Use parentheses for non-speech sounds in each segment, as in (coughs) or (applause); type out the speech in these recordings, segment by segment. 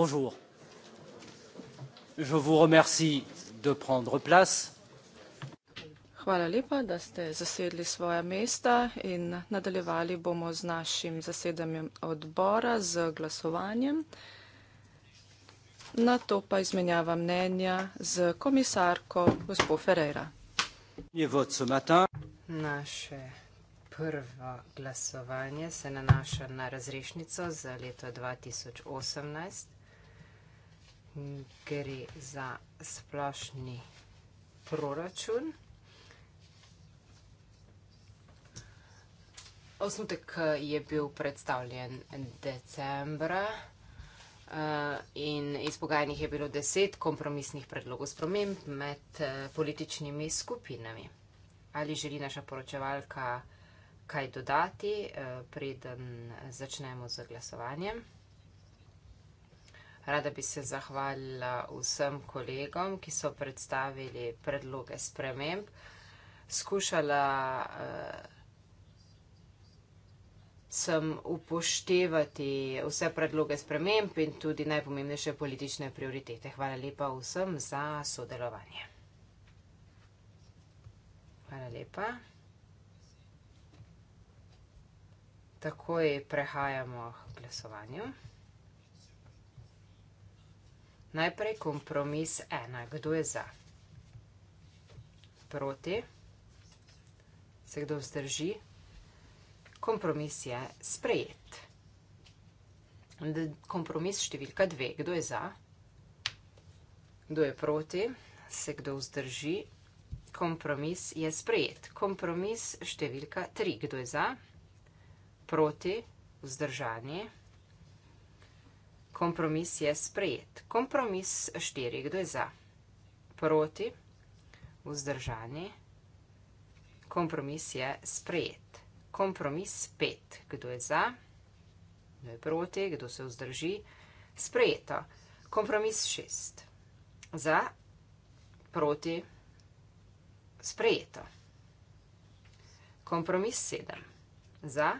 Bonjour. Je vous remercie de prendre place. Hvala lepa, da ste zasedli svoja mesta in nadaljevali bomo z našim zasedanjem odbora z glasovanjem. Na to pa izmenjava mnenja z komisarko gospo Ferreira. Naše prvo glasovanje se nanaša na razrešnico za leto 2018 gre za splošni proračun. Osnutek eh, je bil predstavljen decembra eh, in iz pogajanjih je bilo deset kompromisnih predlogov sprememb med eh, političnimi skupinami. Ali želi naša poročevalka kaj dodati, preden začnemo z glasovanjem? Rada bi se zahvalila vsem kolegom, ki so predstavili predloge sprememb. Skušala eh, sem upoštevati vse predloge sprememb in tudi najpomembnejše politične prioritete. Hvala lepa vsem za sodelovanje. Hvala lepa. Takoj prehajamo k glasovanju. Najprej kompromis ena. Kdo je za? Proti? Se kdo vzdrži? Kompromis je sprejet. Kompromis številka dve. Kdo je za? Kdo je proti? Se kdo vzdrži? Kompromis je sprejet. Kompromis številka tri. Kdo je za? Proti? Vzdržanje? Kompromis. Kompromis je sprejet. Kompromis štiri, kdo je za? Proti, vzdržani. Kompromis je sprejet. Kompromis pet, kdo je za? Kdo je proti, kdo se vzdrži? Sprejeto. Kompromis šest. Za, proti, sprejeto. Kompromis sedem. Za,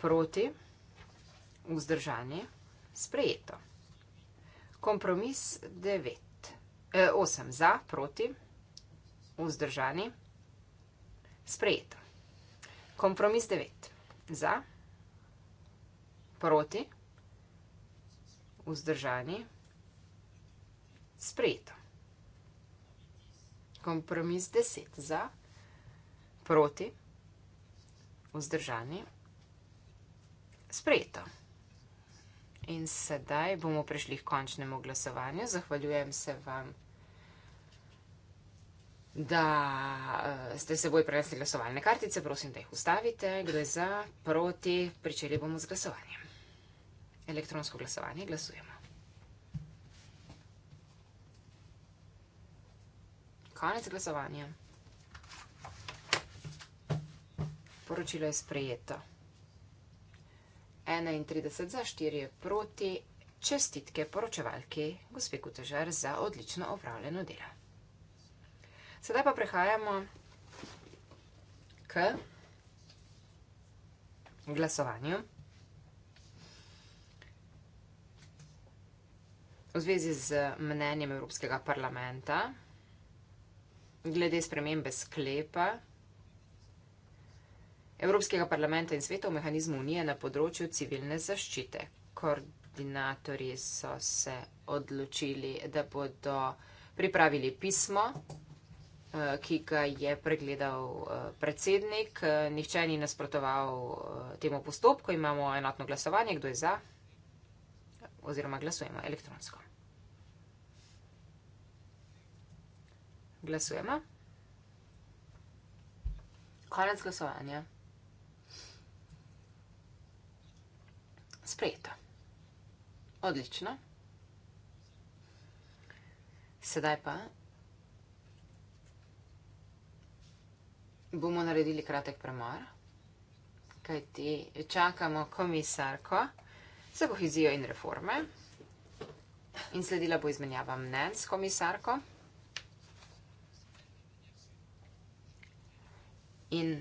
proti, sprejeto vzdržanje, sprejeto. Kompromis 9, eh, 8 za, proti, vzdržanje, sprejeto. Kompromis 9, za, proti, vzdržanje, sprejeto. Kompromis 10, za, proti, vzdržanje, sprejeto in sedaj bomo prišli k končnemu glasovanju. Zahvaljujem se vam, da eh, ste seboj prenesli glasovalne kartice. Prosim, da jih ustavite. Gre za proti. Pričeli bomo z glasovanjem. Elektronsko glasovanje. Glasujemo. Konec glasovanja. Poročilo je sprejeto. 31 za 4 proti. Čestitke poročevalki gospe Kutežar za odlično opravljeno delo. Sedaj pa prehajamo k glasovanju v zvezi z mnenjem Evropskega parlamenta glede spremembe sklepa Evropskega parlamenta in sveta v mehanizmu Unije na področju civilne zaščite. Koordinatorji so se odločili, da bodo pripravili pismo, eh, ki ga je pregledal eh, predsednik. Eh, nihče ni nasprotoval temu postopku, imamo enotno glasovanje, kdo je za oziroma glasujemo elektronsko. Glasujemo. Konec glasovanja. sprejeta. Odlično. Sedaj pa bomo naredili kratek premor, kajti čakamo komisarko za kohezijo in reforme. In sledila bo izmenjava mnen s komisarko. In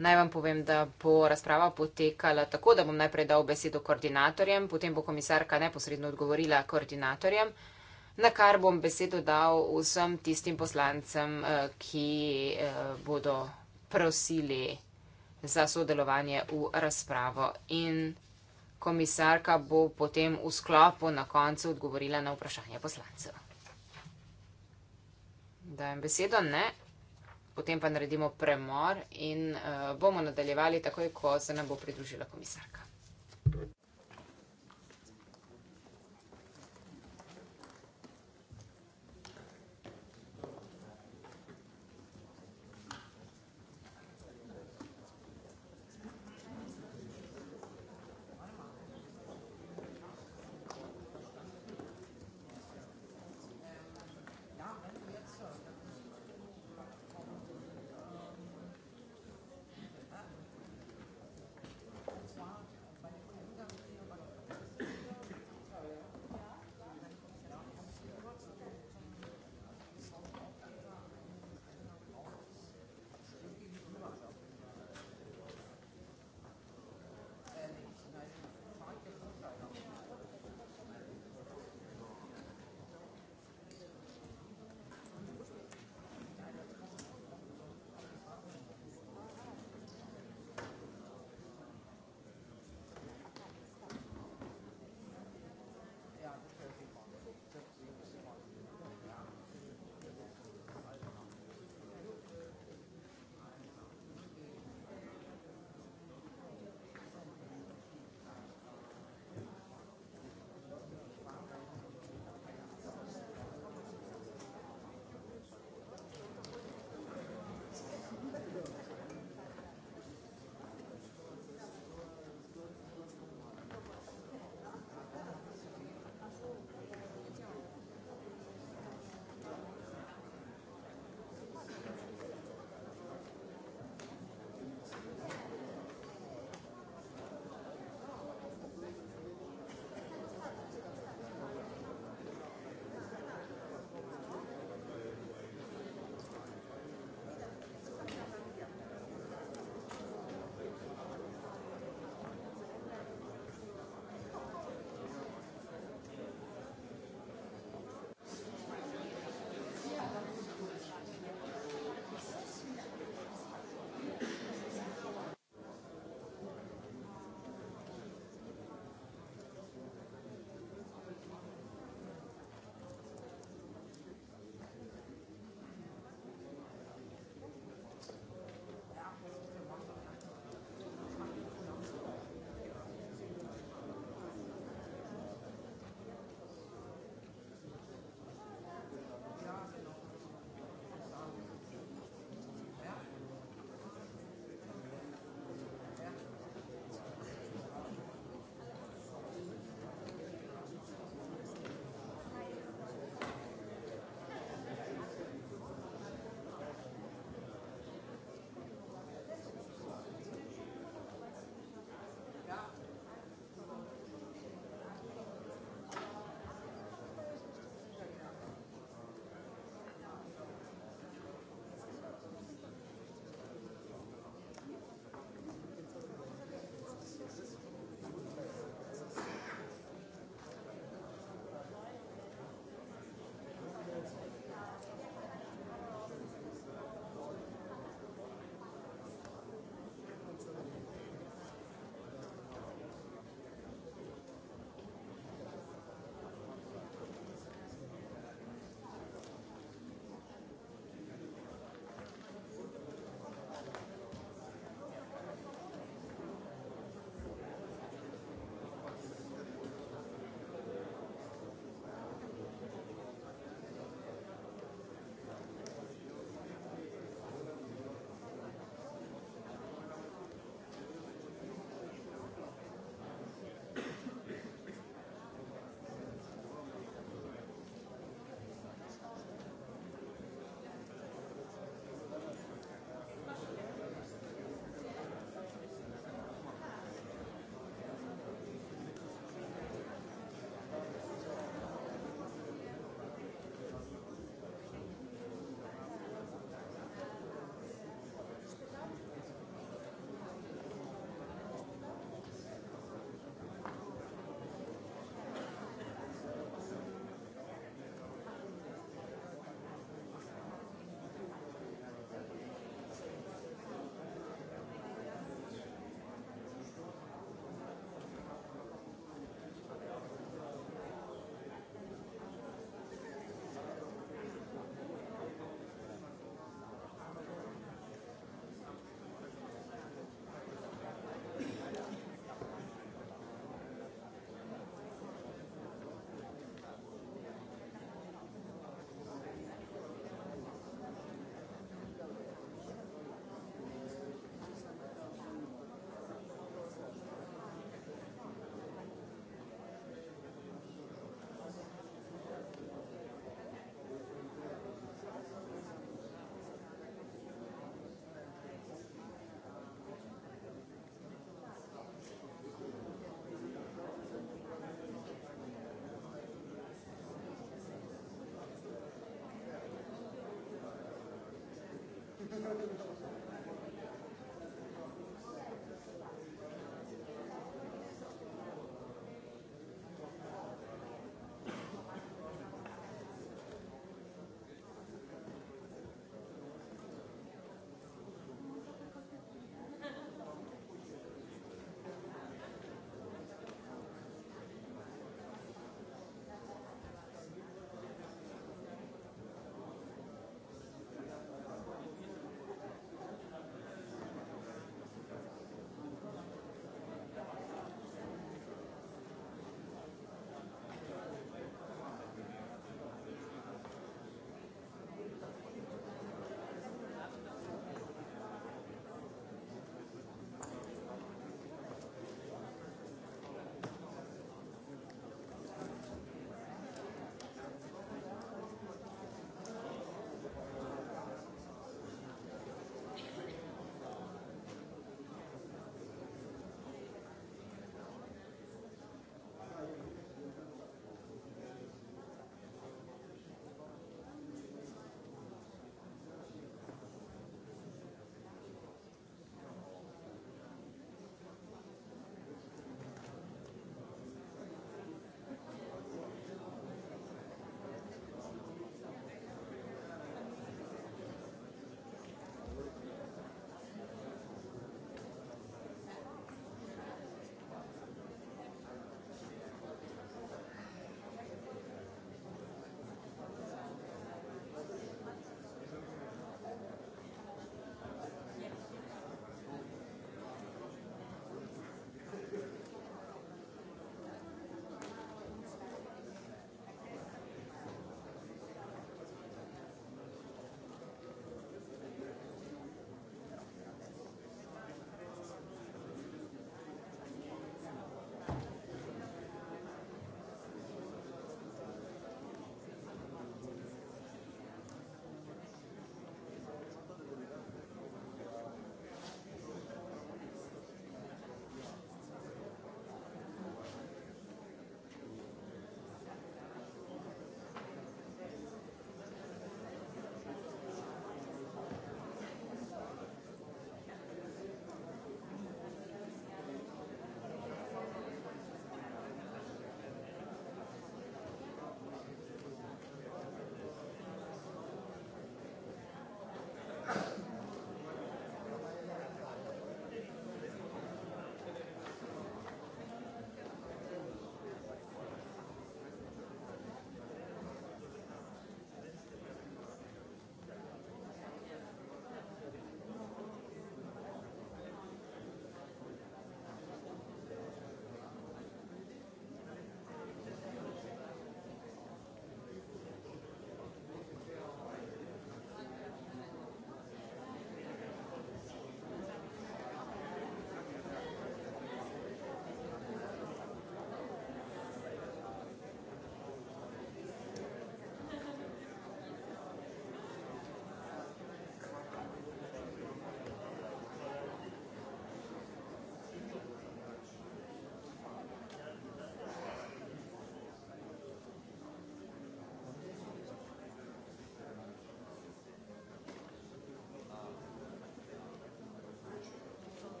Naj vam povem, da bo razprava potekala tako, da bom najprej dal besedo koordinatorjem, potem bo komisarka neposredno odgovorila koordinatorjem, na kar bom besedo dal vsem tistim poslancem, eh, ki eh, bodo prosili za sodelovanje v razpravo. In komisarka bo potem v sklopu na koncu odgovorila na vprašanje poslancev. Dajem besedo, ne? potem pa naredimo premor in eh, bomo nadaljevali takoj, ko se nam bo pridružila komisarka.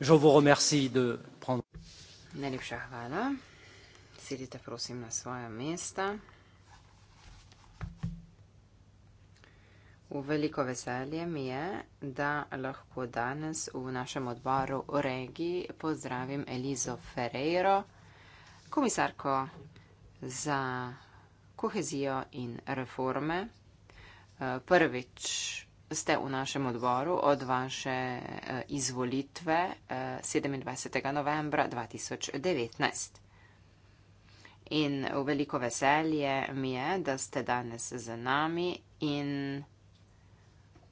Je vous remercie de prendre. Najlepša hvala. Sedite prosim na svoja mesta. V veliko veselje mi je, da lahko danes v našem odboru v regiji pozdravim Elizo Ferreiro, komisarko za kohezijo in reforme. Eh, prvič ste v našem odboru od vaše eh, izvolitve 27. Eh, novembra 2019. In veliko veselje mi je, da ste danes z nami in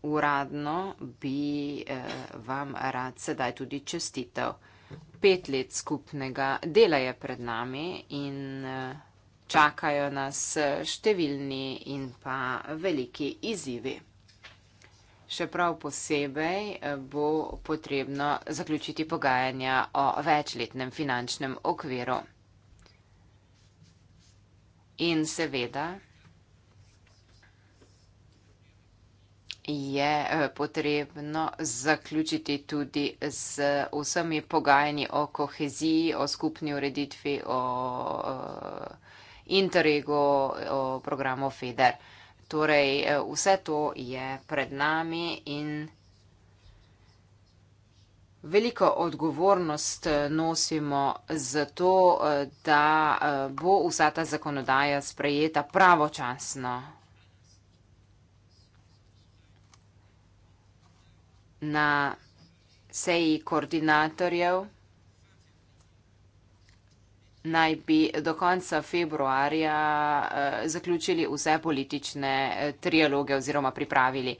uradno bi eh, vam rad sedaj tudi čestitev. Pet let skupnega dela je pred nami in čakajo nas številni in pa veliki izzivi še prav posebej eh, bo potrebno zaključiti pogajanja o večletnem finančnem okviru. In seveda je eh, potrebno zaključiti tudi z vsemi pogajanji o koheziji, o skupni ureditvi, o eh, Interregu, o programu FEDER. Torej, eh, vse to je pred nami in veliko odgovornost eh, nosimo za to, eh, da bo vsa ta zakonodaja sprejeta pravočasno. Na seji koordinatorjev naj bi do konca februarja eh, zaključili vse politične eh, trialoge oziroma pripravili.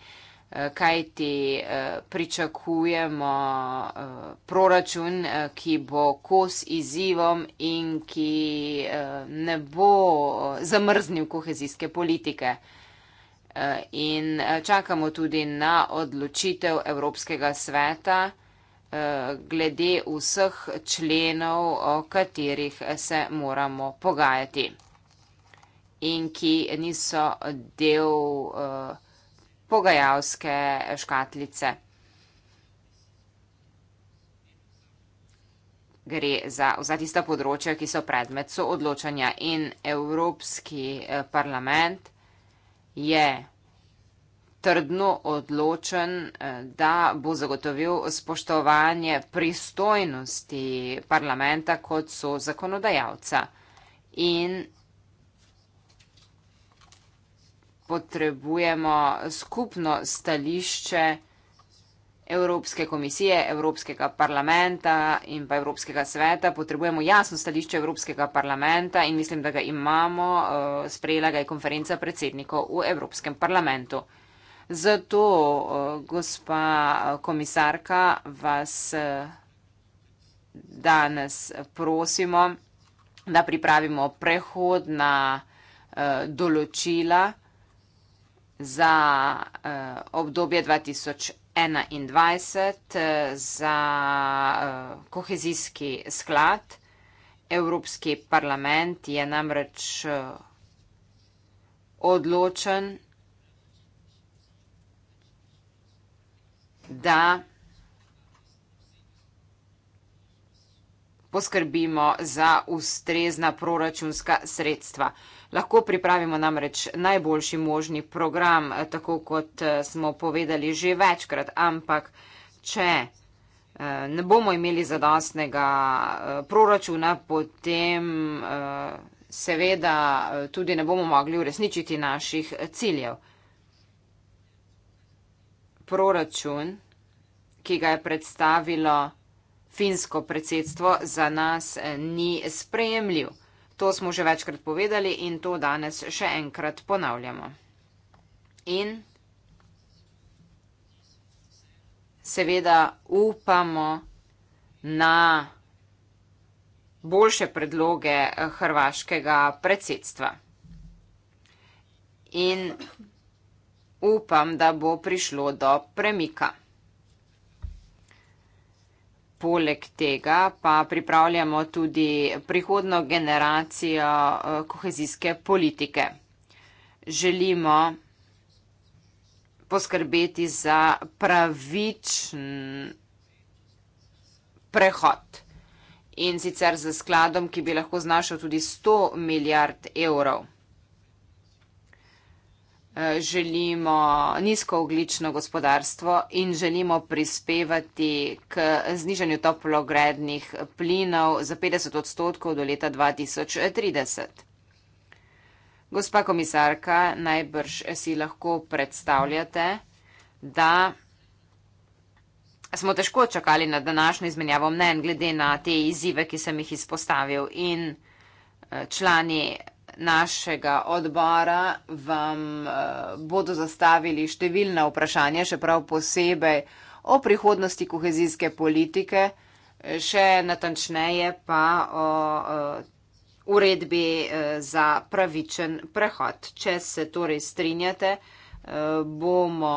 Eh, Kaj ti pričakujemo proračun, ki bo kos izzivom in ki ne bo zamrznil kohezijske politike. In čakamo tudi na odločitev Evropskega sveta. Eh, glede vseh členov, o katerih se moramo pogajati in ki niso del eh, pogajalske škatlice. Gre za vsa tista področja, ki so predmet soodločanja in Evropski eh, parlament je vsega, trdno odločen, eh, da bo zagotovil spoštovanje pristojnosti parlamenta kot so zakonodajalca. In potrebujemo skupno stališče Evropske komisije, Evropskega parlamenta in pa Evropskega sveta. Potrebujemo jasno stališče Evropskega parlamenta in mislim, da ga imamo. Eh, sprejela ga je konferenca predsednikov v Evropskem parlamentu. Zato, eh, gospa eh, komisarka, vas eh, danes prosimo, da pripravimo prehodna določila za obdobje 2021 za kohezijski sklad. Evropski parlament je namreč odločen da poskrbimo za ustrezna proračunska sredstva. Lahko pripravimo namreč najboljši možni program, tako kot eh, smo povedali že večkrat, ampak če eh, ne bomo imeli zadostnega eh, proračuna, potem seveda tudi ne bomo mogli uresničiti naših ciljev proračun, ki ga je predstavilo finsko predsedstvo, za nas eh, ni sprejemljiv. To smo že večkrat povedali in to danes še enkrat ponavljamo. In seveda upamo na boljše predloge eh, hrvaškega predsedstva. In Upam, da bo prišlo do premika. Poleg tega pa pripravljamo tudi prihodno generacijo eh, kohezijske politike. Želimo poskrbeti za pravičen prehod in sicer z skladom, ki bi lahko znašal tudi 100 milijard evrov. Eh, želimo nizkooglično gospodarstvo in želimo prispevati k znižanju toplogrednih plinov za 50 odstotkov do leta 2030. Gospa komisarka, najbrž si lahko predstavljate, da smo težko čakali na današnjo izmenjavo mnen glede na te izzive, ki sem jih izpostavil in eh, člani našega odbora vam eh, bodo zastavili številna vprašanja, še prav posebej o prihodnosti kohezijske politike, še natančneje pa o eh, uredbi eh, za pravičen prehod. Če se torej strinjate, bomo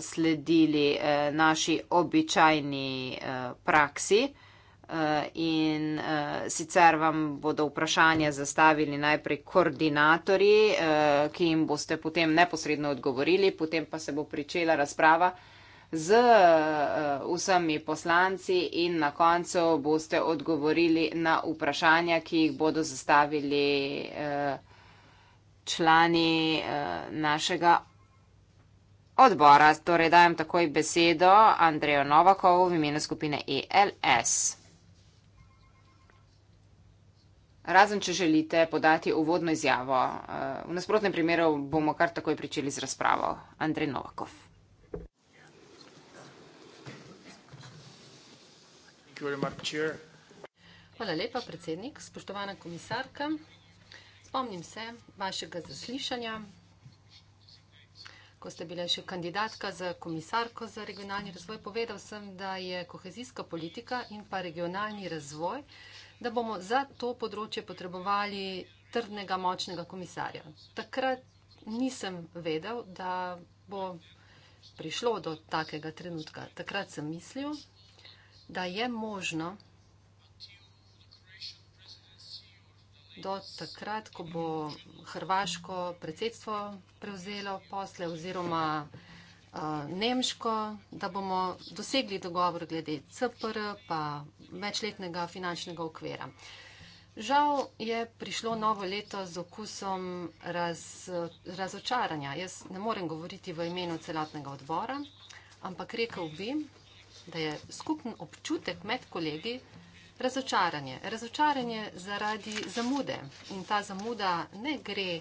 sledili naši običajni praksi in uh, sicer vam bodo vprašanja zastavili najprej koordinatorji, uh, ki jim boste potem neposredno odgovorili, potem pa se bo pričela razprava z uh, vsemi poslanci in na koncu boste odgovorili na vprašanja, ki jih bodo zastavili uh, člani uh, našega. Odbora, torej dajem takoj besedo Andrejo Novakovu v imenu skupine ELS. Razen, če želite podati uvodno izjavo. Eh, v nasprotnem primeru bomo kar takoj pričeli z razpravo. Andrej Novakov. Hvala lepa, predsednik, spoštovana komisarka. Spomnim se vašega zaslišanja, ko ste bile še kandidatka za komisarko za regionalni razvoj. Povedal sem, da je kohezijska politika in pa regionalni razvoj da bomo za to področje potrebovali trdnega, močnega komisarja. Takrat nisem vedel, da bo prišlo do takega trenutka. Takrat sem mislil, da je možno do takrat, ko bo hrvaško predsedstvo prevzelo posle oziroma uh, nemško, da bomo dosegli dogovor glede CPR pa večletnega finančnega okvira. Žal je prišlo novo leto z okusom raz, razočaranja. Jaz ne morem govoriti v imenu celotnega odbora, ampak rekel bi, da je skupen občutek med kolegi razočaranje. Razočaranje zaradi zamude in ta zamuda ne gre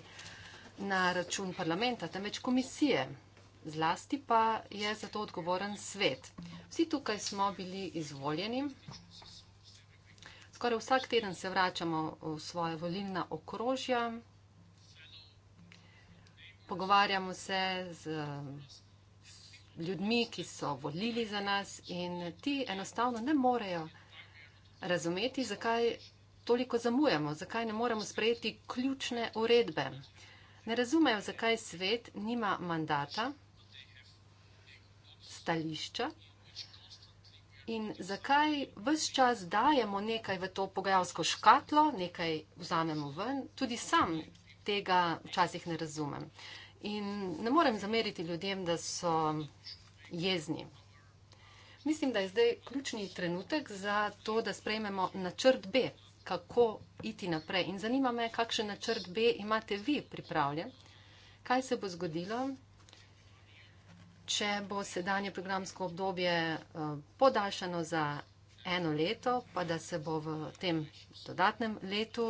na račun parlamenta, temveč komisije zlasti pa je za to odgovoren svet. Vsi tukaj smo bili izvoljeni. Skoraj vsak teden se vračamo v svoje volilna okrožja, pogovarjamo se z ljudmi, ki so volili za nas in ti enostavno ne morejo razumeti, zakaj toliko zamujamo, zakaj ne moremo sprejeti ključne uredbe. Ne razumejo, zakaj svet nima mandata stališča in zakaj vse čas dajemo nekaj v to pogajalsko škatlo, nekaj vzamemo ven, tudi sam tega včasih ne razumem. In ne morem zameriti ljudem, da so jezni. Mislim, da je zdaj ključni trenutek za to, da sprejmemo načrt B, kako iti naprej. In zanima me, kakšen načrt B imate vi pripravljen, kaj se bo zgodilo, če bo sedanje programsko obdobje eh, podaljšano za eno leto, pa da se bo v tem dodatnem letu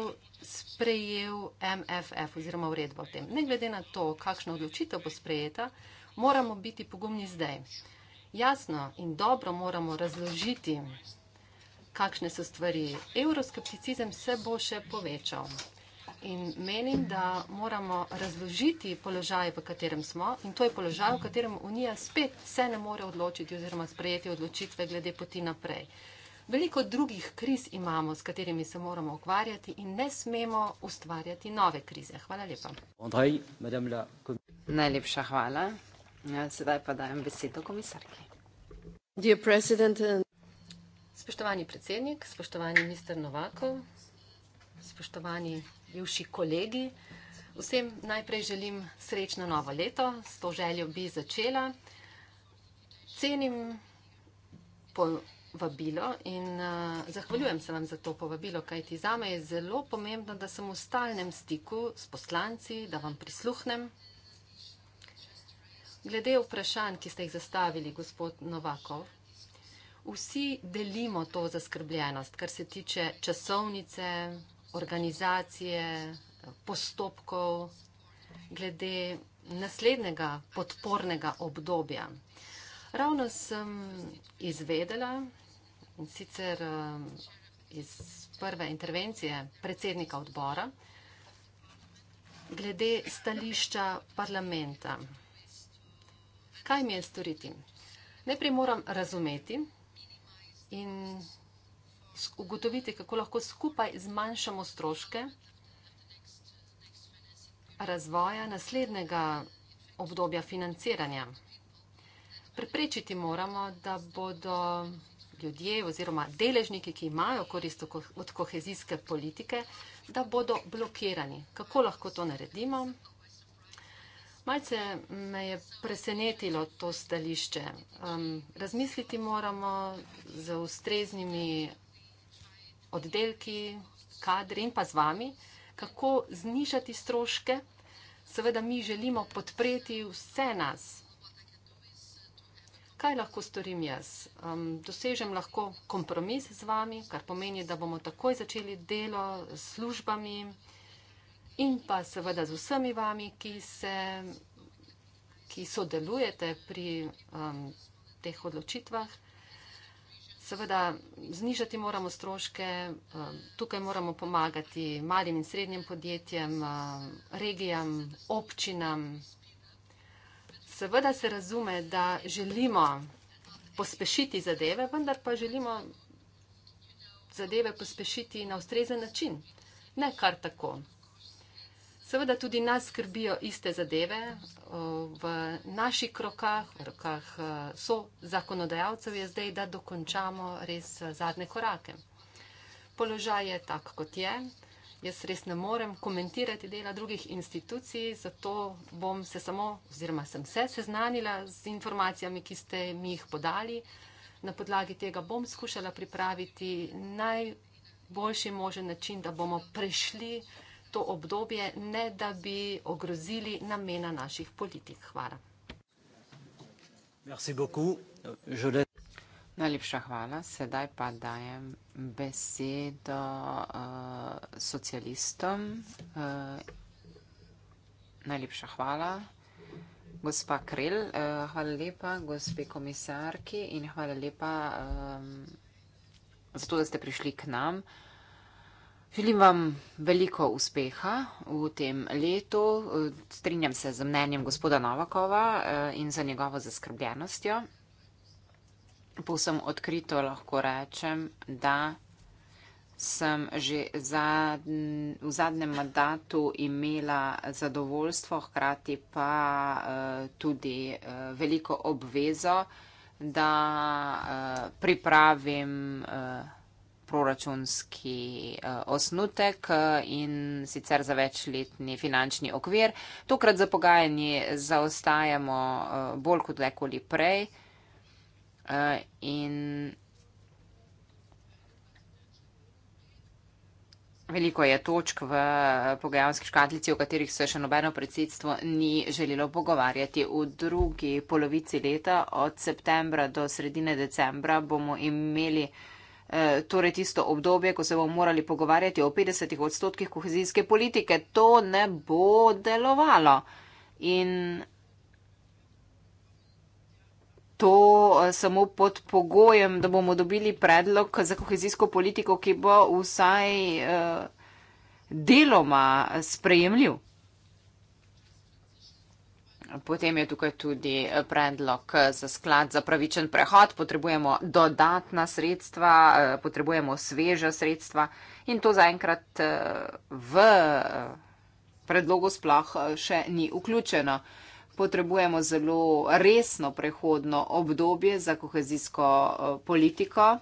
sprejel MFF oziroma uredba o tem. Ne glede na to, kakšna odločitev bo sprejeta, moramo biti pogumni zdaj. Jasno in dobro moramo razložiti, kakšne so stvari. Euroskepticizem se bo še povečal in menim, da moramo razložiti položaj, v katerem smo in to je položaj, v katerem Unija spet se ne more odločiti oziroma sprejeti odločitve glede poti naprej. Veliko drugih kriz imamo, s katerimi se moramo ukvarjati in ne smemo ustvarjati nove krize. Hvala lepa. Andrej, la... Najlepša hvala. Ja, sedaj pa dajem besedo komisarki. Uh, spoštovani predsednik, spoštovani minister Novakov, spoštovani bivši kolegi. Vsem najprej želim srečno novo leto, s to željo bi začela. Cenim povabilo in eh, zahvaljujem se vam za to povabilo, kajti zame je zelo pomembno, da sem v stalnem stiku s poslanci, da vam prisluhnem. Glede vprašanj, ki ste jih zastavili, gospod Novakov, vsi delimo to zaskrbljenost, kar se tiče časovnice, časovnice, organizacije, postopkov glede naslednjega podpornega obdobja. Ravno sem izvedela in sicer eh, iz prve intervencije predsednika odbora glede stališča parlamenta. Kaj mi je storiti? Najprej moram razumeti in razumeti, ugotoviti, kako lahko skupaj zmanjšamo stroške razvoja naslednjega obdobja financiranja. Preprečiti moramo, da bodo ljudje oziroma deležniki, ki imajo korist od kohezijske politike, da bodo blokirani. Kako lahko to naredimo? Malce me je presenetilo to stališče. Razmisliti moramo z ustreznimi oddelki, kadri in pa z vami, kako znižati stroške. Seveda mi želimo podpreti vse nas. Kaj lahko storim jaz? Um, dosežem lahko kompromis z vami, kar pomeni, da bomo takoj začeli delo s službami in pa seveda z vsemi vami, ki, se, ki sodelujete pri um, teh odločitvah. Seveda, znižati moramo stroške, eh, tukaj moramo pomagati malim in srednjim podjetjem, eh, regijam, občinam. Seveda se razume, da želimo pospešiti zadeve, vendar pa želimo zadeve pospešiti na ustrezen način, ne kar tako. Seveda tudi nas skrbijo iste zadeve. V naših rokah, v rokah e, so zakonodajalcev, je zdaj, da dokončamo res e, zadnje korake. Položaj je tak, kot je. Jaz res ne morem komentirati dela drugih institucij, zato bom se samo oziroma sem se seznanila z informacijami, ki ste mi jih podali. Na podlagi tega bom skušala pripraviti najboljši možen način, da bomo prešli to obdobje, ne da bi ogrozili namena naših politik. Hvala. Najlepša hvala. Sedaj pa dajem besedo uh, socialistom. Uh, najlepša hvala. Gospa Krel, uh, hvala lepa gospe komisarki in hvala lepa um, za to, da ste prišli k nam. Uh, Želim vam veliko uspeha v tem letu. Strinjam se z mnenjem gospoda Novakova eh, in za njegovo zaskrbljenostjo. Povsem odkrito lahko rečem, da sem že v zadnjem mandatu imela zadovoljstvo, hkrati pa eh, tudi eh, veliko obvezo, da pripravim vse, proračunski eh, osnutek eh, in sicer za večletni finančni okvir. Tokrat za pogajanji zaostajamo eh, bolj kot lekoli prej in veliko je točk v pogajalski škatlici, o katerih se še nobeno predsedstvo ni želelo pogovarjati. V drugi polovici leta od septembra do sredine decembra bomo imeli Eh, torej tisto obdobje, ko se bomo morali pogovarjati o 50 odstotkih kohezijske politike. To ne bo delovalo. In to eh, samo pod pogojem, da bomo dobili predlog za kohezijsko politiko, ki bo vsaj eh, deloma sprejemljiv. Potem je tukaj tudi eh, predlog eh, za sklad za pravičen prehod. Potrebujemo dodatna sredstva, eh, potrebujemo sveža sredstva in to zaenkrat v predlogu sploh še ni vključeno. Potrebujemo zelo resno prehodno obdobje za kohezijsko politiko.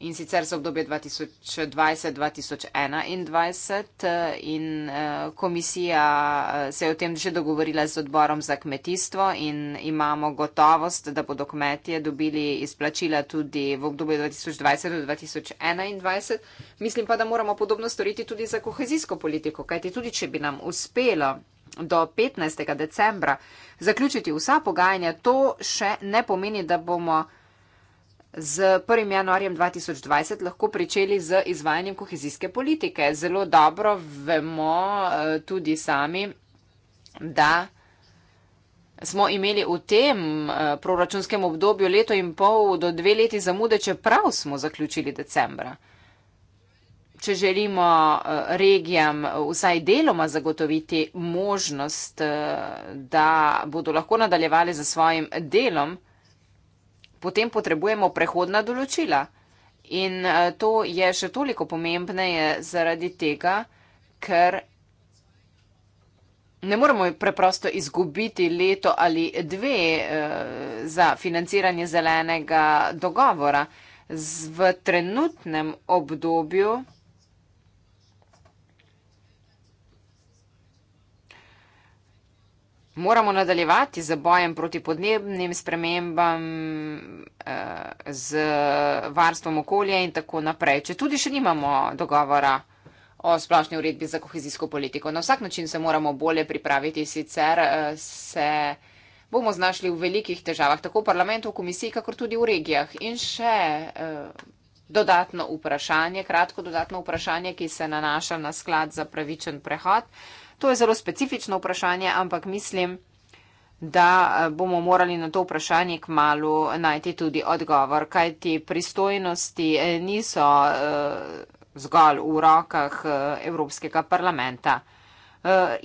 In sicer so obdobje 2020-2021 in, 20 eh, in komisija eh, se je o tem že dogovorila z odborom za kmetijstvo in imamo gotovost, da bodo kmetije dobili izplačila tudi v obdobju 2020-2021. Mislim pa, da moramo podobno storiti tudi za kohezijsko politiko, kajti tudi, če bi nam uspelo do 15. decembra zaključiti vsa pogajanja, to še ne pomeni, da bomo z 1. januarjem 2020 lahko pričeli z izvajanjem kohezijske politike. Zelo dobro vemo eh, tudi sami, da smo imeli v tem eh, proračunskem obdobju leto in pol do dve leti zamude, čeprav smo zaključili decembra. Če želimo eh, regijam vsaj deloma zagotoviti možnost, da bodo lahko nadaljevali za svojim delom, potem potrebujemo prehodna določila. In eh, to je še toliko pomembneje zaradi tega, ker ne moramo preprosto izgubiti leto ali dve eh, za financiranje zelenega dogovora. V trenutnem obdobju moramo nadaljevati z bojem proti podnebnim spremembam, eh, z varstvom okolja in tako naprej, če tudi še nimamo dogovora o splošni uredbi za kohezijsko politiko. Na vsak način se moramo bolje pripraviti, sicer eh, se bomo znašli v velikih težavah, tako v parlamentu, v komisiji, kakor tudi v regijah. In še eh, dodatno vprašanje, kratko dodatno vprašanje, ki se nanaša na sklad za pravičen prehod. To je zelo specifično vprašanje, ampak mislim, da eh, bomo morali na to vprašanje k malu najti tudi odgovor, kaj ti pristojnosti eh, niso eh, zgolj v rokah Evropskega parlamenta.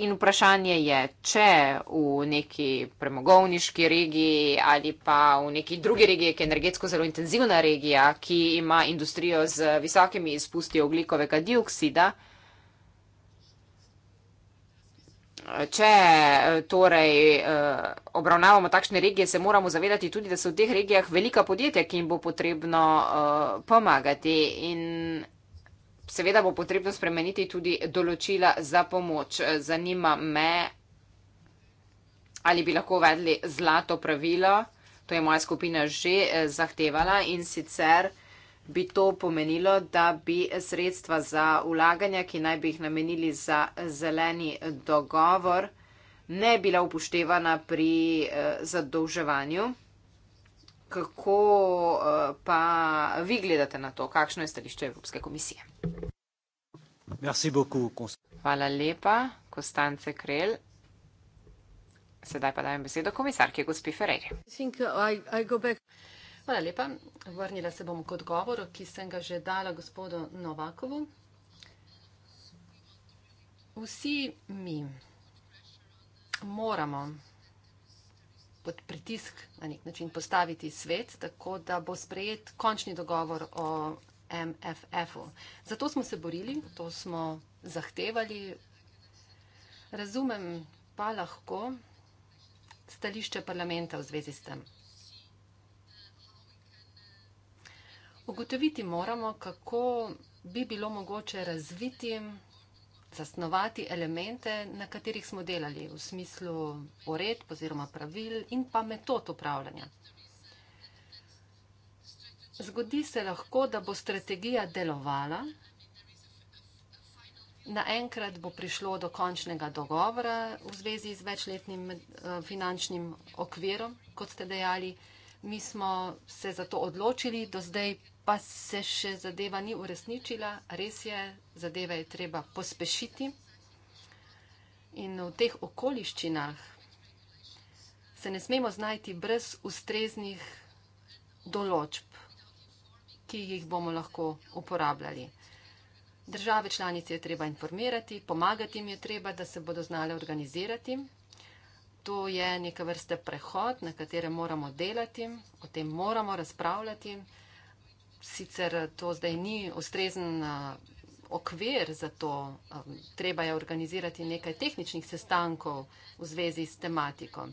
In vprašanje je, če v neki premogovniški regiji ali pa v neki drugi regiji, ki je energetsko zelo intenzivna regija, ki ima industrijo z visokimi izpusti oglikovega dioksida, Če eh, torej eh, obravnavamo takšne regije, se moramo zavedati tudi, da so v teh regijah velika podjetja, ki jim bo potrebno eh, pomagati in seveda bo potrebno spremeniti tudi določila za pomoč. Zanima me, ali bi lahko vedli zlato pravilo, to je moja skupina že zahtevala in sicer, bi to pomenilo, da bi sredstva za ulaganja, ki naj bi jih namenili za zeleni dogovor, ne bila upoštevana pri eh, zadolževanju. Kako eh, pa vi gledate na to? Kakšno je stališče Evropske komisije? Hvala lepa, Konstance Krel. Sedaj pa dajem besedo komisarki, gospi Ferreri. Hvala lepa. Vrnila se bom k odgovoru, ki sem ga že dala gospodu Novakovu. Vsi mi moramo pod pritisk na nek način postaviti svet, tako da bo sprejet končni dogovor o MFF-u. Zato smo se borili, to smo zahtevali. Razumem pa lahko stališče parlamenta v zvezi s tem. Ugotoviti moramo, kako bi bilo mogoče razviti, zasnovati elemente, na katerih smo delali v smislu ored oziroma pravil in pa metod upravljanja. Zgodi se lahko, da bo strategija delovala, naenkrat bo prišlo do končnega dogovora v zvezi z večletnim eh, finančnim okvirom, kot ste dejali, mi smo se za to odločili, do zdaj pa se še zadeva ni uresničila. Res je, zadeve je treba pospešiti. In v teh okoliščinah se ne smemo znajti brez ustreznih določb, ki jih bomo lahko uporabljali. Države članice je treba informirati, pomagati jim je treba, da se bodo znale organizirati. To je neka vrste prehod, na katerem moramo delati, o tem moramo razpravljati sicer eh, to zdaj ni ustrezen eh, okvir za to, eh, treba je organizirati nekaj tehničnih sestankov v zvezi s tematiko.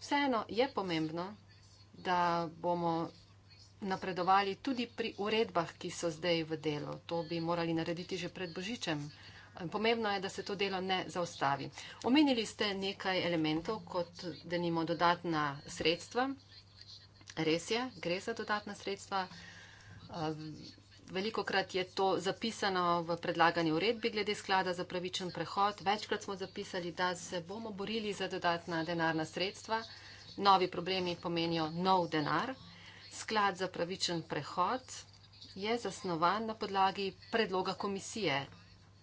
Vseeno je pomembno, da bomo napredovali tudi pri uredbah, ki so zdaj v delu. To bi morali narediti že pred Božičem. Pomembno je, da se to delo ne zaustavi. Omenili ste nekaj elementov, kot da nimo dodatna sredstva. Res je, gre za dodatna sredstva. Eh, Veliko krat je to zapisano v predlagani uredbi glede sklada za pravičen prehod. Večkrat smo zapisali, da se bomo borili za dodatna denarna sredstva. Novi problemi pomenijo nov denar. Sklad za pravičen prehod je zasnovan na podlagi predloga komisije.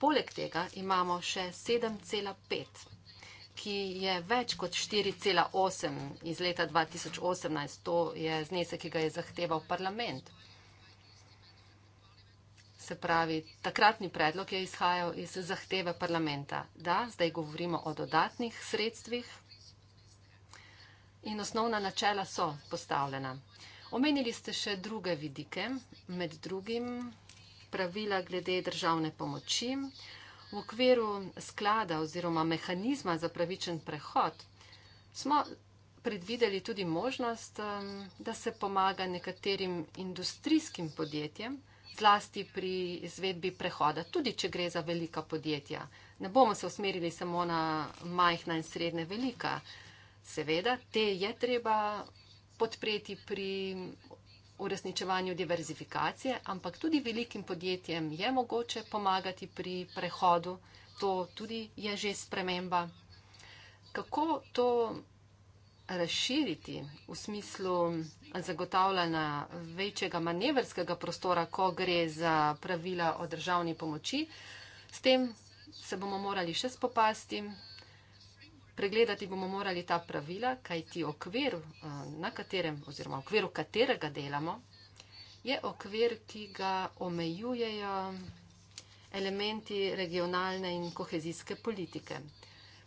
Poleg tega imamo še 7,5, ki je več kot 4,8 iz leta 2018. To je znesek, ki ga je zahteval parlament se pravi, takratni predlog je izhajal iz zahteve parlamenta, da zdaj govorimo o dodatnih sredstvih in osnovna načela so postavljena. Omenili ste še druge vidike, med drugim pravila glede državne pomoči. V okviru sklada oziroma mehanizma za pravičen prehod smo predvideli tudi možnost, um, da se pomaga nekaterim industrijskim podjetjem, zlasti pri izvedbi prehoda, tudi če gre za velika podjetja. Ne bomo se usmerili samo na majhna in srednje velika. Seveda, te je treba podpreti pri uresničevanju diverzifikacije, ampak tudi velikim podjetjem je mogoče pomagati pri prehodu. To tudi je že sprememba. Kako to razširiti v smislu zagotavljanja večjega manevrskega prostora, ko gre za pravila o državni pomoči. S tem se bomo morali še spopasti, pregledati bomo morali ta pravila, kaj ti okvir, eh, na katerem oziroma okvir, v katerega delamo, je okvir, ki ga omejujejo elementi regionalne in kohezijske politike.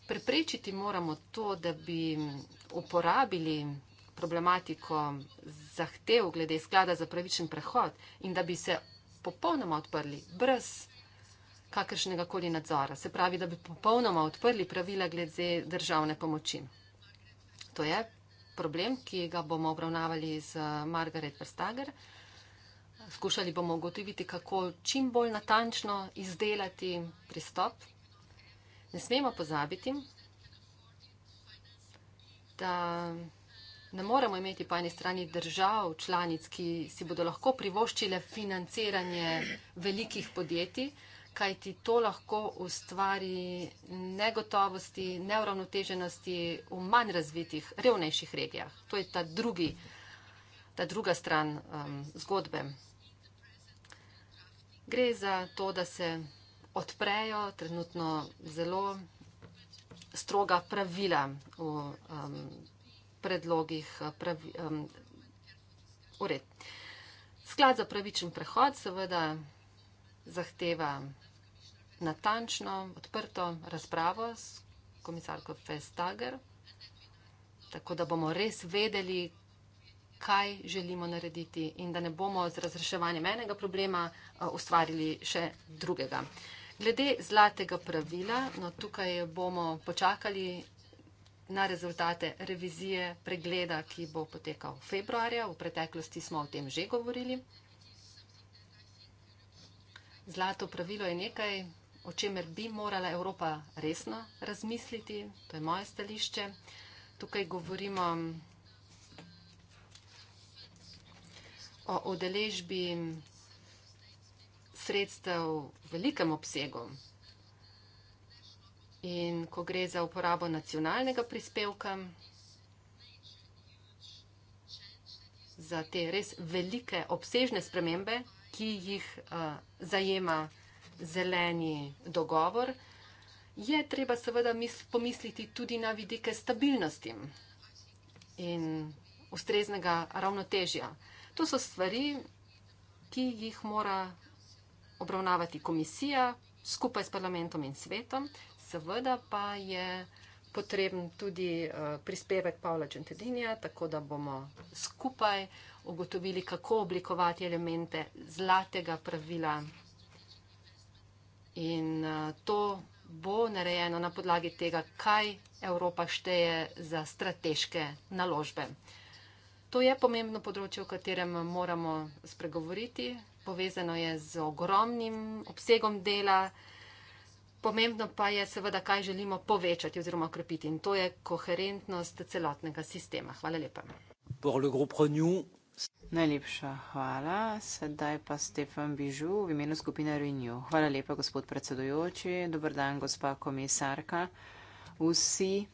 Preprečiti moramo to, da bi uporabili problematiko zahtev glede sklada za pravičen prehod in da bi se popolnoma odprli brez kakršnega koli nadzora. Se pravi, da bi popolnoma odprli pravila glede državne pomoči. To je problem, ki ga bomo obravnavali z eh, Margaret Verstager. Skušali bomo ugotoviti, kako čim bolj natančno izdelati pristop. Ne smemo pozabiti, da ne moremo imeti po eni strani držav, članic, ki si bodo lahko privoščile financiranje velikih podjetij, kajti to lahko ustvari negotovosti, neuravnoteženosti v manj razvitih, revnejših regijah. To je ta, drugi, ta druga stran um, zgodbe. Gre za to, da se odprejo trenutno zelo stroga pravila v um, predlogih uh, pravi, um, ured. Sklad za pravičen prehod seveda zahteva natančno, odprto razpravo s komisarko Festager, tako da bomo res vedeli, kaj želimo narediti in da ne bomo z razreševanjem enega problema uh, ustvarili še drugega. Uh, Glede zlatega pravila, no tukaj bomo počakali na rezultate revizije pregleda, ki bo potekal februarja. V preteklosti smo o tem že govorili. Zlato pravilo je nekaj, o čemer bi morala Evropa resno razmisliti. To je moje stališče. Tukaj govorimo o odeležbi vsega, sredstev v velikem obsegu. In ko gre za uporabo nacionalnega prispevka, za te res velike obsežne spremembe, ki jih uh, zajema zeleni dogovor, je treba seveda pomisliti tudi na vidike stabilnosti in ustreznega ravnotežja. To so stvari, ki jih mora obravnavati komisija skupaj s parlamentom in svetom, seveda pa je potreben tudi eh, prispevek Pavla Čentedinja, tako da bomo skupaj ugotovili, kako oblikovati elemente zlatega pravila in eh, to bo narejeno na podlagi tega, kaj Evropa šteje za strateške naložbe. To je pomembno področje, v katerem moramo spregovoriti, povezano je z ogromnim obsegom dela, pomembno pa je seveda, kaj želimo povečati oziroma okrepiti in to je koherentnost celotnega sistema. Hvala lepa. Najlepša hvala. Sedaj pa Stefan Bižu v imenu skupine Renew. Hvala lepa, gospod predsedujoči. Dobar dan, gospa komisarka. Vsi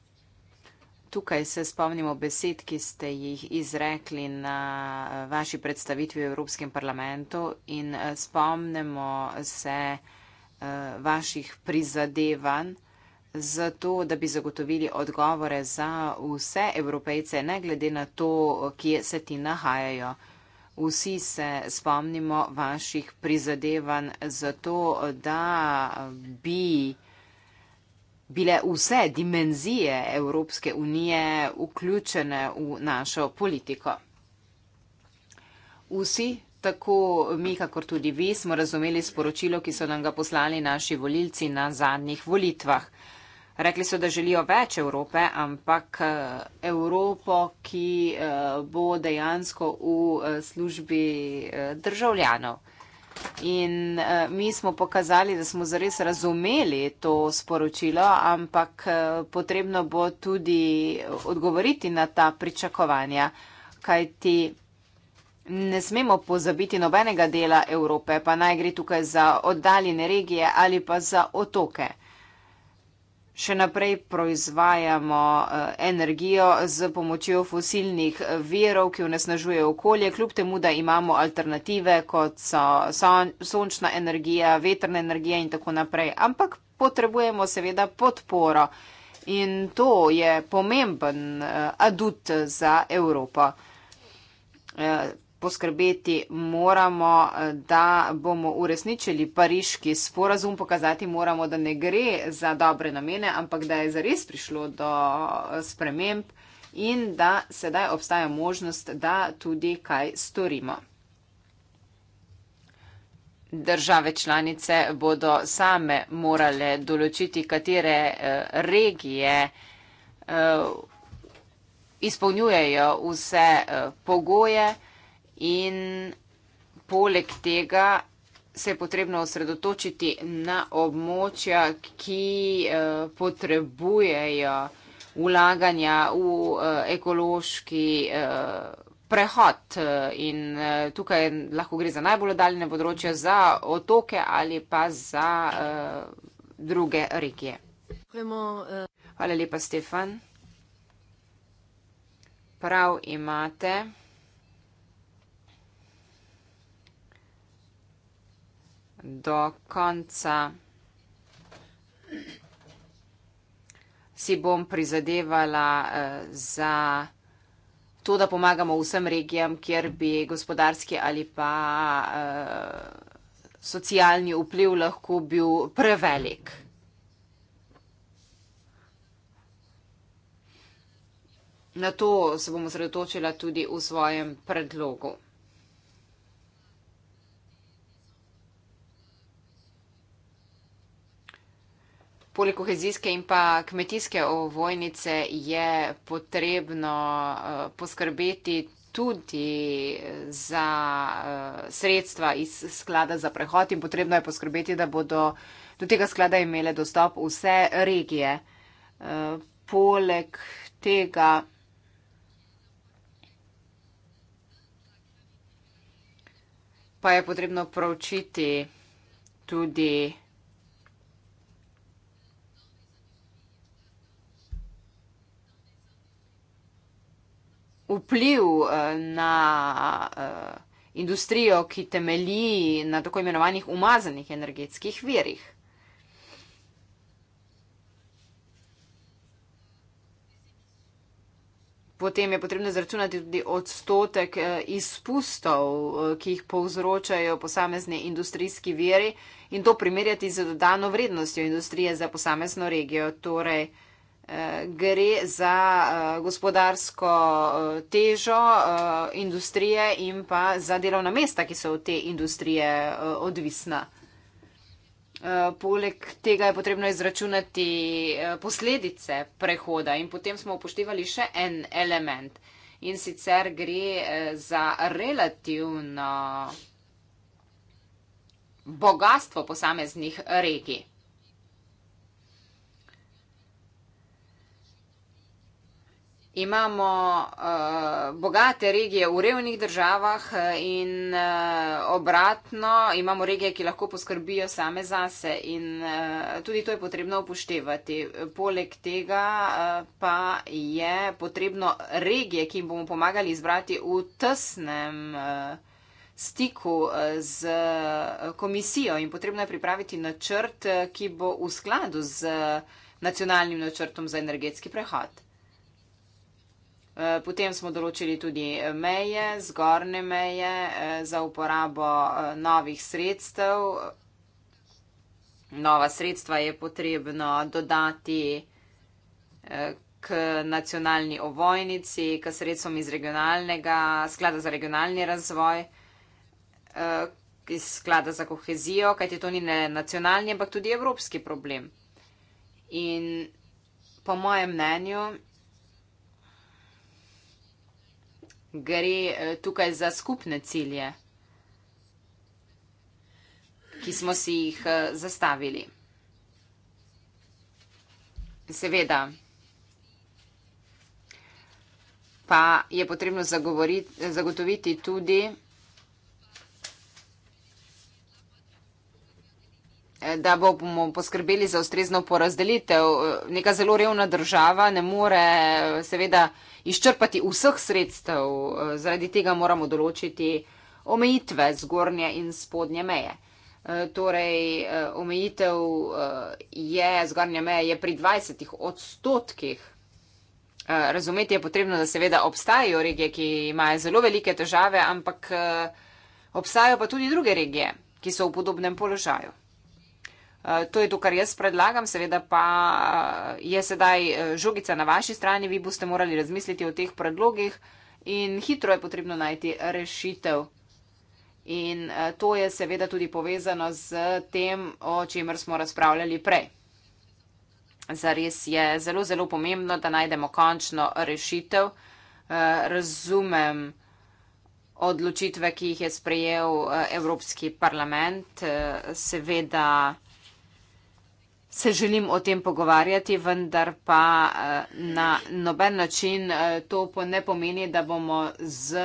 Tukaj se spomnimo besed, ki ste jih izrekli na eh, vaši predstavitvi v Evropskem parlamentu in eh, spomnimo se eh, vaših prizadevanj za to, da bi zagotovili odgovore za vse evropejce, ne glede na to, kje se ti nahajajo. Vsi se spomnimo vaših prizadevanj za to, da bi bile vse dimenzije Evropske unije vključene v našo politiko. Vsi, tako mi, kakor tudi vi, smo razumeli sporočilo, ki so nam ga poslali naši volilci na zadnjih volitvah. Rekli so, da želijo več Evrope, ampak eh, Evropo, ki eh, bo dejansko v eh, službi državljanov. In uh, mi smo pokazali, da smo zares razumeli to sporočilo, ampak uh, potrebno bo tudi odgovoriti na ta pričakovanja, kajti ne smemo pozabiti nobenega dela Evrope, pa naj gre tukaj za oddaljene regije ali pa za otoke še naprej proizvajamo eh, energijo z pomočjo fosilnih eh, verov, ki onesnažuje okolje, kljub temu, da imamo alternative, kot so sončna energija, vetrna energija in tako naprej. Ampak potrebujemo seveda podporo in to je pomemben eh, adut za Evropo poskrbeti moramo, eh, da bomo uresničili pariški sporazum, pokazati moramo, da ne gre za dobre namene, ampak da je zares prišlo do eh, sprememb in da sedaj obstaja možnost, da tudi kaj storimo. Države članice bodo same morale določiti, katere eh, regije izpolnjujejo vse pogoje, in poleg tega se je potrebno osredotočiti na območja, ki eh, potrebujejo ulaganja v eh, ekološki eh, prehod in tukaj lahko gre za najbolj oddaljene področje, za otoke ali pa za druge regije. Hvala lepa, Stefan. Prav imate. do konca si bom prizadevala eh, za to, da pomagamo vsem regijam, kjer bi gospodarski ali pa eh, socialni vpliv lahko bil prevelik. Na to se bom osredotočila tudi v svojem predlogu. Poleg kohezijske in pa kmetijske ovojnice je potrebno eh, poskrbeti tudi eh, za eh, sredstva iz sklada za prehod in potrebno je poskrbeti, da bodo do tega sklada imele dostop vse regije. Poleg tega pa je potrebno pravčiti tudi vpliv eh, na eh, industrijo, ki temelji na tako imenovanih umazanih energetskih verjih. Potem je potrebno zračunati tudi odstotek eh, izpustov, ki jih povzročajo posamezne industrijski veri in to primerjati z dodano vrednostjo industrije za posamezno regijo. Torej, gre za eh, gospodarsko eh, težo eh, industrije in pa za delovna mesta, ki so od te industrije odvisna. Poleg tega je potrebno izračunati posledice prehoda in potem smo upoštevali še en element in sicer gre za relativno bogatstvo posameznih regij. imamo uh, bogate regije v revnih državah eh, in uh, obratno imamo regije, ki lahko poskrbijo same zase in uh, tudi to je potrebno upoštevati. Poleg tega uh, pa je potrebno regije, ki jim bomo pomagali izbrati v tesnem uh, stiku z komisijo in potrebno je pripraviti načrt, ki bo v skladu z nacionalnim načrtom za energetski prehod. Eh, potem smo določili tudi meje, zgornje meje eh, za uporabo eh, novih sredstev. Nova sredstva je potrebno dodati k nacionalni ovojnici, k sredstvom iz regionalnega sklada za regionalni razvoj, iz sklada za kohezijo, kajti to ni ne nacionalni, ampak tudi evropski problem. In po mojem mnenju, gre eh, tukaj za skupne cilje, ki smo si jih eh, zastavili. Seveda. Pa je potrebno zagotoviti tudi, Eh, da bomo poskrbeli za ustrezno porazdelitev. Eh, neka zelo revna država ne more eh, seveda izčrpati vseh sredstev, zaradi tega moramo določiti omejitve zgornje in spodnje meje. Torej, omejitev je, zgornja meja je pri 20 odstotkih. Razumeti je potrebno, da seveda obstajajo regije, ki imajo zelo velike težave, ampak obstajajo pa tudi druge regije, ki so v podobnem položaju. Eh, to je to, kar jaz predlagam. Seveda pa eh, je sedaj eh, žogica na vaši strani, vi boste morali razmisliti o teh predlogih in hitro je potrebno najti rešitev. In to je seveda tudi povezano z tem, o čemer smo razpravljali prej. Zares je zelo, zelo pomembno, da najdemo končno rešitev. Razumem odločitve, ki jih je sprejel Evropski parlament. Seveda se želim o tem pogovarjati, vendar pa eh, na noben način eh, to ne pomeni, da bomo z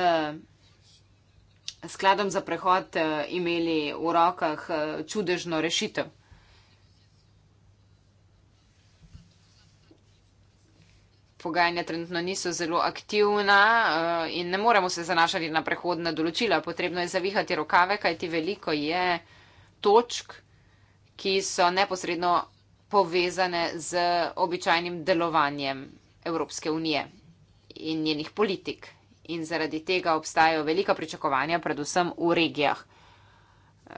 skladom za prehod eh, imeli v rokah čudežno rešitev. Pogajanja trenutno niso zelo aktivna in ne moremo se zanašati na prehodna določila. Potrebno je zavihati rokave, kajti veliko je točk, ki so neposredno povezane z običajnim delovanjem Evropske unije in njenih politik. In zaradi tega obstajajo velika pričakovanja, predvsem v regijah.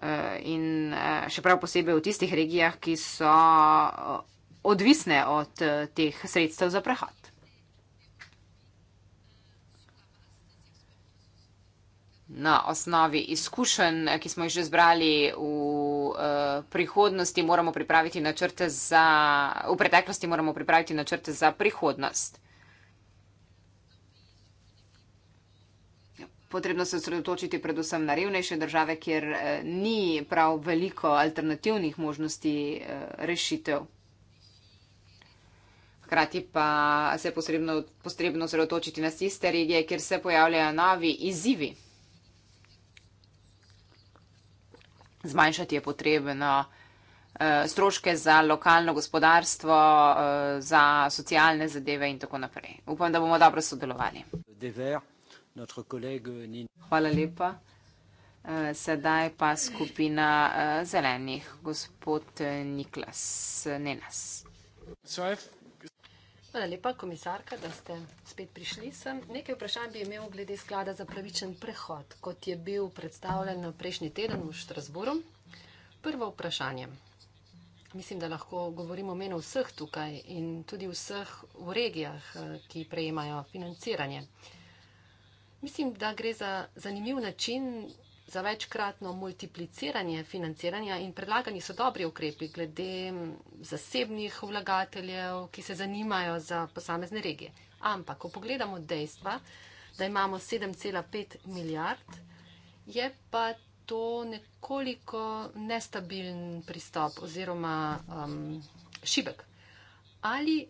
Eh, in eh, še prav posebej v tistih regijah, ki so eh, odvisne od teh sredstev za prehod. na osnovi izkušenj, ki smo jih že zbrali v uh, prihodnosti, moramo pripraviti načrte za, v preteklosti moramo pripraviti načrte za prihodnost. Potrebno se osredotočiti predvsem na revnejše države, kjer uh, ni prav veliko alternativnih možnosti uh, rešitev. Hkrati pa se je potrebno osredotočiti na tiste regije, kjer se pojavljajo novi izzivi. zmanjšati je potrebno eh, stroške za lokalno gospodarstvo, eh, za socialne zadeve in tako naprej. Upam, da bomo dobro sodelovali. Hvala lepa. Eh, sedaj pa skupina zelenih, gospod Niklas Nenas. Hvala lepa, komisarka, da ste spet prišli sem. Nekaj vprašanj bi imel glede sklada za pravičen prehod, kot je bil predstavljen prejšnji teden v Štrasburu. Prvo vprašanje. Mislim, da lahko govorimo o menu vseh tukaj in tudi vseh v regijah, ki prejemajo financiranje. Mislim, da gre za zanimiv način za večkratno multipliciranje financiranja in predlagani so dobri ukrepi glede zasebnih vlagateljev, ki se zanimajo za posamezne regije. Ampak, ko pogledamo dejstva, da imamo 7,5 milijard, je pa to nekoliko nestabilen pristop oziroma um, šibek. Ali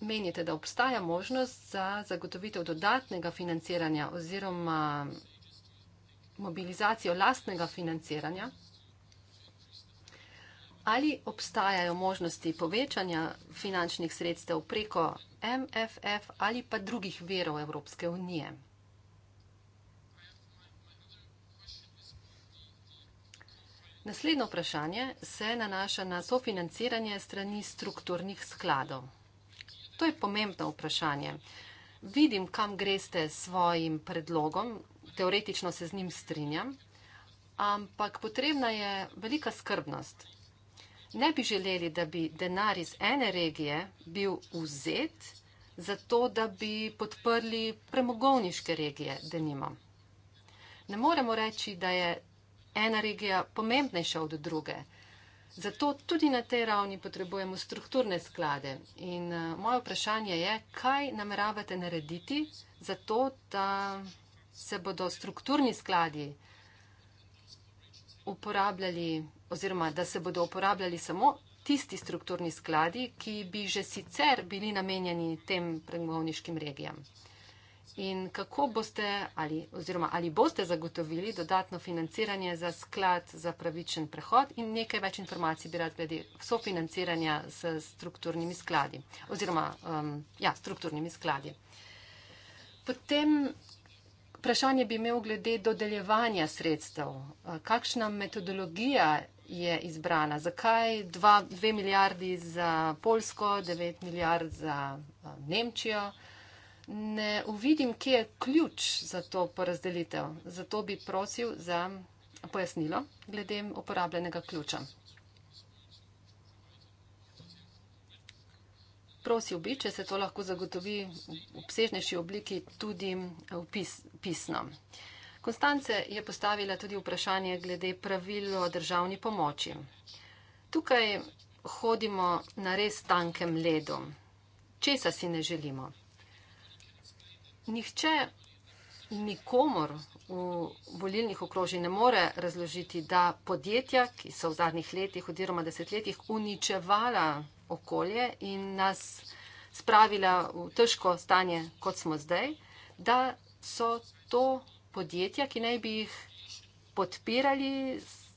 menite, da obstaja možnost za zagotovitev dodatnega financiranja oziroma mobilizacijo lastnega financiranja? Ali obstajajo možnosti povečanja finančnih sredstev preko MFF ali pa drugih verov Evropske unije? Naslednje vprašanje se nanaša na sofinanciranje strani strukturnih skladov. To je pomembno vprašanje. Vidim, kam greste s svojim predlogom, teoretično se z njim strinjam, ampak potrebna je velika skrbnost. Ne bi želeli, da bi denar iz ene regije bil vzet, zato da bi podprli premogovniške regije, da nimam. Ne moremo reči, da je ena regija pomembnejša od druge. Zato tudi na tej ravni potrebujemo strukturne sklade. In uh, moje vprašanje je, kaj nameravate narediti za to, da se bodo strukturni skladi uporabljali oziroma da se bodo uporabljali samo tisti strukturni skladi, ki bi že sicer bili namenjeni tem premogovniškim regijam. In kako boste ali oziroma ali boste zagotovili dodatno financiranje za sklad za pravičen prehod in nekaj več informacij bi rad glede sofinanciranja s strukturnimi skladi oziroma um, ja, strukturnimi skladi. Potem vprašanje bi imel glede dodeljevanja sredstev. Kakšna metodologija je izbrana? Zakaj dva, dve milijardi za Polsko, devet milijard za Nemčijo? Ne uvidim, kje je ključ za to porazdelitev. Zato bi prosil za pojasnilo glede uporabljenega ključa. prosil bi, če se to lahko zagotovi v obsežnejši obliki tudi eh, v pis, pisno. Konstance je postavila tudi vprašanje glede pravil o državni pomoči. Tukaj hodimo na res tankem ledu. Česa si ne želimo? Nihče nikomor v volilnih okrožjih ne more razložiti, da podjetja, ki so v zadnjih letih oziroma desetletjih uničevala okolje in nas spravila v težko stanje, kot smo zdaj, da so to podjetja, ki naj bi jih podpirali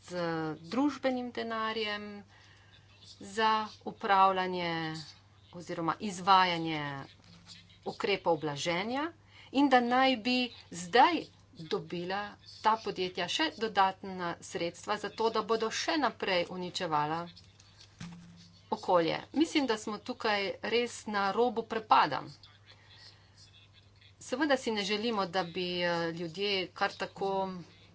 z družbenim denarjem za upravljanje oziroma izvajanje ukrepov blaženja in da naj bi zdaj dobila ta podjetja še dodatna sredstva za to, da bodo še naprej uničevala okolje. Mislim, da smo tukaj res na robu prepada. Seveda si ne želimo, da bi eh, ljudje kar tako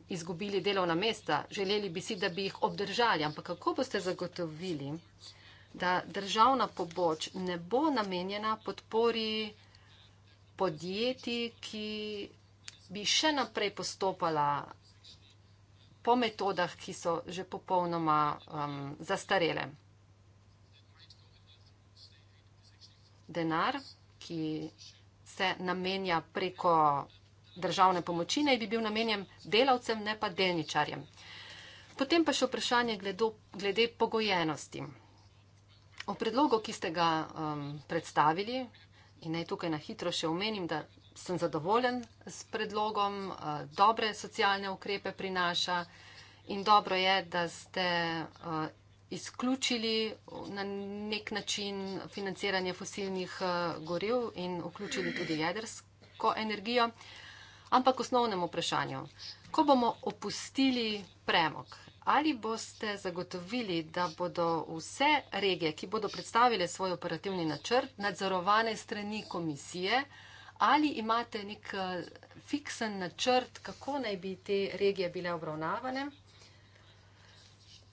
izgubili delovna mesta. Želeli bi si, da bi jih obdržali. Ampak kako boste zagotovili, da državna poboč ne bo namenjena podpori podjetij, ki bi še naprej postopala po metodah, ki so že popolnoma um, zastarele? denar, ki se namenja preko državne pomoči, naj bi bil namenjen delavcem, ne pa delničarjem. Potem pa še vprašanje glede, glede pogojenosti. O predlogu, ki ste ga um, predstavili, in naj tukaj na hitro še omenim, da sem zadovoljen s predlogom, uh, dobre socialne ukrepe prinaša in dobro je, da ste uh, izključili na nek način financiranje fosilnih eh, goriv in vključili tudi jedrsko energijo. Ampak osnovnemu vprašanju, ko bomo opustili premog, ali boste zagotovili, da bodo vse regije, ki bodo predstavile svoj operativni načrt, nadzorovane strani komisije, ali imate nek eh, fiksen načrt, kako naj bi te regije bile obravnavane?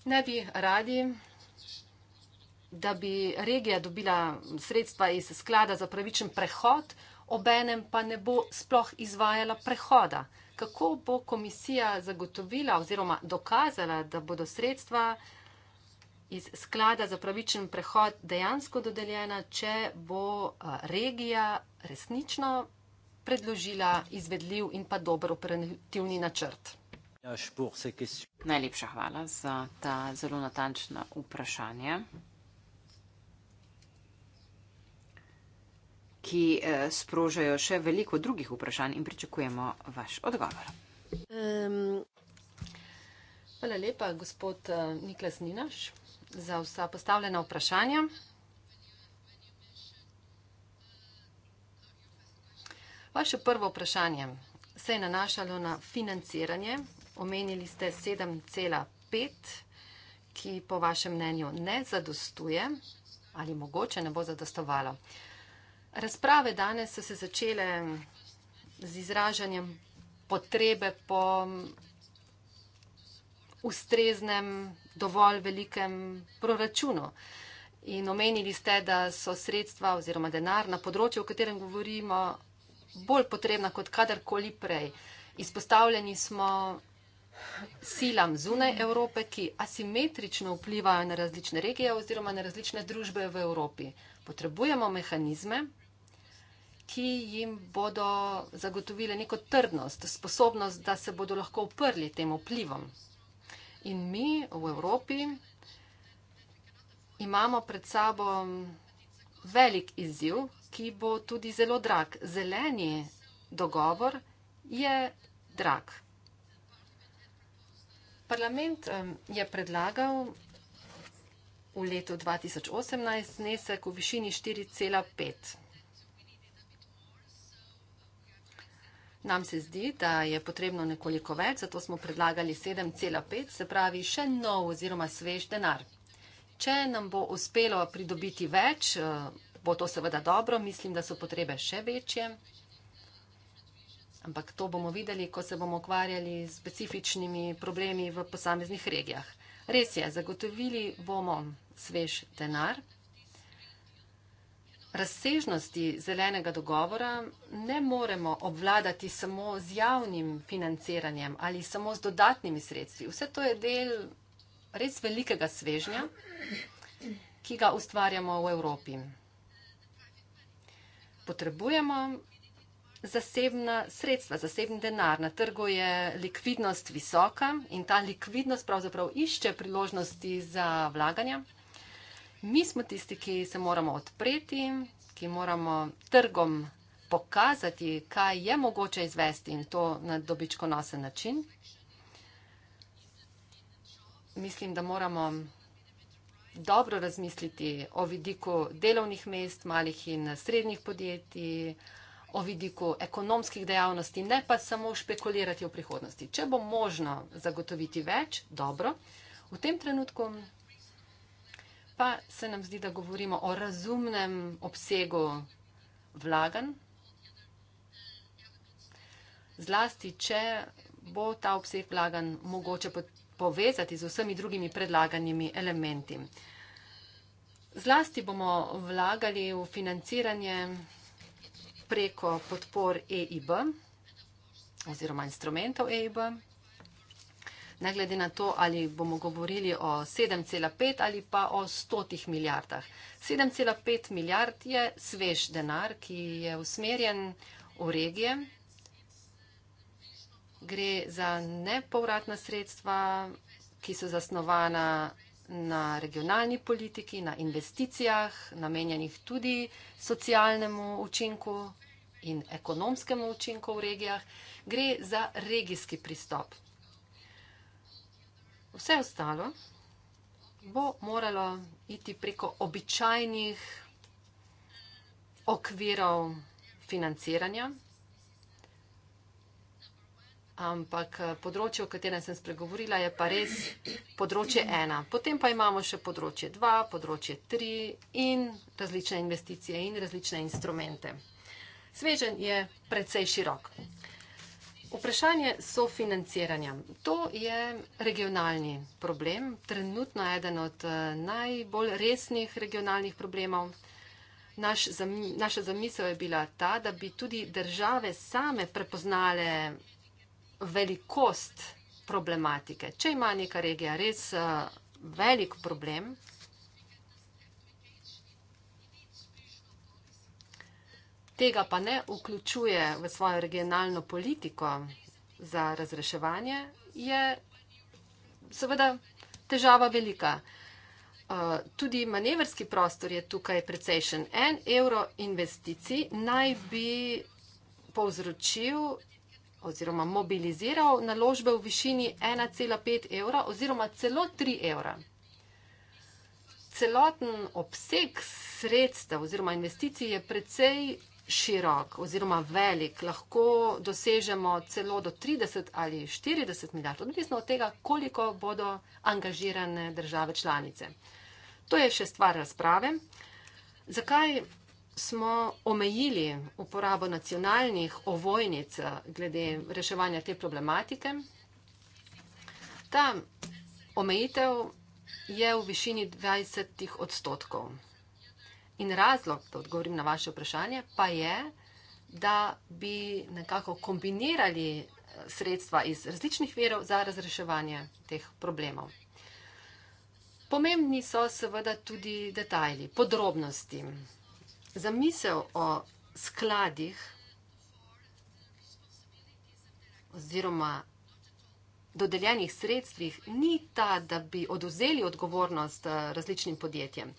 Ne bi radi, da bi regija dobila sredstva iz sklada za pravičen prehod, obenem pa ne bo sploh izvajala prehoda. Kako bo komisija zagotovila oziroma dokazala, da bodo sredstva iz sklada za pravičen prehod dejansko dodeljena, če bo eh, regija resnično predložila izvedljiv in pa dober operativni načrt? Najlepša hvala za ta zelo natančna vprašanja, ki eh, sprožajo še veliko drugih vprašanj in pričakujemo vaš odgovor. Um, hvala lepa, gospod eh, Niklas Ninaš, za vsa postavljena vprašanja. Vaše prvo vprašanje se je nanašalo na financiranje Omenili ste 7,5, ki po vašem mnenju ne zadostuje ali mogoče ne bo zadostovalo. Razprave danes so se začele z izražanjem potrebe po ustreznem, dovolj velikem proračunu. In omenili ste, da so sredstva oziroma denar na področju, o katerem govorimo, bolj potrebna kot kadarkoli prej. Izpostavljeni smo silam zunaj Evrope, ki asimetrično vplivajo na različne regije oziroma na različne družbe v Evropi. Potrebujemo mehanizme, ki jim bodo zagotovile neko trdnost, sposobnost, da se bodo lahko uprli tem vplivom. In mi v Evropi imamo pred sabo velik izziv, ki bo tudi zelo drag. Zeleni dogovor je drag. Parlament je predlagal v letu 2018 znesek v višini 4,5. Nam se zdi, da je potrebno nekoliko več, zato smo predlagali 7,5, se pravi še nov oziroma svež denar. Če nam bo uspelo pridobiti več, eh, bo to seveda dobro, mislim, da so potrebe še večje. Ampak to bomo videli, ko se bomo ukvarjali s specifičnimi problemi v posameznih regijah. Res je, zagotovili bomo svež denar. Razsežnosti zelenega dogovora ne moremo obvladati samo z javnim financiranjem ali samo z dodatnimi sredstvi. Vse to je del res velikega svežnja, ki ga ustvarjamo v Evropi. Potrebujemo zasebna sredstva, zasebni denar. Na trgu je likvidnost visoka in ta likvidnost pravzaprav išče priložnosti za vlaganja. Mi smo tisti, ki se moramo odpreti, ki moramo trgom pokazati, kaj je mogoče izvesti in to na dobičkonosen način. Mislim, da moramo dobro razmisliti o vidiku delovnih mest, malih in srednjih podjetij, o vidiku ekonomskih dejavnosti, ne pa samo špekulirati o prihodnosti. Če bo možno zagotoviti več, dobro, v tem trenutku pa se nam zdi, da govorimo o razumnem obsegu vlagan, zlasti, če bo ta obseg vlagan mogoče povezati z vsemi drugimi predlaganimi elementi. Zlasti bomo vlagali v financiranje vlagan, preko podpor EIB oziroma instrumentov EIB. Ne glede na to, ali bomo govorili o 7,5 ali pa o 100 milijardah. 7,5 milijard je svež denar, ki je usmerjen v regije. Gre za nepovratna sredstva, ki so zasnovana na regionalni politiki, na investicijah, namenjenih tudi socialnemu učinku in ekonomskem učinku v regijah, gre za regijski pristop. Vse ostalo bo moralo iti preko običajnih okvirov financiranja, ampak področje, o katerem sem spregovorila, je pa res področje ena. Potem pa imamo še področje dva, področje tri in različne investicije in različne instrumente. Svežen je precej širok. Vprašanje sofinanciranja. To je regionalni problem, trenutno eden od eh, najbolj resnih regionalnih problemov. Naš, naša zamisel je bila ta, da bi tudi države same prepoznale velikost problematike. Če ima neka regija res eh, velik problem, tega pa ne vključuje v svojo regionalno politiko za razreševanje, je seveda težava velika. Uh, tudi manevrski prostor je tukaj precejšen. En evro investicij naj bi povzročil oziroma mobiliziral naložbe v višini 1,5 evra oziroma celo 3 evra. Celoten obseg sredstev oziroma investicij je precej širok oziroma velik, lahko dosežemo celo do 30 ali 40 milijard, odvisno od tega, koliko bodo angažirane države članice. To je še stvar razprave. Zakaj smo omejili uporabo nacionalnih ovojnic glede reševanja te problematike? Ta omejitev je v višini 20 odstotkov. In razlog, da odgovorim na vaše vprašanje, pa je, da bi nekako kombinirali eh, sredstva iz različnih verov za razreševanje teh problemov. Pomembni so seveda tudi detajli, podrobnosti. Zamisel o skladih oziroma dodeljenih sredstvih ni ta, da bi oduzeli odgovornost eh, različnim podjetjem.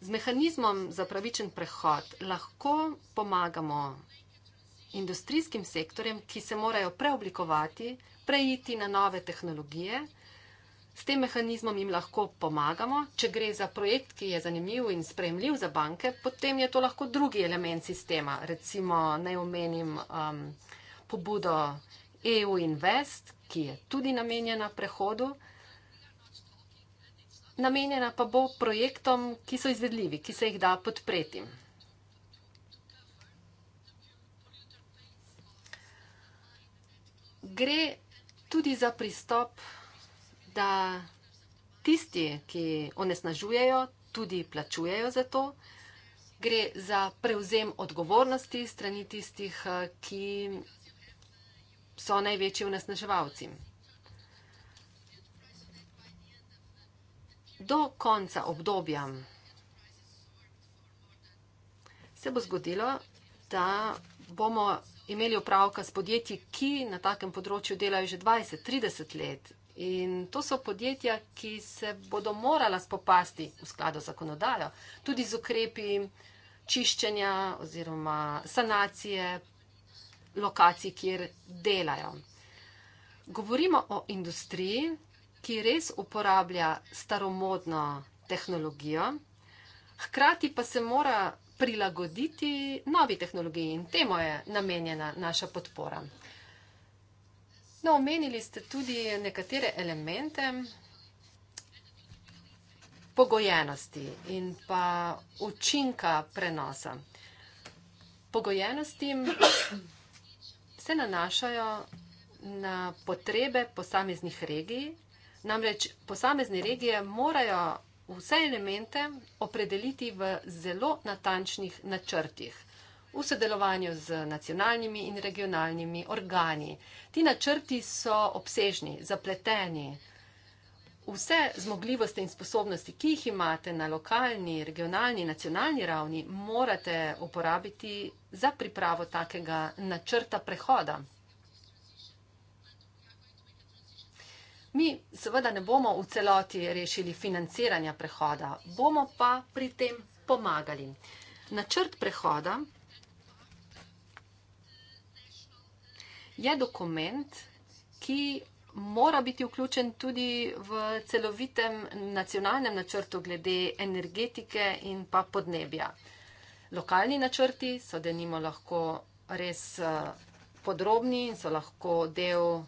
Z mehanizmom za pravičen prehod lahko pomagamo industrijskim sektorjem, ki se morajo preoblikovati, preiti na nove tehnologije. S tem mehanizmom jim lahko pomagamo. Če gre za projekt, ki je zanimiv in sprejemljiv za banke, potem je to lahko drugi element sistema. Recimo naj omenim um, pobudo EU Invest, ki je tudi namenjena prehodu namenjena pa bo projektom, ki so izvedljivi, ki se jih da podpreti. Gre tudi za pristop, da tisti, ki onesnažujejo, tudi plačujejo za to. Gre za prevzem odgovornosti strani tistih, ki so največji onesnaževalci. do konca obdobja se bo zgodilo, da bomo imeli upravka s podjetji, ki na takem področju delajo že 20-30 let. In to so podjetja, ki se bodo morala spopasti v skladu zakonodajo, tudi z ukrepi čiščenja oziroma sanacije lokacij, kjer delajo. Govorimo o industriji, ki res uporablja staromodno tehnologijo, hkrati pa se mora prilagoditi novi tehnologiji in temu je namenjena naša podpora. No, omenili ste tudi nekatere elemente pogojenosti in pa učinka prenosa. Pogojenosti se nanašajo na potrebe posameznih regij Namreč posamezne regije morajo vse elemente opredeliti v zelo natančnih načrtih, v sodelovanju z nacionalnimi in regionalnimi organi. Ti načrti so obsežni, zapleteni. Vse zmogljivosti in sposobnosti, ki jih imate na lokalni, regionalni, nacionalni ravni, morate uporabiti za pripravo takega načrta prehoda. Mi seveda ne bomo v celoti rešili financiranja prehoda, bomo pa pri tem pomagali. Načrt prehoda je dokument, ki mora biti vključen tudi v celovitem nacionalnem načrtu glede energetike in pa podnebja. Lokalni načrti so denimo lahko res eh, podrobni in so lahko del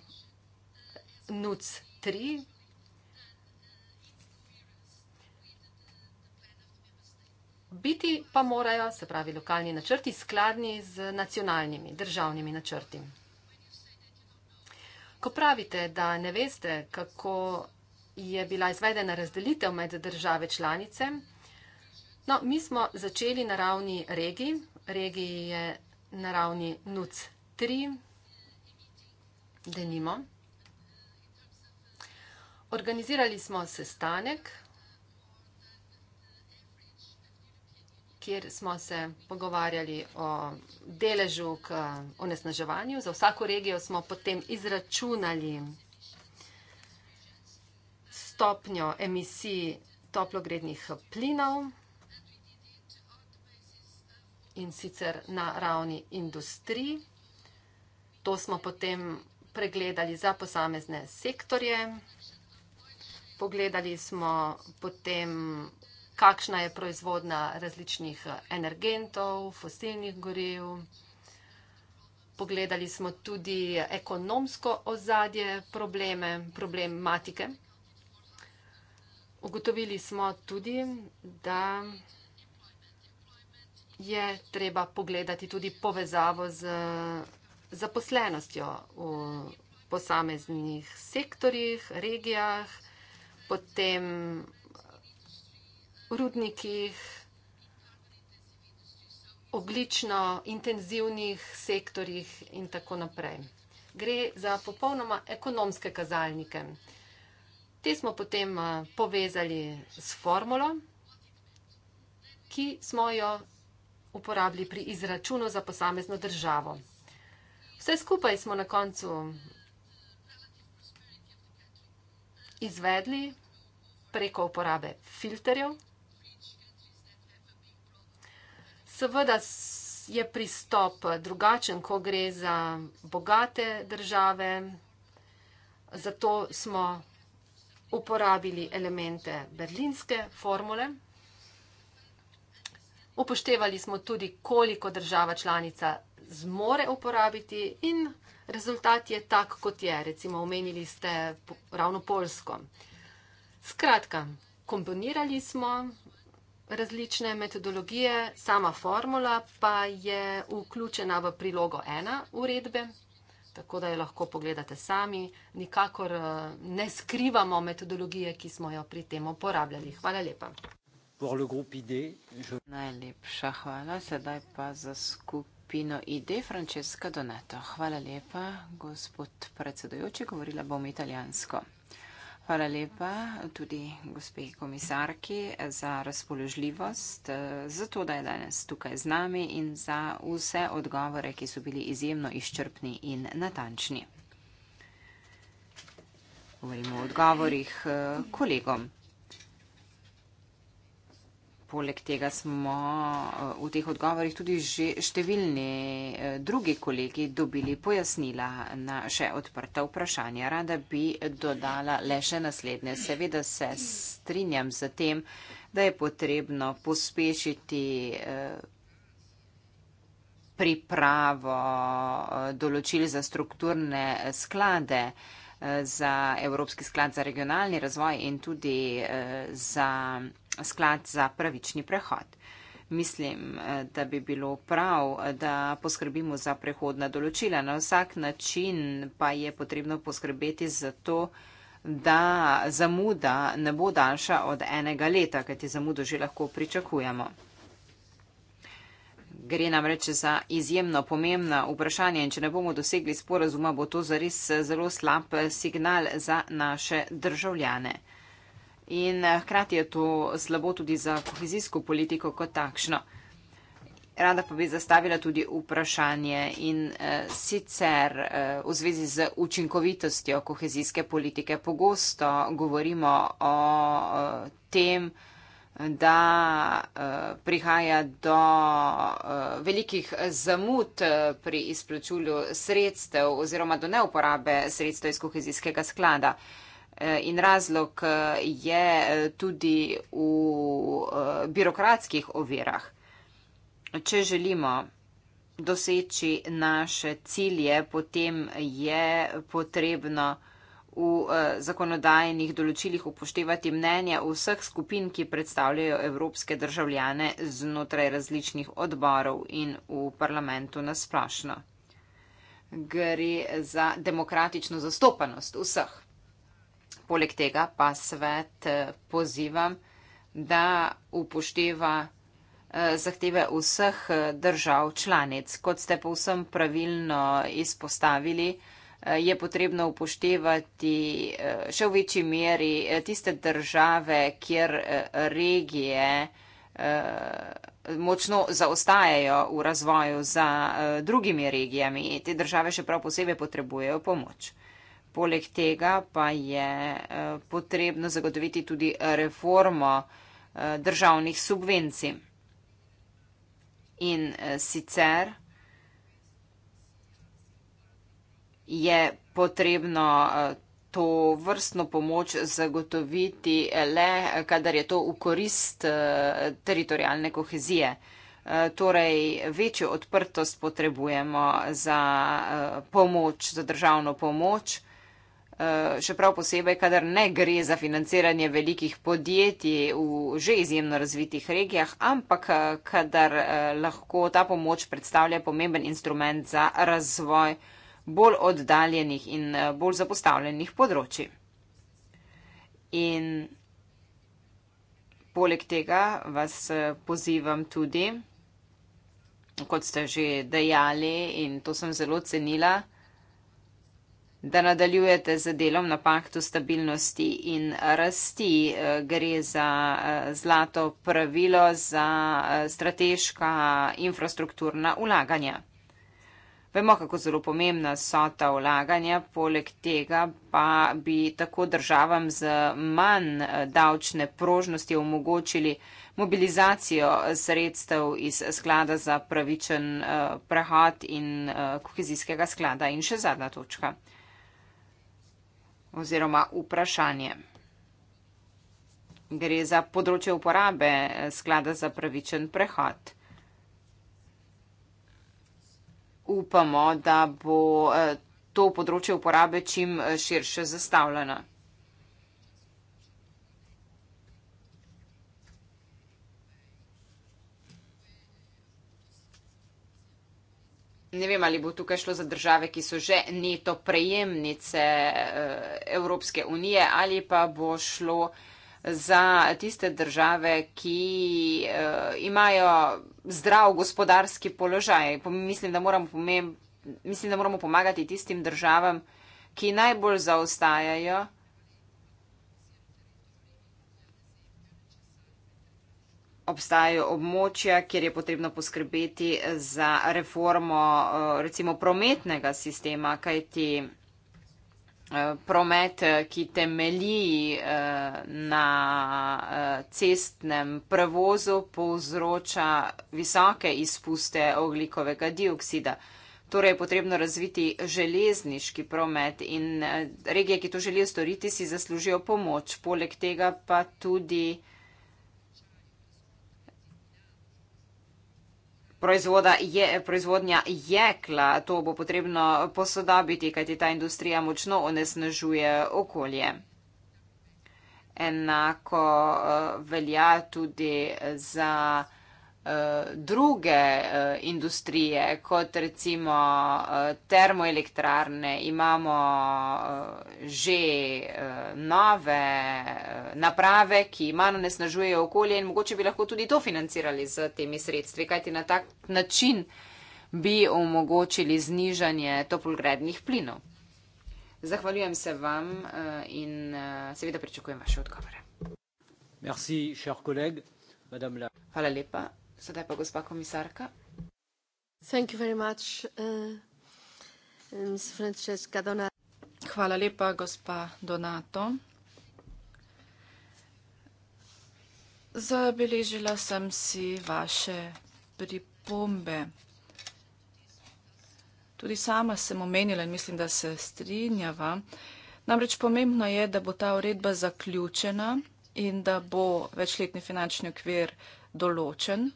NUC tri. Biti pa morajo, se pravi, lokalni načrti skladni z nacionalnimi, državnimi načrti. Ko pravite, da ne veste, kako je bila izvedena razdelitev med države članice, no, mi smo začeli na ravni regij. Regiji je na ravni NUC 3, denimo. Organizirali smo sestanek, kjer smo se pogovarjali o deležu k onesnaževanju. Za vsako regijo smo potem izračunali stopnjo emisij toplogrednih plinov in sicer na ravni industrij. To smo potem pregledali za posamezne sektorje, pogledali smo potem, kakšna je proizvodna različnih energentov, fosilnih goriv. Pogledali smo tudi ekonomsko ozadje probleme, problematike. Ugotovili smo tudi, da je treba pogledati tudi povezavo z zaposlenostjo v posameznih sektorjih, regijah potem v rudnikih, oglično intenzivnih sektorjih in tako naprej. Gre za popolnoma ekonomske kazalnike. Te smo potem povezali s formulo, ki smo jo uporabili pri izračunu za posamezno državo. Vse skupaj smo na koncu izvedli preko uporabe filterjev. Seveda je pristop drugačen, ko gre za bogate države, zato smo uporabili elemente berlinske formule. Upoštevali smo tudi, koliko država članica zmore uporabiti in rezultat je tak, kot je. Recimo, omenili ste ravno Polsko. Skratka, komponirali smo različne metodologije, sama formula pa je vključena v prilogo ena uredbe, tako da jo lahko pogledate sami. Nikakor eh, ne skrivamo metodologije, ki smo jo pri tem uporabljali. Hvala lepa. Najlepša hvala, sedaj pa za skupino ID Francesca Donato. Hvala lepa, gospod predsedujoči, govorila bom italijansko. Hvala lepa tudi gospe komisarki za razpoložljivost, eh, za to, da je danes tukaj z nami in za vse odgovore, ki so bili izjemno izčrpni in natančni. Govorimo o odgovorih eh, kolegom poleg tega smo eh, v teh odgovorih tudi že številni eh, drugi kolegi dobili pojasnila na še odprta vprašanja. Rada bi dodala le še naslednje. Seveda se strinjam z tem, da je potrebno pospešiti eh, pripravo določil za strukturne sklade za Evropski sklad za regionalni razvoj in tudi za sklad za pravični prehod. Mislim, eh, da bi bilo prav, da poskrbimo za prehodna določila. Na vsak način pa je potrebno poskrbeti za to, da zamuda ne bo daljša od enega leta, kajti zamudo že lahko pričakujemo. Gre namreč za izjemno pomembna vprašanja in če ne bomo dosegli sporazuma, bo to zares zelo slab signal za naše državljane. In eh, hkrati je to slabo tudi za kohezijsko politiko kot takšno. Rada pa bi zastavila tudi vprašanje in eh, sicer eh, v zvezi z učinkovitostjo kohezijske politike. Pogosto govorimo o eh, tem, da eh, prihaja do eh, velikih zamud eh, pri izplačulju sredstev oziroma do neuporabe sredstev iz kohezijskega sklada. Eh, Eh, in razlog eh, je eh, tudi v birokratskih ovirah. Če želimo doseči naše cilje, potem je potrebno v zakonodajnih določilih upoštevati mnenja vseh skupin, ki predstavljajo evropske državljane znotraj različnih odborov in v parlamentu nasplošno. Gre za demokratično zastopanost vseh. Poleg tega pa svet eh, pozivam, da upošteva eh, zahteve vseh eh, držav članic. Kot ste povsem pravilno izpostavili, je potrebno upoštevati še v večji meri tiste države, kjer regije močno zaostajajo v razvoju za drugimi regijami. Te države še prav posebej potrebujejo pomoč. Poleg tega pa je eh, potrebno zagotoviti tudi reformo eh, državnih subvencij. In eh, sicer je potrebno to vrstno pomoč zagotoviti le, kadar je to v korist teritorijalne kohezije. Torej, večjo odprtost potrebujemo za pomoč, za državno pomoč. Eh, še prav posebej, kadar ne gre za financiranje velikih podjetij v že izjemno razvitih regijah, ampak eh, kadar eh, lahko ta pomoč predstavlja pomemben instrument za razvoj bolj oddaljenih in bolj zapostavljenih področji. In poleg tega vas pozivam tudi, kot ste že dejali in to sem zelo cenila, da nadaljujete z delom na paktu stabilnosti in rasti. Eh, gre za eh, zlato pravilo za eh, strateška infrastrukturna ulaganja. Vemo, kako zelo pomembna so ta ulaganja, poleg tega pa bi tako državam z manj davčne prožnosti omogočili mobilizacijo sredstev iz sklada za pravičen prehod in kohezijskega sklada. In še zadnja točka oziroma vprašanje. Gre za področje uporabe eh, sklada za pravičen prehod. Upamo, da bo eh, to področje uporabe čim eh, širše zastavljeno. Ne vem, ali bo tukaj šlo za države, ki so že neto prejemnice eh, Evropske unije, ali pa bo šlo za tiste države, ki eh, imajo zdrav gospodarski položaj. Mislim, da moramo, pomem, mislim, da moramo pomagati tistim državam, ki najbolj zaostajajo. obstajajo območja, kjer je potrebno poskrbeti za reformo eh, recimo prometnega sistema, kajti eh, promet, eh, ki temelji na cestnem prevozu, povzroča visoke izpuste oglikovega dioksida. Torej je potrebno razviti železniški promet in regije, ki to želijo storiti, si zaslužijo pomoč. Poleg tega pa tudi proizvoda je, proizvodnja jekla. To bo potrebno posodobiti, kajti ta industrija močno onesnažuje okolje. Enako eh, velja tudi za. Eh, druge eh, industrije, kot recimo eh, termoelektrarne, imamo že nove naprave, ki manj onesnažujejo okolje in mogoče bi lahko tudi to financirali z temi sredstvi, kajti na tak način bi omogočili znižanje toplogrednih plinov. Zahvaljujem se vam in seveda pričakujem vaše odgovore. Merci, cher collègue, madame la... Hvala lepa. Sedaj pa gospa komisarka. Thank you very much, uh, Ms. Francesca Donato. Hvala lepa, gospa Donato. Zabeležila sem si vaše pripombe. Tudi sama sem omenila in mislim, da se strinjava. Namreč pomembno je, da bo ta uredba zaključena in da bo večletni finančni okvir določen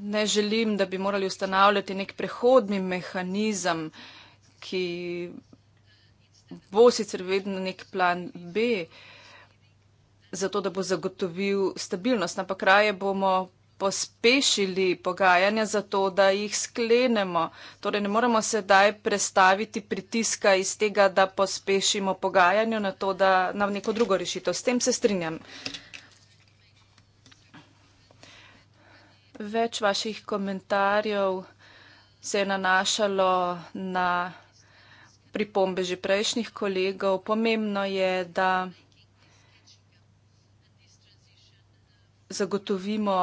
ne želim, da bi morali ustanavljati nek prehodni mehanizem, ki bo sicer vedno nek plan B, zato da bo zagotovil stabilnost. Ampak raje bomo pospešili pogajanja za to, da jih sklenemo. Torej ne moramo sedaj prestaviti pritiska iz tega, da pospešimo pogajanja na to, da nam neko drugo rešitev. S tem se strinjam. Več vaših komentarjev se je nanašalo na pripombe že prejšnjih kolegov. Pomembno je, da zagotovimo,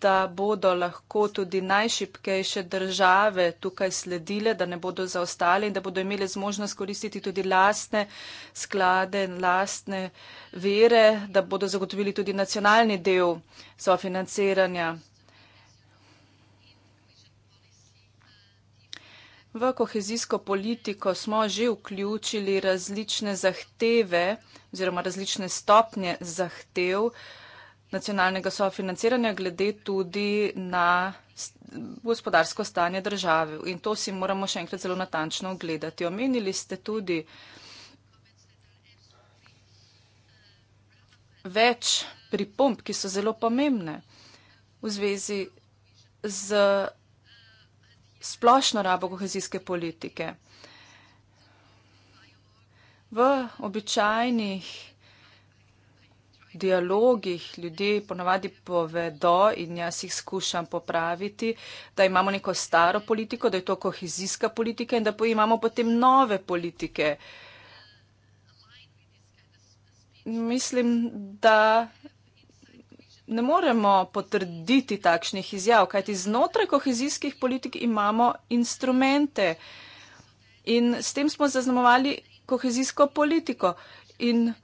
da bodo lahko tudi najšipkejše države tukaj sledile, da ne bodo zaostale in da bodo imele zmožnost koristiti tudi lastne sklade in lastne vere, da bodo zagotovili tudi nacionalni del sofinanciranja. V kohezijsko politiko smo že vključili različne zahteve oziroma različne stopnje zahtev nacionalnega sofinanciranja glede tudi na gospodarsko stanje države. In to si moramo še enkrat zelo natančno ogledati. Omenili ste tudi več pripomb, ki so zelo pomembne v zvezi z splošno rabo kohezijske politike. V običajnih dialogih ljudje ponavadi povedo in jaz jih skušam popraviti, da imamo neko staro politiko, da je to kohezijska politika in da imamo potem nove politike. Mislim, da ne moremo potrditi takšnih izjav, kajti znotraj kohezijskih politik imamo instrumente in s tem smo zaznamovali kohezijsko politiko. In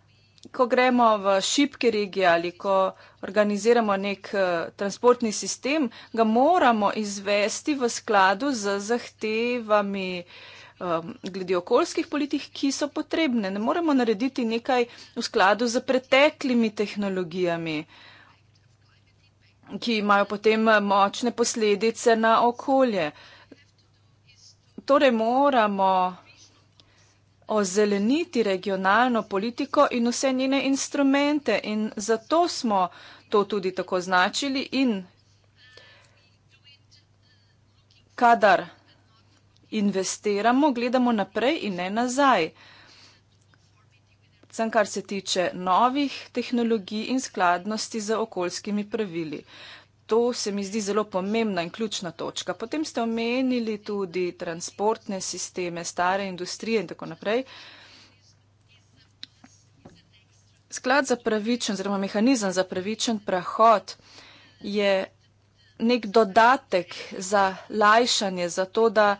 ko gremo v šipke regije ali ko organiziramo nek uh, transportni sistem, ga moramo izvesti v skladu z zahtevami um, glede okoljskih politik, ki so potrebne. Ne moremo narediti nekaj v skladu z preteklimi tehnologijami. Uh, ki imajo potem eh, močne posledice na okolje. Torej moramo ozeleniti regionalno politiko in vse njene instrumente in zato smo to tudi tako značili in kadar investiramo, gledamo naprej in ne nazaj predvsem kar se tiče novih tehnologij in skladnosti z okoljskimi pravili. To se mi zdi zelo pomembna in ključna točka. Potem ste omenili tudi transportne sisteme, stare industrije in tako naprej. Sklad za pravičen, oziroma mehanizem za pravičen prehod je nek dodatek za lajšanje, za to, da uh,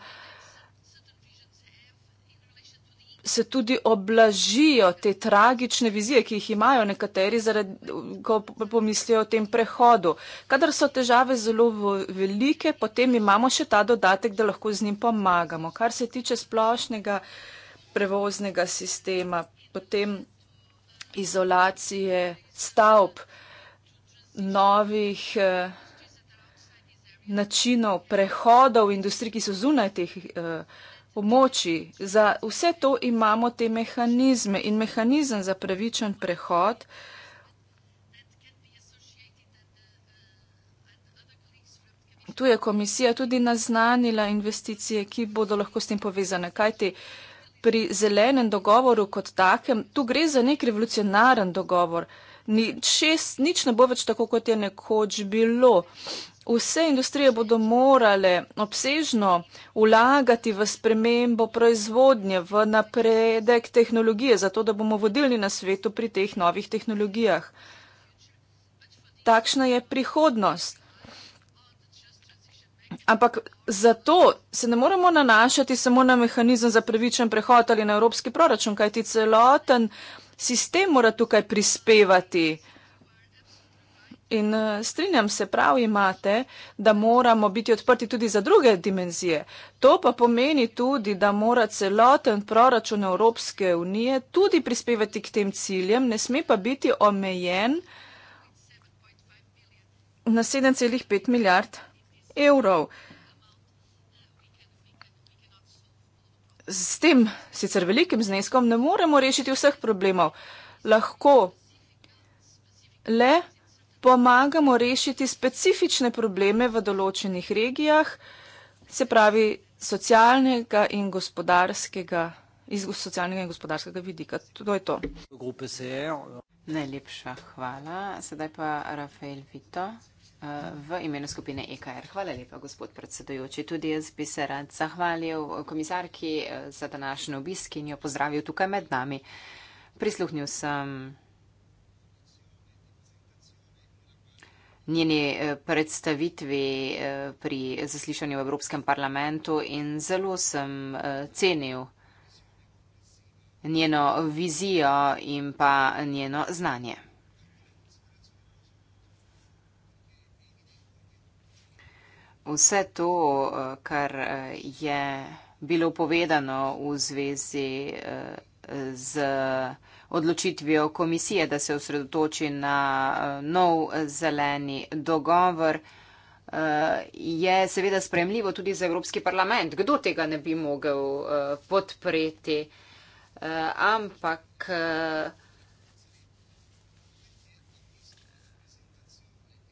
se tudi oblažijo te tragične vizije, ki jih imajo nekateri, zaradi, ko pomislijo o tem prehodu. Kadar so težave zelo velike, potem imamo še ta dodatek, da lahko z njim pomagamo. Kar se tiče splošnega prevoznega sistema, potem izolacije stavb, novih eh, načinov prehodov industrij, ki so zunaj teh. Eh, pomoči. Za vse to imamo te mehanizme in mehanizem za pravičen prehod. Tu je komisija tudi naznanila investicije, ki bodo lahko s tem povezane. Kaj ti pri zelenem dogovoru kot takem, tu gre za nek revolucionaren dogovor. Ni, šest, nič ne bo več tako, kot je nekoč bilo. Uh, Vse industrije bodo morale obsežno vlagati v spremembo proizvodnje, v napredek tehnologije, zato da bomo vodilni na svetu pri teh novih tehnologijah. Takšna je prihodnost. Ampak zato se ne moremo nanašati samo na mehanizem za pravičen prehod ali na evropski proračun, kajti celoten sistem mora tukaj prispevati. In eh, strinjam se, prav imate, da moramo biti odprti tudi za druge dimenzije. To pa pomeni tudi, da mora celoten proračun Evropske unije tudi prispevati k tem ciljem, ne sme pa biti omejen na 7,5 milijard evrov. S tem sicer velikim zneskom ne moremo rešiti vseh problemov. Lahko le pomagamo rešiti specifične probleme v določenih regijah, se pravi socialnega in gospodarskega, iz socialnega in gospodarskega vidika. To je to. Najlepša hvala. Sedaj pa Rafael Vito eh, v imenu skupine EKR. Hvala lepa, gospod predsedujoči. Tudi jaz bi se rad zahvalil komisarki eh, za današnjo obisk in jo pozdravil tukaj med nami. Prisluhnil sem njeni eh, predstavitvi eh, pri zaslišanju v Evropskem parlamentu in zelo sem eh, cenil njeno vizijo in pa njeno znanje. Vse to, kar je bilo povedano v zvezi z vsega, odločitvijo komisije, da se osredotoči na eh, nov eh, zeleni dogovor, eh, je seveda spremljivo tudi za Evropski parlament. Kdo tega ne bi mogel podpreti? Ampak.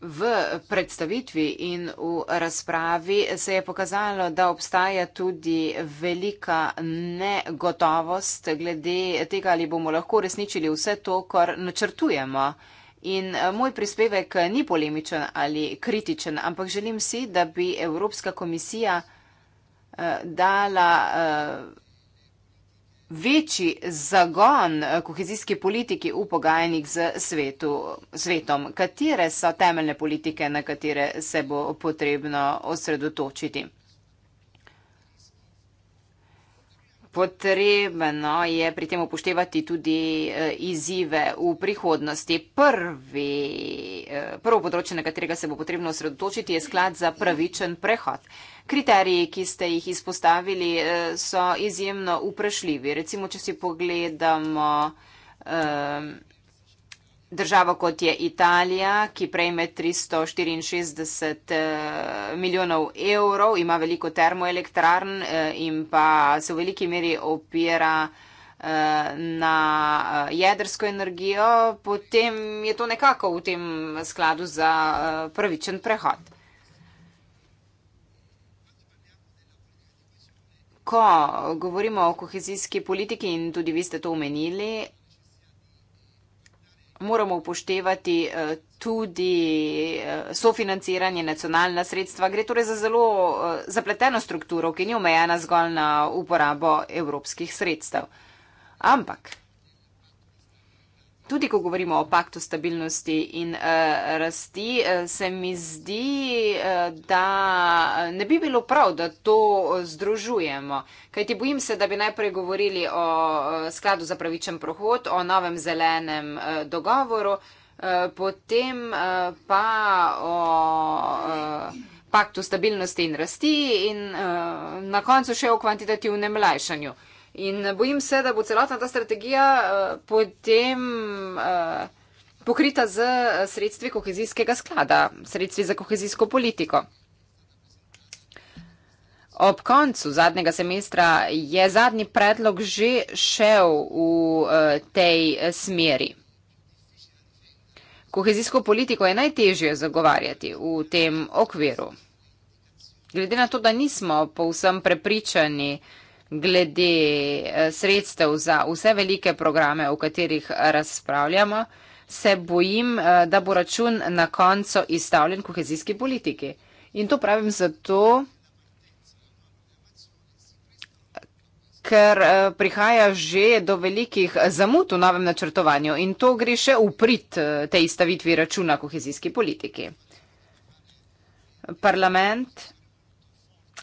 V predstavitvi in v razpravi se je pokazalo, da obstaja tudi velika negotovost glede tega, ali bomo lahko resničili vse to, kar načrtujemo. In eh, moj prispevek ni polemičen ali kritičen, ampak želim si, da bi Evropska komisija eh, dala eh, večji zagon eh, kohezijski politiki v pogajanjih z svetu, svetom? Katere so temeljne politike, na katere se bo potrebno osredotočiti? Potrebno je pri tem upoštevati tudi eh, izzive v prihodnosti. Prvi, eh, prvo področje, na katerega se bo potrebno osredotočiti, je sklad za pravičen prehod. Kriteriji, ki ste jih izpostavili, eh, so izjemno vprašljivi. Recimo, če si pogledamo ehm, državo kot je Italija, ki prejme 364 eh, milijonov evrov, ima veliko termoelektrarn eh, in pa se v veliki meri opira na jedrsko energijo, potem je to nekako v tem skladu za pravičen prehod. ko govorimo o kohezijski politiki in tudi vi ste to omenili, moramo upoštevati eh, tudi eh, sofinanciranje nacionalna sredstva. Gre torej za zelo eh, zapleteno strukturo, ki ni omejena zgolj na uporabo evropskih sredstev. Ampak tudi ko govorimo o paktu stabilnosti in uh, rasti, eh, se mi zdi, eh, da ne bi bilo prav, da to združujemo. Kaj ti bojim se, da bi najprej govorili o skladu za pravičen prohod, o novem zelenem uh, dogovoru, uh, potem uh, pa o. Uh, Paktu stabilnosti in rasti, in uh, na koncu še o kvantitativnem lajšanju. Uh, In bojim se, da bo celotna ta strategija eh, potem eh, pokrita z eh, sredstvi kohezijskega sklada, sredstvi za kohezijsko politiko. Ob koncu zadnjega semestra je zadnji predlog že šel v tej smeri. Kohezijsko politiko je najtežje zagovarjati v tem okviru. Glede na to, da nismo povsem prepričani, da glede eh, sredstev za vse velike programe, o katerih razpravljamo, se bojim, eh, da bo račun na koncu izstavljen kohezijski politiki. In to pravim zato, ker eh, prihaja že do velikih zamut v novem načrtovanju in to gre še v prid tej stavitvi računa kohezijski politiki. Parlament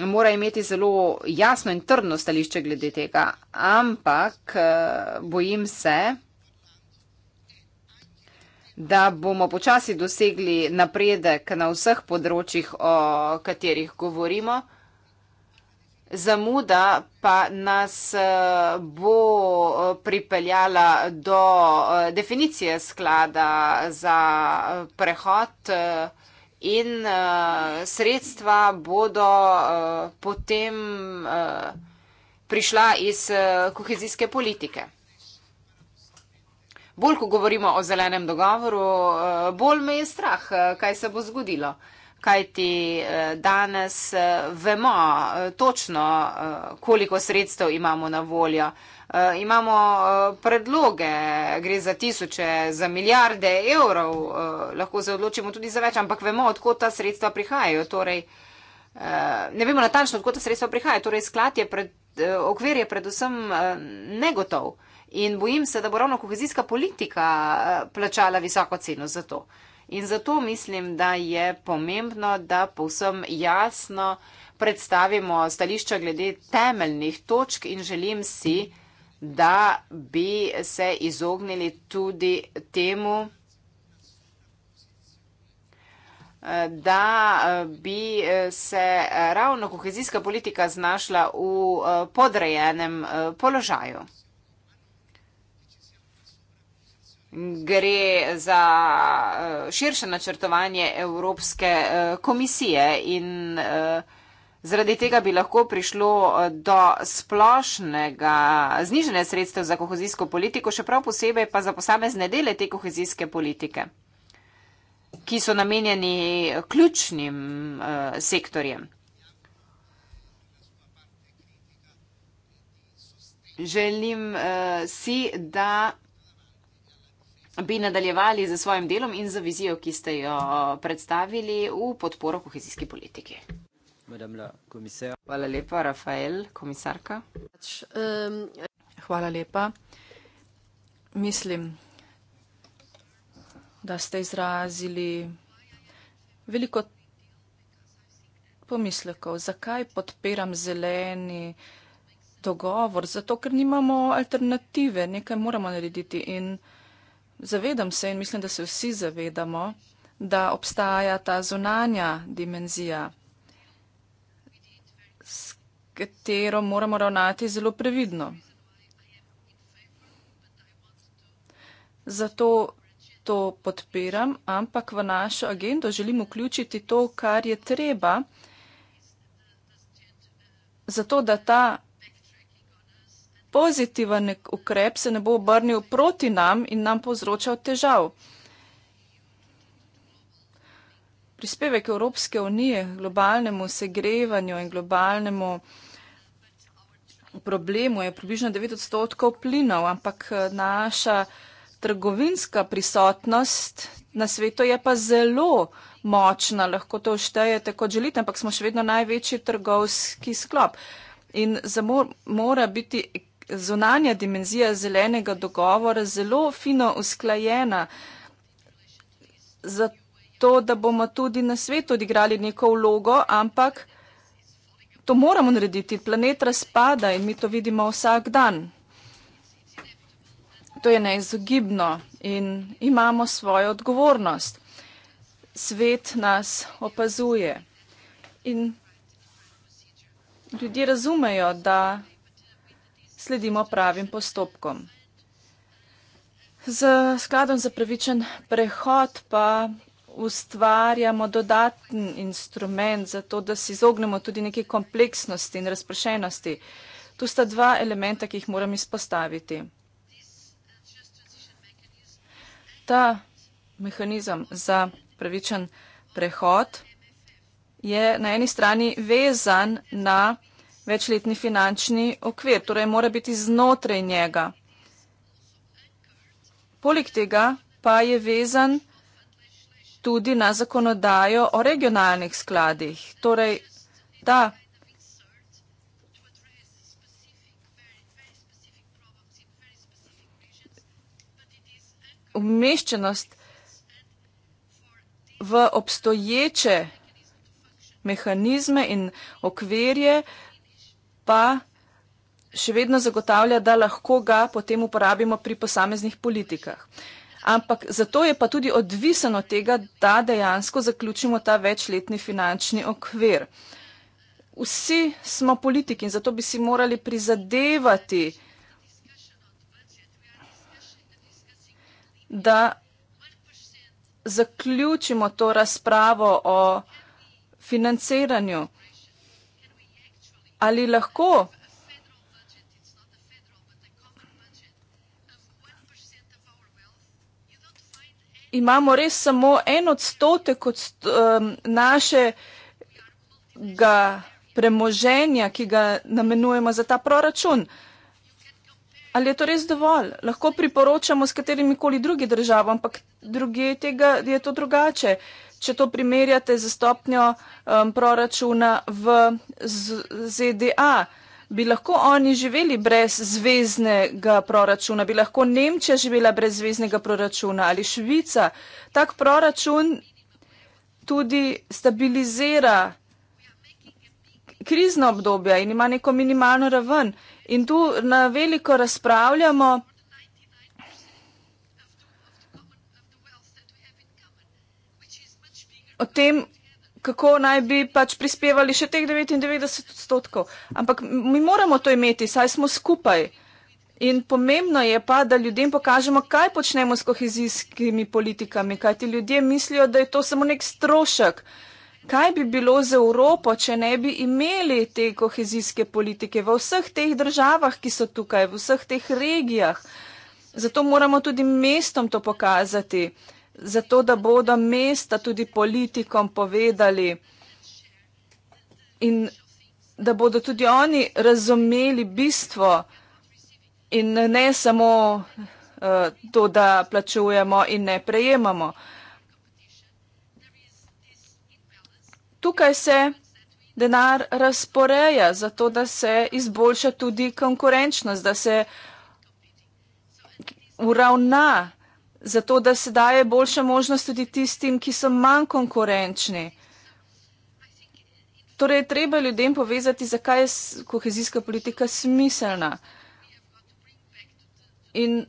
mora imeti zelo jasno in trdno stališče glede tega, ampak eh, bojim se, da bomo počasi dosegli napredek na vseh področjih, o katerih govorimo. Zamuda pa nas eh, bo eh, pripeljala do definicije sklada za prehod vsega, in uh, sredstva bodo uh, potem uh, prišla iz uh, kohezijske politike. Bolj, ko govorimo o zelenem dogovoru, uh, bolj me je strah, uh, kaj se bo zgodilo. Kaj ti uh, danes uh, vemo uh, točno, uh, koliko sredstev imamo na voljo. Uh, Eh, imamo eh, predloge, gre za tisoče, za milijarde evrov, eh, lahko se odločimo tudi za več, ampak vemo, odkot ta sredstva prihajajo. Torej, ne vemo natančno, odkot ta sredstva prihajajo. Torej, sklad je pred, okvir je predvsem negotov in bojim se, da bo ravno kohezijska politika plačala visoko ceno za to. In zato mislim, da je pomembno, da povsem jasno predstavimo stališča glede temeljnih točk in želim si, da bi se izognili tudi temu, da bi se ravno kohezijska politika znašla v podrejenem položaju. Gre za širše načrtovanje Evropske komisije in vsega, Zaradi tega bi lahko prišlo eh, do splošnega znižanja sredstev za kohezijsko politiko, še prav posebej pa za posamezne dele te kohezijske politike, ki so namenjeni eh, ključnim uh, sektorjem. Želim uh, si, da bi nadaljevali za svojim delom in za vizijo, ki ste jo predstavili v podporo kohezijski politiki. Madame la commissaire. Hvala lepa, Rafael, komisarka. Ehm, hvala lepa. Mislim, da ste izrazili veliko pomislekov, zakaj podpiram zeleni dogovor. Zato, ker nimamo alternative, nekaj moramo narediti. In zavedam se in mislim, da se vsi zavedamo, da obstaja ta zunanja dimenzija s katero moramo ravnati zelo previdno. Zato to podpiram, ampak v našo agendo želim vključiti to, kar je treba, zato da ta pozitiven ukrep se ne bo obrnil proti nam in nam povzročal težav prispevek Evropske unije globalnemu segrevanju in globalnemu problemu je približno 9 odstotkov plinov, ampak eh, naša trgovinska prisotnost na svetu je pa zelo močna, lahko to štejete kot želite, ampak smo še vedno največji trgovski sklop. In mora biti zunanja dimenzija zelenega dogovora zelo fino usklajena. Zato to, da bomo tudi na svetu odigrali neko vlogo, ampak to moramo narediti. Planet razpada in mi to vidimo vsak dan. To je neizogibno in imamo svojo odgovornost. Svet nas opazuje in ljudje razumejo, da sledimo pravim postopkom. Z skladom za pravičen prehod pa ustvarjamo dodaten instrument za to, da se izognemo tudi neki kompleksnosti in razpršenosti. Tu sta dva elementa, ki jih moram izpostaviti. Ta mehanizem za pravičen prehod je na eni strani vezan na večletni finančni okvir, torej mora biti znotraj njega. Poleg tega pa je vezan na tudi na zakonodajo o regionalnih skladih. Torej, da umeščenost v obstoječe mehanizme in okvirje pa še vedno zagotavlja, da lahko ga potem uporabimo pri posameznih politikah. Uh, Ampak zato je pa tudi odvisen od tega, da dejansko zaključimo ta večletni finančni okvir. Vsi smo politiki in zato bi si morali prizadevati, da zaključimo to razpravo o financiranju. Ali lahko imamo res samo en odstotek od um, našega premoženja, ki ga namenujemo za ta proračun. Ali je to res dovolj? Lahko priporočamo s katerimi koli drugi državo, ampak druge tega je to drugače. Če to primerjate z stopnjo um, proračuna v ZDA, bi lahko oni živeli brez zvezdnega proračuna, bi lahko Nemčija živela brez zvezdnega proračuna ali Švica. Tak proračun tudi stabilizira krizno obdobje in ima neko minimalno raven. In tu na veliko razpravljamo. O tem, kako naj bi pač prispevali še teh 99 odstotkov. Ampak mi moramo to imeti, saj smo skupaj. In pomembno je pa, da ljudem pokažemo, kaj počnemo s kohezijskimi politikami, kaj ti ljudje mislijo, da je to samo nek strošek. Kaj bi bilo z Evropo, če ne bi imeli te kohezijske politike v vseh teh državah, ki so tukaj, v vseh teh regijah. Zato moramo tudi mestom to pokazati zato da bodo mesta tudi politikom povedali in da bodo tudi oni razumeli bistvo in ne samo eh, to, da plačujemo in ne prejemamo. Tukaj se denar razporeja, zato da se izboljša tudi konkurenčnost, da se uravna konkurenčnost zato da se daje boljša možnost tudi tistim, ki so manj konkurenčni. Torej, treba ljudem povezati, zakaj je kohezijska politika smiselna. In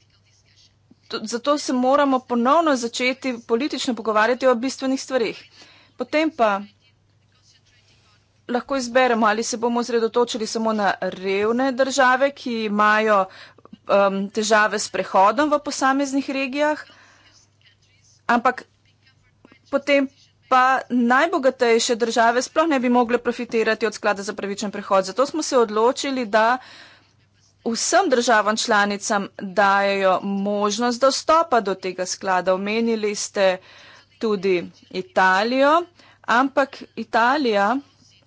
zato se moramo ponovno začeti politično pogovarjati o bistvenih stvarih. Potem pa lahko izberemo, ali se bomo zredotočili samo na revne države, ki imajo um, težave s prehodom v posameznih regijah, ampak potem pa najbogatejše države sploh ne bi mogle profitirati od sklada za pravičen prehod. Zato smo se odločili, da vsem državam članicam dajo možnost dostopa do tega sklada. Omenili ste tudi Italijo, ampak Italija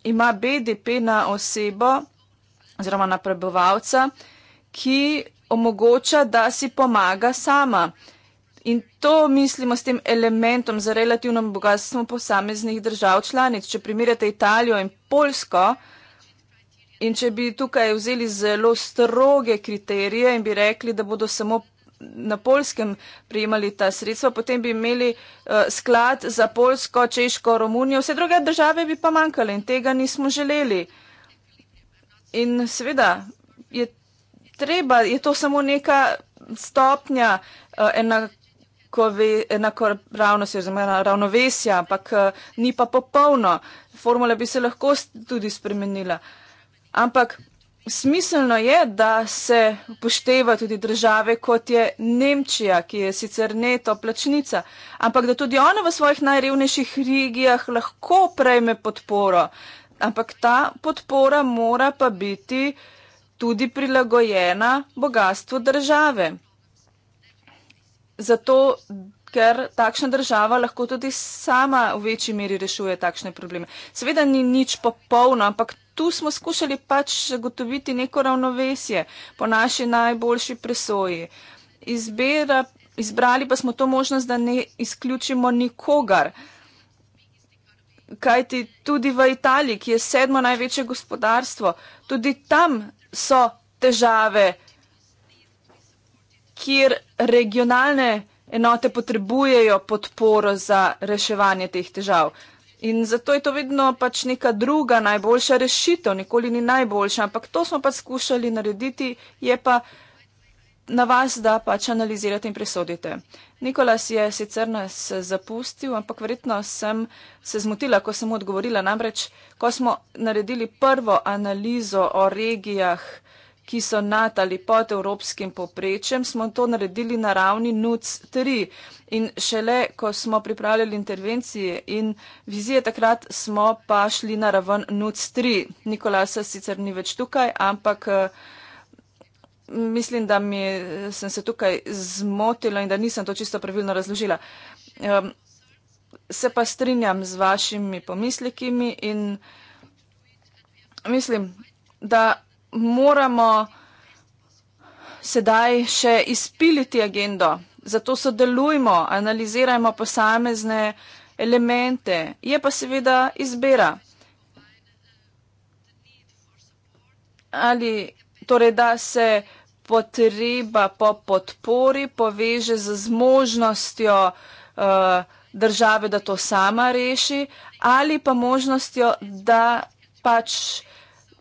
ima BDP na osebo oziroma na prebivalca ki omogoča, da si pomaga sama. In to mislimo s tem elementom za relativno bogatstvo posameznih držav članic. Če primerjate Italijo in Polsko in če bi tukaj vzeli zelo stroge kriterije in bi rekli, da bodo samo na polskem prijemali ta sredstva, potem bi imeli uh, sklad za Polsko, Češko, Romunijo, vse druge države bi pa manjkale in tega nismo želeli. In seveda je treba, je to samo neka stopnja uh, enakove, enakopravnosti oziroma ravnovesja, ampak uh, ni pa popolno. Formula bi se lahko tudi spremenila. Ampak smiselno je, da se upošteva tudi države, kot je Nemčija, ki je sicer neto plačnica, ampak da tudi ona v svojih najrevnejših regijah lahko prejme podporo. Ampak ta podpora mora pa biti uh, tudi prilagojena bogatstvu države. Zato, ker takšna država lahko tudi sama v večji meri rešuje takšne probleme. Seveda ni nič popolno, ampak tu smo skušali pač zagotoviti neko ravnovesje po naši najboljši presoji. Izbera, izbrali pa smo to možnost, da ne izključimo nikogar. Kajti tudi v Italiji, ki je sedmo največje gospodarstvo, tudi tam so težave, kjer regionalne enote potrebujejo podporo za reševanje teh težav. In zato je to vedno pač neka druga najboljša rešitev, nikoli ni najboljša, ampak to smo pa skušali narediti, je pa uh, na vas, da pač analizirate in presodite. Nikolas je sicer nas zapustil, ampak verjetno sem se zmotila, ko sem mu odgovorila. Namreč, ko smo naredili prvo analizo o regijah, ki so nad ali pod evropskim poprečjem, smo to naredili na ravni NUC3. In šele, ko smo pripravljali intervencije in vizije, takrat smo pa šli na raven NUC3. Nikolasa sicer ni več tukaj, ampak. Uh, Mislim, da mi sem se tukaj zmotila in da nisem to čisto pravilno razložila. Um, se pa strinjam z vašimi pomislikimi in mislim, da moramo sedaj še izpiliti agendo. Zato sodelujmo, analizirajmo posamezne elemente. Je pa seveda izbira. Ali torej da se potreba po podpori poveže z zmožnostjo uh, države, da to sama reši ali pa možnostjo, da pač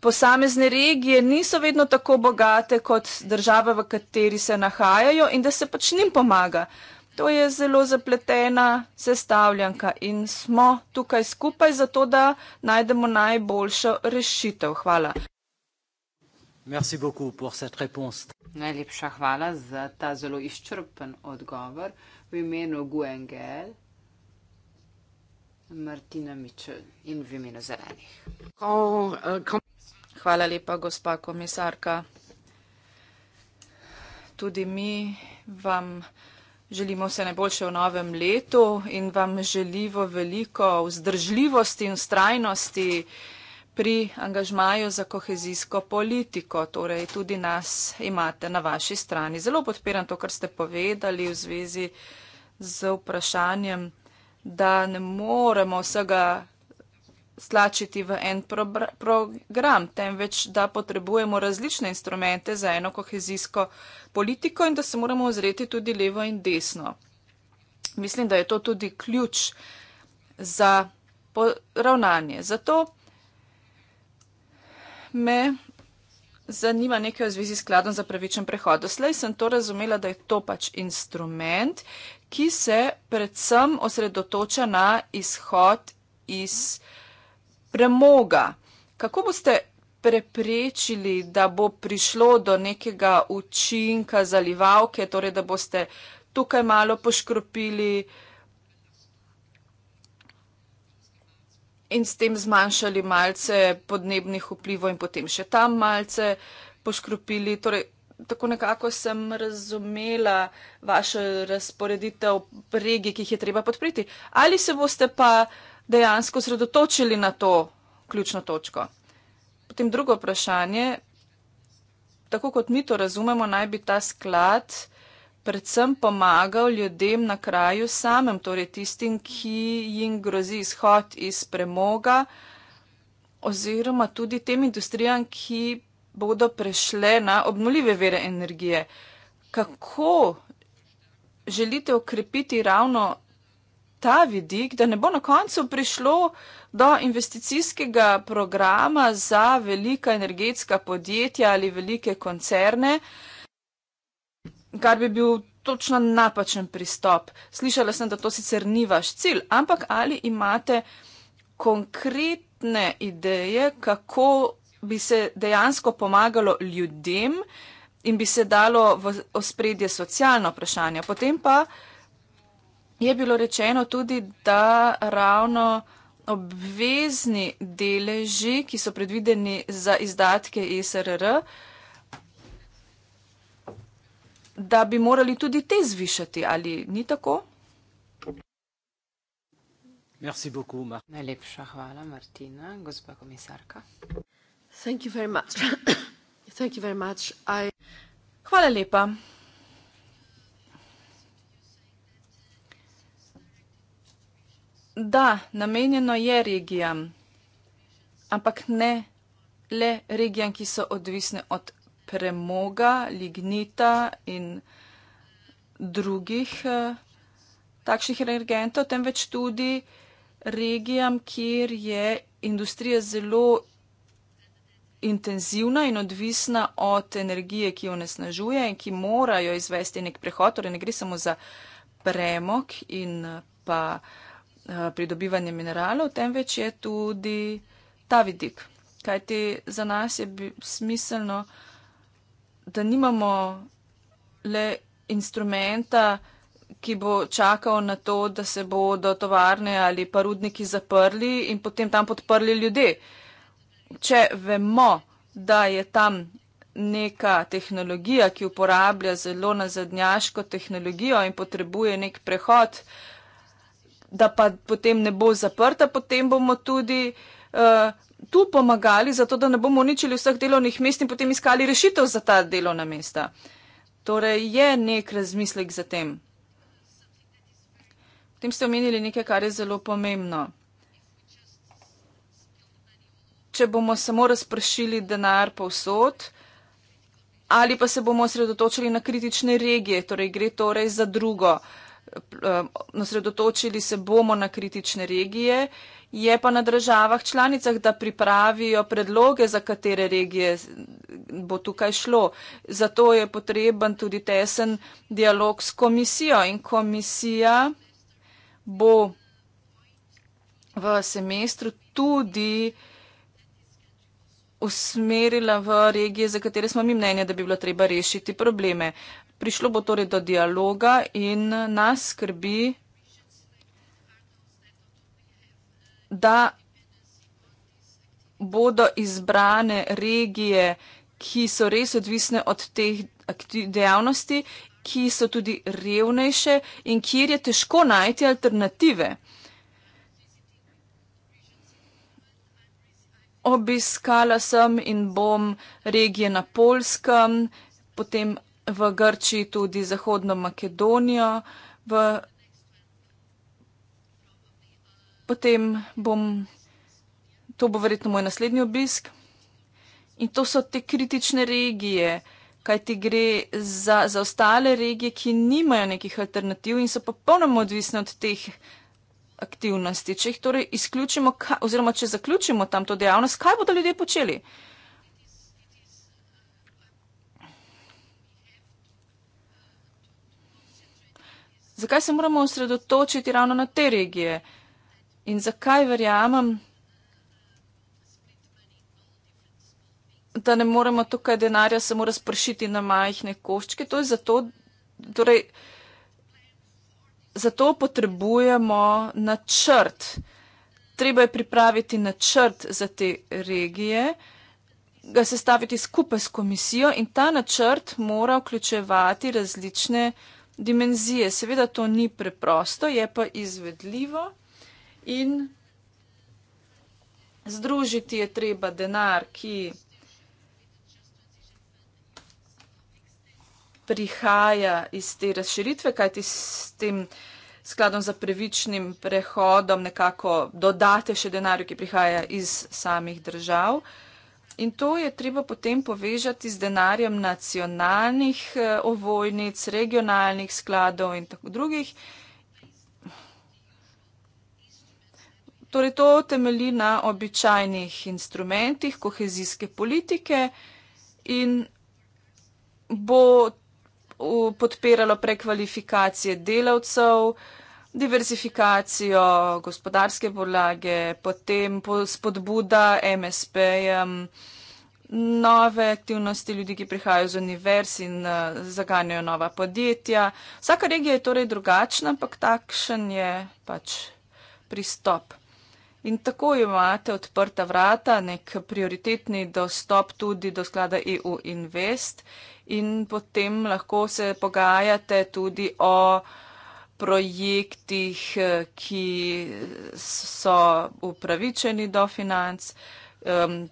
posamezne regije niso vedno tako bogate kot države, v kateri se nahajajo in da se pač njim pomaga. To je zelo zapletena sestavljanka in smo tukaj skupaj zato, da najdemo najboljšo rešitev. Hvala. Merci beaucoup pour cette réponse. Najlepša hvala za ta zelo izčrpen odgovor v imenu Guengel, Martina Mičel in v imenu zelenih. Hvala lepa, gospa komisarka. Tudi mi vam želimo vse najboljše v novem letu in vam želimo veliko vzdržljivosti in strajnosti pri angažmaju za kohezijsko politiko. Torej, tudi nas imate na vaši strani. Zelo podpiram to, kar ste povedali v zvezi z vprašanjem, da ne moremo vsega stlačiti v en pro program, temveč, da potrebujemo različne instrumente za eno kohezijsko politiko in da se moramo ozreti tudi levo in desno. Mislim, da je to tudi ključ za ravnanje. Zato me zanima nekaj v zvezi s skladom za pravičen prehod. Doslej sem to razumela, da je to pač instrument, ki se predvsem osredotoča na izhod iz premoga. Kako boste preprečili, da bo prišlo do nekega učinka zalivalke, torej da boste tukaj malo poškropili, uh, in s tem zmanjšali malce podnebnih vplivov in potem še tam malce poškropili. Torej, tako nekako sem razumela vašo razporeditev regij, ki jih je treba podpriti. Ali se boste pa dejansko sredotočili na to ključno točko? Potem drugo vprašanje. Tako kot mi to razumemo, naj bi ta sklad predvsem pomagal ljudem na kraju samem, torej tistim, ki jim grozi izhod iz premoga, oziroma tudi tem industrijam, ki bodo prešle na obnuljive vere energije. Kako želite okrepiti ravno ta vidik, da ne bo na koncu prišlo do investicijskega programa za velika energetska podjetja ali velike koncerne, uh, kar bi bil točno napačen pristop. Slišala sem, da to sicer ni vaš cilj, ampak ali imate konkretne ideje, kako bi se dejansko pomagalo ljudem in bi se dalo v ospredje socialno vprašanje. Potem pa je bilo rečeno tudi, da ravno obvezni deleži, ki so predvideni za izdatke ISRR, e da bi morali tudi te zvišati, ali ni tako? Merci beaucoup, Ma. Najlepša hvala, Martina, gospa komisarka. Thank you very much. (coughs) Thank you very much. I... Hvala lepa. Da, namenjeno je regijam, ampak ne le regijam, ki so odvisne od premoga, lignita in drugih eh, takšnih energentov, temveč tudi regijam, kjer je industrija zelo intenzivna in odvisna od energije, ki jo nesnažuje in ki morajo izvesti nek prehod, torej ne gre samo za premog in pa eh, pridobivanje mineralov, temveč je tudi ta vidik. Kaj ti za nas je smiselno? da nimamo le instrumenta, ki bo čakal na to, da se bodo tovarne ali pa rudniki zaprli in potem tam podprli ljudi. Če vemo, da je tam neka tehnologija, ki uporablja zelo nazadnjaško tehnologijo in potrebuje nek prehod, da pa potem ne bo zaprta, potem bomo tudi uh, tu pomagali, zato da ne bomo uničili vseh delovnih mest in potem iskali rešitev za ta delovna mesta. Torej je nek razmislek za tem. Potem ste omenili nekaj, kar je zelo pomembno. Če bomo samo razpršili denar povsod, ali pa se bomo osredotočili na kritične regije, torej gre torej za drugo. Eh, osredotočili se bomo na kritične regije Je pa na državah članicah, da pripravijo predloge, za katere regije bo tukaj šlo. Zato je potreben tudi tesen dialog s komisijo in komisija bo v semestru tudi usmerila v regije, za katere smo mi mnenja, da bi bilo treba rešiti probleme. Prišlo bo torej do dialoga in nas skrbi da bodo izbrane regije, ki so res odvisne od teh dejavnosti, ki so tudi revnejše in kjer je težko najti alternative. Obiskala sem in bom regije na Polskem, potem v Grčiji tudi Zahodno Makedonijo, v potem bom, to bo verjetno moj naslednji obisk. In to so te kritične regije, kaj ti gre za, za ostale regije, ki nimajo nekih alternativ in so popolnoma odvisne od teh aktivnosti. Če jih torej izključimo, kaj, oziroma če zaključimo tam to dejavnost, kaj bodo ljudje počeli? Zakaj se moramo osredotočiti ravno na te regije? Uh, In zakaj verjamem, da ne moremo tukaj denarja samo razpršiti na majhne koščke? To je zato, torej, zato potrebujemo načrt. Treba je pripraviti načrt za te regije, ga sestaviti skupaj s komisijo in ta načrt mora vključevati različne dimenzije. Seveda to ni preprosto, je pa izvedljivo in združiti je treba denar, ki prihaja iz te razširitve, kajti s tem skladom za previčnim prehodom nekako dodate še denar, ki prihaja iz samih držav. In to je treba potem povežati z denarjem nacionalnih eh, ovojnic, regionalnih skladov in tako drugih. Torej, to temelji na običajnih instrumentih kohezijske politike in bo podpiralo prekvalifikacije delavcev, diverzifikacijo gospodarske podlage, potem spodbuda MSP-jem, nove aktivnosti ljudi, ki prihajajo z univerz in eh, zaganjajo nova podjetja. Vsaka regija je torej drugačna, ampak takšen je pač pristop. In tako imate odprta vrata, nek prioritetni dostop tudi do sklada EU Invest in potem lahko se pogajate tudi o projektih, eh, ki so upravičeni do financ,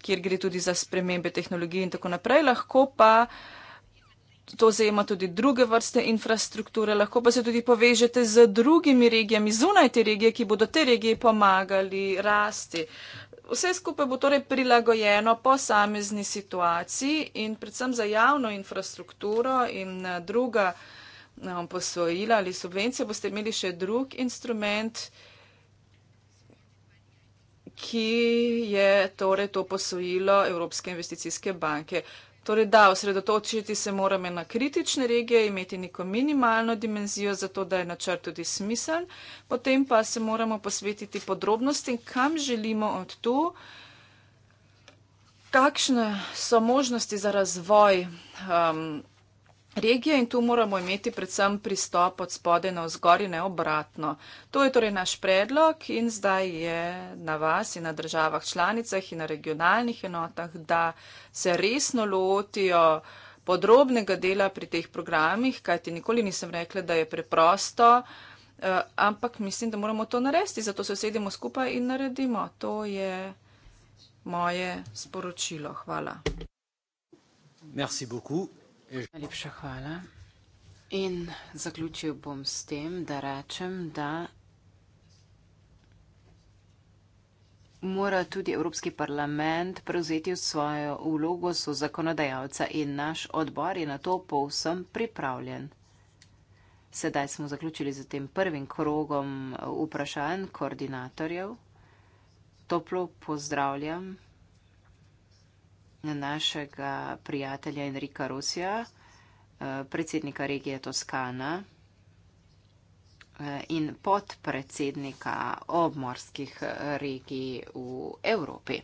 kjer gre tudi za spremembe tehnologije in tako naprej. Lahko pa to zajema tudi druge vrste infrastrukture, lahko pa se tudi povežete z drugimi regijami zunaj te regije, ki bodo te regije pomagali rasti. Vse skupaj bo torej prilagojeno po samizni situaciji in predvsem za javno infrastrukturo in eh, druga no, posojila ali subvencije boste imeli še drug instrument, ki je torej to posojilo Evropske investicijske banke. Torej, da, osredotočiti se moramo na kritične regije, imeti neko minimalno dimenzijo, zato da je načrt tudi smiseln, potem pa se moramo posvetiti podrobnostim, kam želimo od tu, kakšne so možnosti za razvoj. Um, regije in tu moramo imeti predvsem pristop od spode na vzgori, ne obratno. To je torej naš predlog in zdaj je na vas in na državah članicah in na regionalnih enotah, da se resno lotijo podrobnega dela pri teh programih, kajti nikoli nisem rekla, da je preprosto. Uh, ampak mislim, da moramo to narediti, zato se sedemo skupaj in naredimo. To je moje sporočilo. Hvala. Najlepša hvala. In zaključil bom s tem, da rečem, da mora tudi Evropski parlament prevzeti svojo vlogo so zakonodajalca in naš odbor je na to povsem pripravljen. Sedaj smo zaključili z tem prvim krogom eh, vprašanj koordinatorjev. Toplo pozdravljam našega prijatelja Enrika Rusija, eh, predsednika regije Toskana eh, in podpredsednika obmorskih eh, regij v Evropi.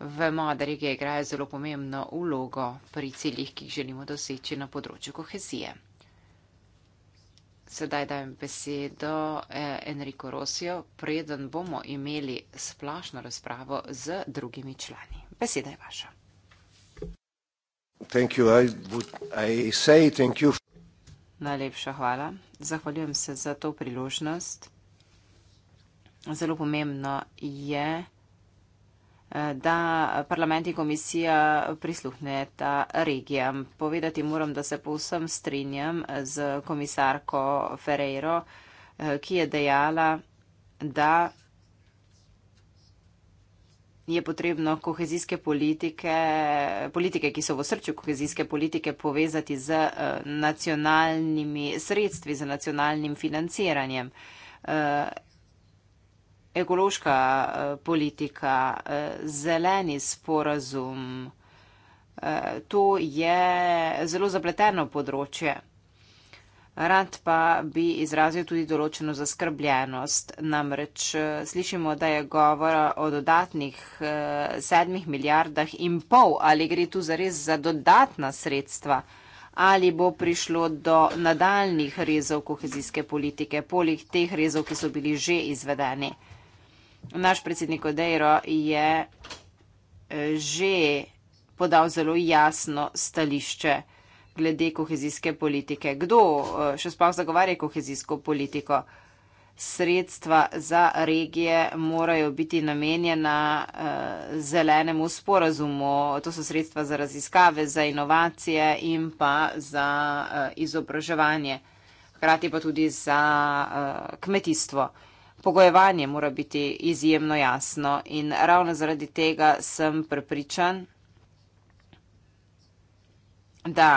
Vemo, da regije igrajo zelo pomembno vlogo pri ciljih, ki jih želimo doseči na področju kohezije. Sedaj dajem besedo Enriku Rosijo, preden bomo imeli splošno razpravo z drugimi člani. Beseda je vaša. Najlepša hvala. Zahvaljujem se za to priložnost. Zelo pomembno je, eh, da parlament in komisija prisluhneta regijam. Povedati moram, da se povsem strinjam eh, z komisarko Ferreiro, eh, ki je dejala, da je potrebno kohezijske politike, politike, ki so v srču kohezijske politike, povezati z eh, nacionalnimi sredstvi, z nacionalnim financiranjem. Eh, ekološka eh, politika, zeleni sporazum, to je zelo zapleteno področje. Rad pa bi izrazil tudi določeno zaskrbljenost. Namreč eh, slišimo, da je govora o dodatnih eh, sedmih milijardah in pol, ali gre tu zares za dodatna sredstva, ali bo prišlo do nadaljnih rezov kohezijske politike, poleg teh rezov, ki so bili že izvedeni. Naš predsednik Odejro je eh, že podal zelo jasno stališče glede kohezijske politike. Kdo eh, še sploh zagovarja kohezijsko politiko? Sredstva za regije morajo biti namenjena eh, zelenemu sporazumu. To so sredstva za raziskave, za inovacije in pa za eh, izobraževanje. Hkrati pa tudi za kmetijstvo. Pogojevanje mora biti izjemno jasno in ravno zaradi tega sem prepričan, da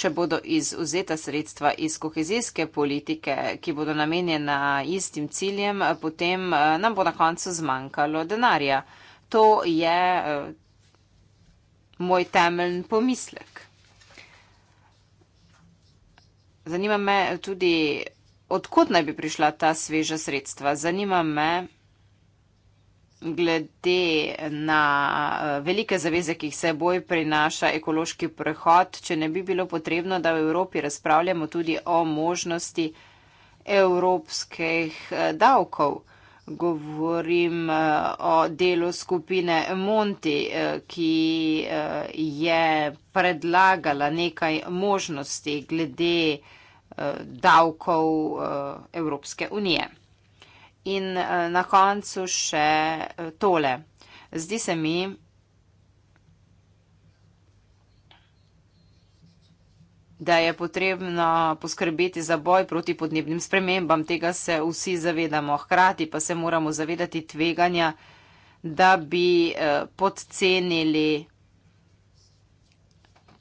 če bodo izuzeta sredstva iz kohezijske politike, ki bodo namenjena istim ciljem, potem eh, nam bo na koncu zmanjkalo denarja. To je eh, moj temeljni pomislek. Zanima me tudi, odkot naj bi prišla ta sveža sredstva. Zanima me, glede na eh, velike zaveze, ki jih seboj prinaša ekološki prehod, če ne bi bilo potrebno, da v Evropi razpravljamo tudi o možnosti evropskih eh, davkov. Govorim eh, o delu skupine Monti, ki je predlagala nekaj možnosti glede davkov Evropske unije. In eh, na koncu še eh, tole. Zdi se mi, da je potrebno poskrbeti za boj proti podnebnim spremembam. Tega se vsi zavedamo. Hkrati pa se moramo zavedati tveganja, da bi eh, podcenili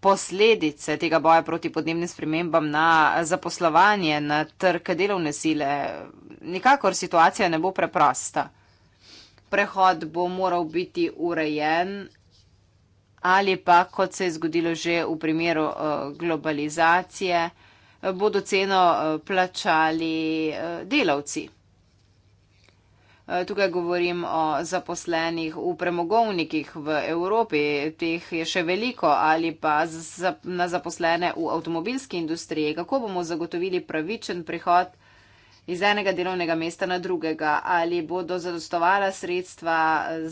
posledice tega boja proti podnebnim spremembam na zaposlovanje, na trg delovne sile. Nikakor situacija ne bo preprosta. Prehod bo moral biti urejen ali pa, kot se je zgodilo že v primeru eh, globalizacije, bodo ceno eh, plačali eh, delavci. Eh, tukaj govorim o zaposlenih v premogovnikih v Evropi, teh je še veliko, ali pa na zaposlene v avtomobilski industriji. Kako bomo zagotovili pravičen prihod iz enega delovnega mesta na drugega? Ali bodo zadostovala sredstva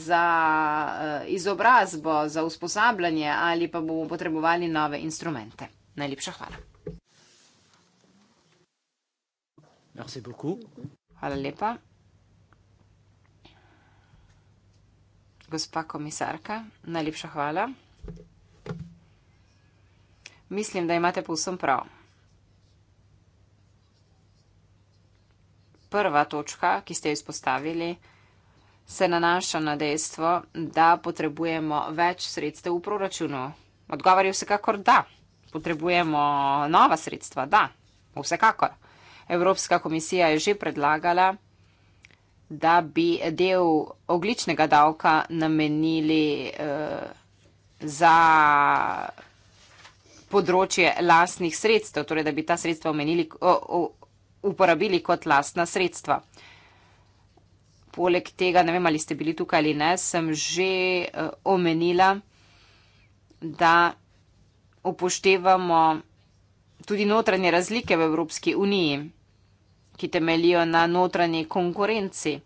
za eh, izobrazbo, za usposabljanje, ali pa bomo potrebovali nove instrumente? Najlepša hvala. Hvala lepa. gospa komisarka, najlepša hvala. Mislim, da imate povsem prav. Prva točka, ki ste jo izpostavili, se nanaša na dejstvo, da potrebujemo več sredstev v proračunu. Odgovor je vsekakor da. Potrebujemo nova sredstva, da. Vsekakor. Evropska komisija je že predlagala da bi del ogličnega davka namenili uh, za področje lastnih sredstev, torej da bi ta sredstva omenili, o, o, uporabili kot lastna sredstva. Poleg tega, ne vem, ali ste bili tukaj ali ne, sem že uh, omenila, da upoštevamo tudi notranje razlike v Evropski uniji ki temelijo na notranji konkurenci.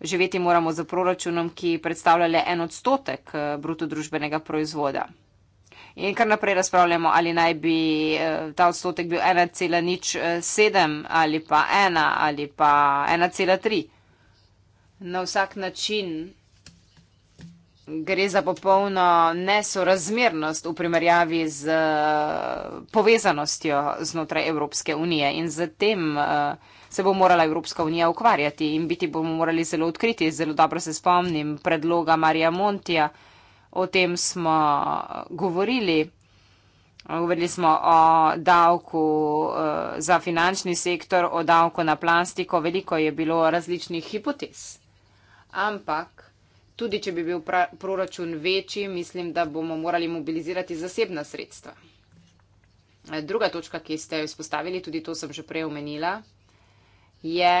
Živeti moramo z proračunom, ki predstavlja le en odstotek eh, brutodružbenega proizvoda. In kar naprej razpravljamo, ali naj bi eh, ta odstotek bil 1,07 eh, ali pa 1 ali pa 1,3. Na vsak način gre za popolno nesorazmernost v primerjavi z eh, povezanostjo znotraj Evropske unije in z tem eh, se bo morala Evropska unija ukvarjati in biti bomo morali zelo odkriti. Zelo dobro se spomnim predloga Marija Montija, o tem smo eh, govorili. Govorili smo o davku za finančni sektor, o davku na plastiko, veliko je bilo različnih hipotez. Ampak tudi če bi bil proračun večji, mislim, da bomo morali mobilizirati zasebna sredstva. Druga točka, ki ste jo izpostavili, tudi to sem že prej omenila, je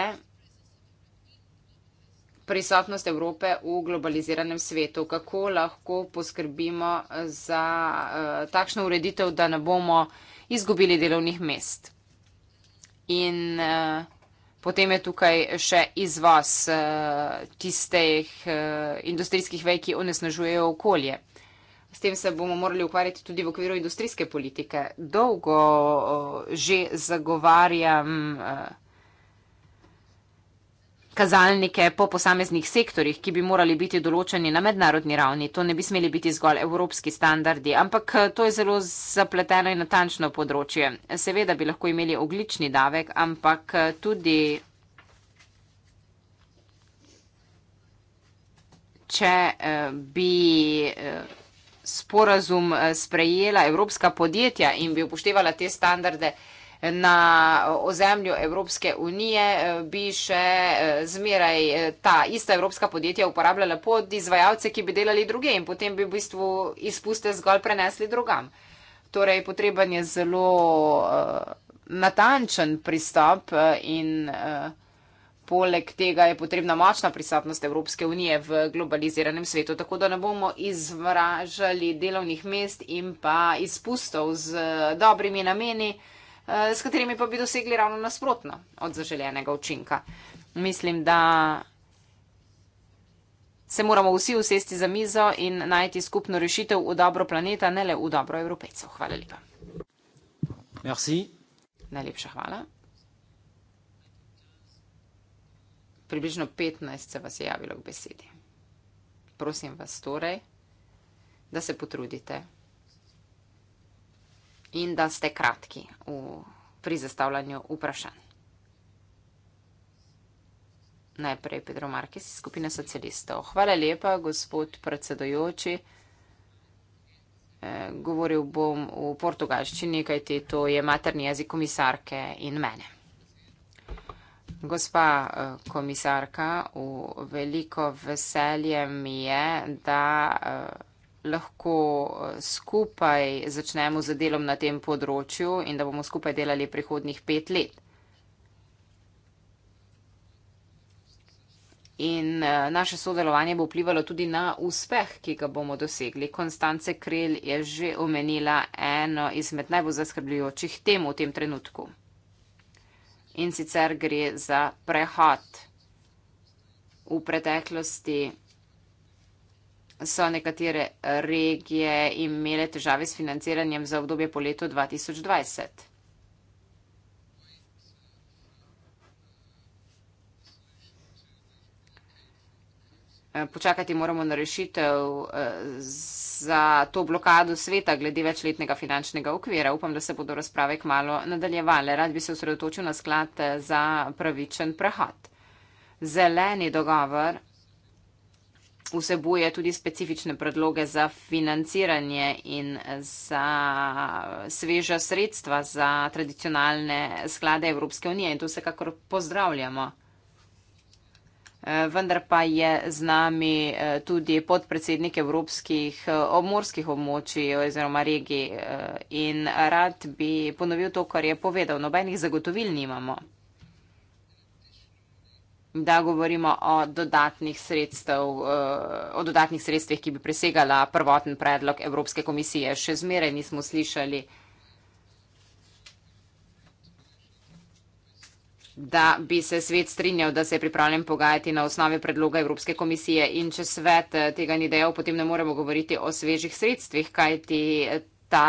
prisotnost Evrope v globaliziranem svetu. Kako lahko poskrbimo za eh, takšno ureditev, da ne bomo izgubili delovnih mest? In uh, Potem je tukaj še izvoz eh, tistih eh, industrijskih vej, ki onesnažujejo okolje. S tem se bomo morali ukvarjati tudi v okviru industrijske politike. Dolgo eh, že zagovarjam kazalnike po posameznih sektorjih, ki bi morali biti določeni na mednarodni ravni. To ne bi smeli biti zgolj evropski standardi, ampak eh, to je zelo zapleteno in natančno področje. Seveda bi lahko imeli oglični davek, ampak eh, tudi. Če eh, bi sporazum sprejela evropska podjetja in bi upoštevala te standarde, na ozemlju Evropske unije, eh, bi še eh, zmeraj eh, ta ista evropska podjetja uporabljala pod izvajalce, ki bi delali druge in potem bi v bistvu izpuste zgolj prenesli drugam. Torej, potreben je zelo natančen pristop in poleg tega je potrebna močna prisotnost Evropske unije v globaliziranem svetu, tako da ne bomo izvražali delovnih mest in pa izpustov z dobrimi nameni. Eh, s katerimi pa bi dosegli ravno nasprotno od zaželenega učinka. Mislim, da se moramo vsi usesti za mizo in najti skupno rešitev v dobro planeta, ne le v dobro evropejcev. Hvala lepa. Merci. Najlepša hvala. Približno 15 se vas je javilo k besedi. Prosim vas torej, da se potrudite in da ste kratki v, pri zastavljanju vprašanj. Najprej Pedro Markis iz skupine socialistov. Hvala lepa, gospod predsedojoči. E, eh, govoril bom v portugalščini, kajti to je materni jezik komisarke in mene. Gospa eh, komisarka, v veliko veselje mi je, da. E, lahko eh, skupaj začnemo z delom na tem področju in da bomo skupaj delali prihodnih pet let. In eh, naše sodelovanje bo vplivalo tudi na uspeh, ki ga bomo dosegli. Konstance Krel je že omenila eno izmed najbolj zaskrbljujočih tem v tem trenutku. In sicer gre za prehod v preteklosti so nekatere regije imele težave s financiranjem za obdobje po letu 2020. Eh, počakati moramo na rešitev eh, za to blokado sveta glede večletnega finančnega okvira. Upam, da se bodo razprave k malo nadaljevale. Rad bi se osredotočil na sklad eh, za pravičen prehod. Zeleni dogovor vsebuje tudi specifične predloge za financiranje in za sveža sredstva za tradicionalne sklade Evropske unije in to vsekakor pozdravljamo. E, vendar pa je z nami e, tudi podpredsednik evropskih e, obmorskih območij oziroma regij in rad bi ponovil to, kar je povedal. Nobenih zagotovil nimamo. Ni da govorimo o dodatnih, sredstev, eh, o dodatnih sredstvih, ki bi presegala prvoten predlog Evropske komisije. Še zmeraj nismo slišali, da bi se svet strinjal, da se je pripravljen pogajati na osnovi predloga Evropske komisije. In če svet eh, tega ni dejal, potem ne moremo govoriti o svežih sredstvih, kajti. Eh, ta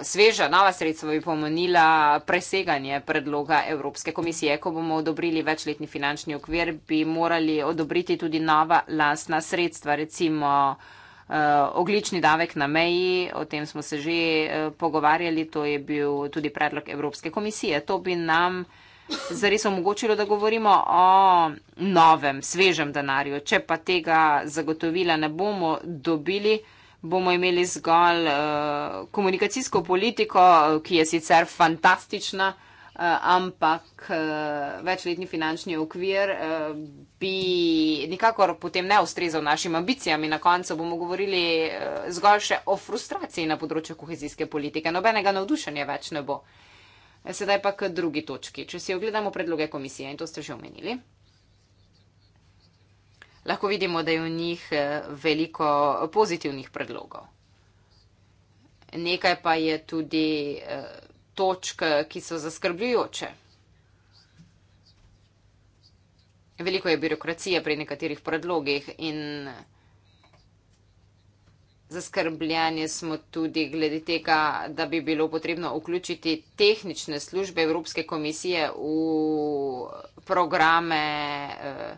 eh, sveža nova sredstva bi pomenila preseganje predloga Evropske komisije. Ko bomo odobrili večletni finančni okvir, bi morali odobriti tudi nova lastna sredstva, recimo eh, oglični davek na meji, o tem smo se že eh, pogovarjali, to je bil tudi predlog Evropske komisije. To bi nam zares omogočilo, da govorimo o novem, svežem denarju. Če pa tega zagotovila ne bomo dobili, bomo imeli zgolj uh, komunikacijsko politiko, eh, ki je sicer fantastična, uh, ampak uh, večletni finančni okvir uh, bi nikakor potem ne ustrezal našim ambicijam in na koncu bomo govorili uh, zgolj še o frustraciji na področju kohezijske politike. Nobenega navdušenja več ne bo. Sedaj pa k drugi točki. Če si ogledamo predloge komisije in to ste že omenili lahko vidimo, da je v njih eh, veliko eh, pozitivnih predlogov. Nekaj pa je tudi eh, točk, ki so zaskrbljujoče. Veliko je birokracije pri nekaterih predlogih in zaskrbljanje smo tudi glede tega, da bi bilo potrebno vključiti tehnične službe Evropske komisije v programe. Eh,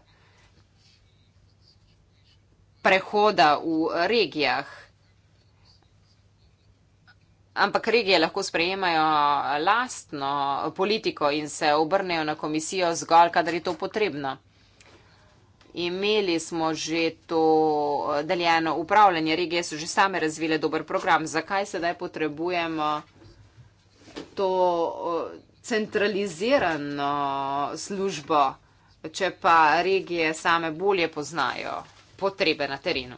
prehoda v regijah. Ampak regije lahko sprejemajo lastno politiko in se obrnejo na komisijo zgolj, kadar je to potrebno. Imeli smo že to deljeno upravljanje, regije so že same razvile dober program. Zakaj sedaj potrebujemo to centralizirano službo, če pa regije same bolje poznajo? potrebe na terenu.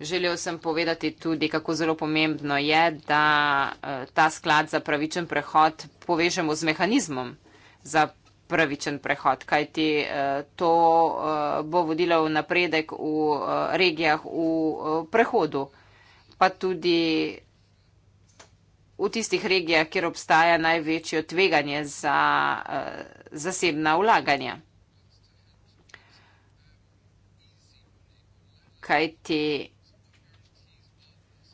Želel sem povedati tudi, kako zelo pomembno je, da eh, ta sklad za pravičen prehod povežemo z mehanizmom za pravičen prehod, kajti eh, to eh, bo vodilo v napredek v regijah v prehodu, pa tudi v tistih regijah, kjer obstaja največje tveganje za zasebna vlaganja. kajti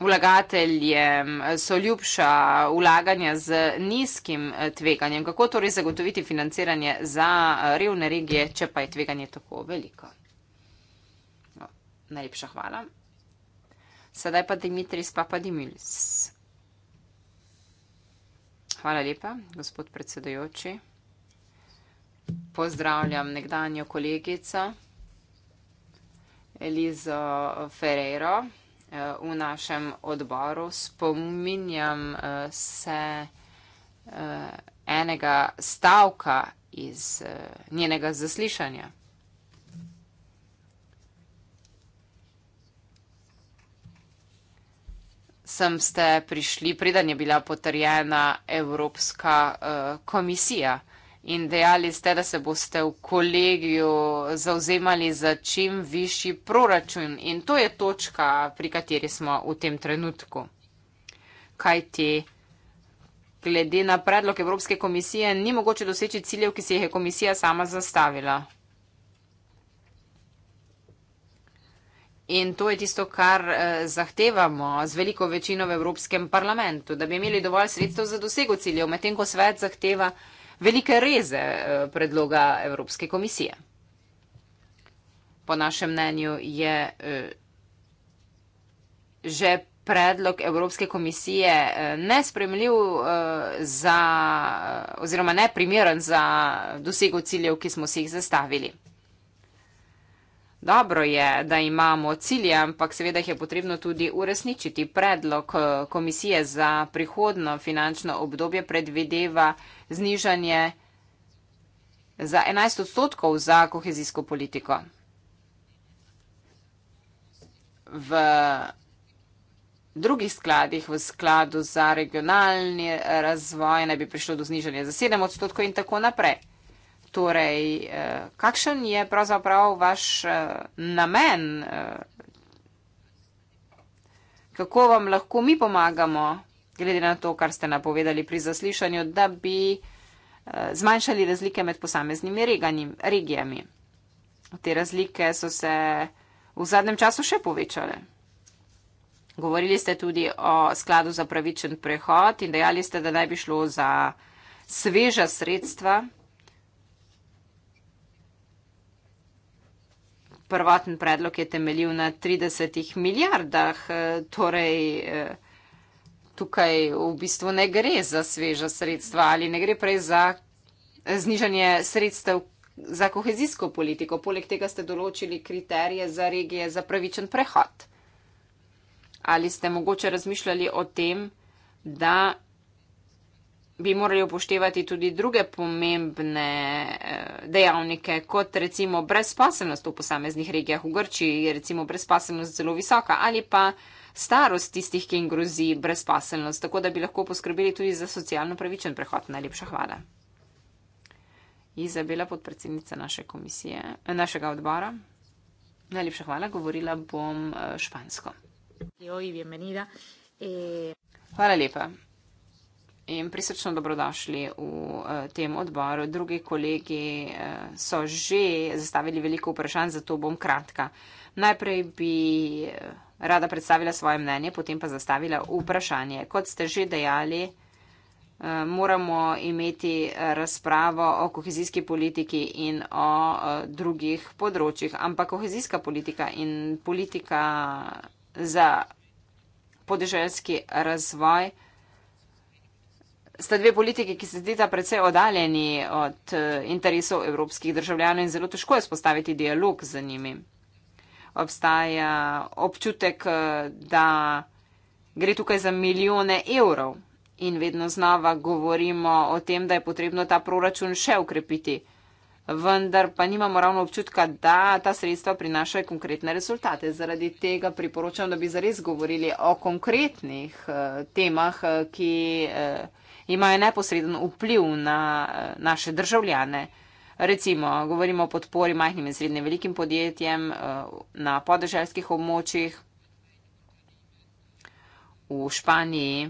vlagateljem so ljubša vlaganja z nizkim eh, tveganjem. Kako torej zagotoviti financiranje za eh, revne regije, če pa je tveganje tako veliko? No, najlepša hvala. Sedaj pa Dimitris Papadimilis. Hvala lepa, gospod predsedojoči. Pozdravljam nekdanjo kolegico. Elizo Ferreiro eh, v našem odboru. Spominjam eh, se eh, enega stavka iz njenega zaslišanja. Sem ste prišli, preden je bila potrjena Evropska komisija in dejali ste, da se boste v kolegiju zauzemali za čim višji proračun in to je točka, pri kateri smo v tem trenutku. Kaj ti? Glede na predlog Evropske komisije ni mogoče doseči ciljev, ki si jih je komisija sama zastavila. In to je tisto, kar eh, zahtevamo z veliko večino v Evropskem parlamentu, da bi imeli dovolj sredstev za dosego ciljev, medtem ko svet zahteva velike reze eh, predloga Evropske komisije. Po našem mnenju je eh, že predlog Evropske komisije eh, nespremljiv za, oziroma neprimeren za dosego ciljev, ki smo si jih zastavili. Dobro je, da imamo cilje, ampak seveda jih je potrebno tudi uresničiti. Predlog eh, komisije za prihodno finančno obdobje predvedeva znižanje za 11 odstotkov za kohezijsko politiko. V drugih skladih, v skladu za regionalni razvoj, naj bi prišlo do znižanja za 7 odstotkov in tako naprej. Torej, eh, kakšen je pravzaprav vaš eh, namen? Eh? Kako vam lahko mi pomagamo, glede na to, kar ste napovedali pri zaslišanju, da bi zmanjšali razlike med posameznimi regijami? Te razlike so se v zadnjem času še povečale. Govorili ste tudi o skladu za pravičen prehod in dejali ste, da naj bi šlo za sveža sredstva. prvoten predlog je temeljil na 30 milijardah, eh, torej eh, tukaj v bistvu ne gre za sveža sredstva ali ne gre prej za eh, znižanje sredstev za kohezijsko politiko. Poleg tega ste določili kriterije za regije za pravičen prehod. Ali ste mogoče razmišljali o tem, da bi morali upoštevati tudi druge pomembne eh, dejavnike, kot recimo brezposelnost v posameznih regijah. V Grčiji je recimo brezposelnost zelo visoka ali pa starost tistih, ki jim grozi brezposelnost, tako da bi lahko poskrbeli tudi za socialno pravičen prehod. Najlepša hvala. Izabela, podpredsednica naše komisije, eh, našega odbora. Najlepša hvala, govorila bom eh, špansko. Hvala lepa in prisrčno dobrodošli v eh, tem odboru. Drugi kolegi eh, so že zastavili veliko vprašanj, zato bom kratka. Najprej bi eh, rada predstavila svoje mnenje, potem pa zastavila vprašanje. Kot ste že dejali, moramo imeti razpravo o kohezijski politiki in o drugih področjih, ampak kohezijska politika in politika za podeželjski razvoj sta dve politiki, ki se zdita predvsej odaljeni od eh, interesov evropskih državljanov in zelo težko je spostaviti dialog z njimi. Obstaja občutek, eh, da gre tukaj za milijone evrov in vedno znova govorimo o tem, da je potrebno ta proračun še ukrepiti. Vendar pa nimamo ravno občutka, da ta sredstva prinašajo konkretne rezultate. Zaradi tega priporočam, da bi zares govorili o konkretnih uh, temah, ki uh, imajo neposreden vpliv na eh, naše državljane. Recimo, govorimo o podpori majhnim in srednjim velikim podjetjem eh, na podeželskih območjih v Španiji.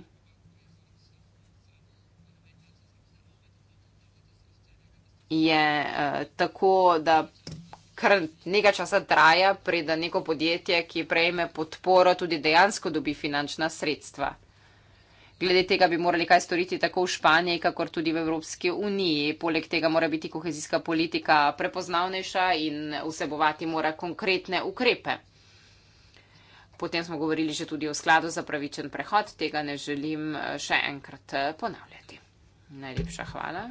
Je eh, tako, da kar nekaj časa traja, preden neko podjetje, ki prejme podporo, tudi dejansko dobi finančna sredstva. Glede tega bi morali kaj storiti tako v Španiji, kakor tudi v Evropski uniji. Poleg tega mora biti kohezijska politika prepoznavnejša in vsebovati mora konkretne ukrepe. Potem smo govorili že tudi o skladu za pravičen prehod, tega ne želim eh, še enkrat eh, ponavljati. Najlepša hvala.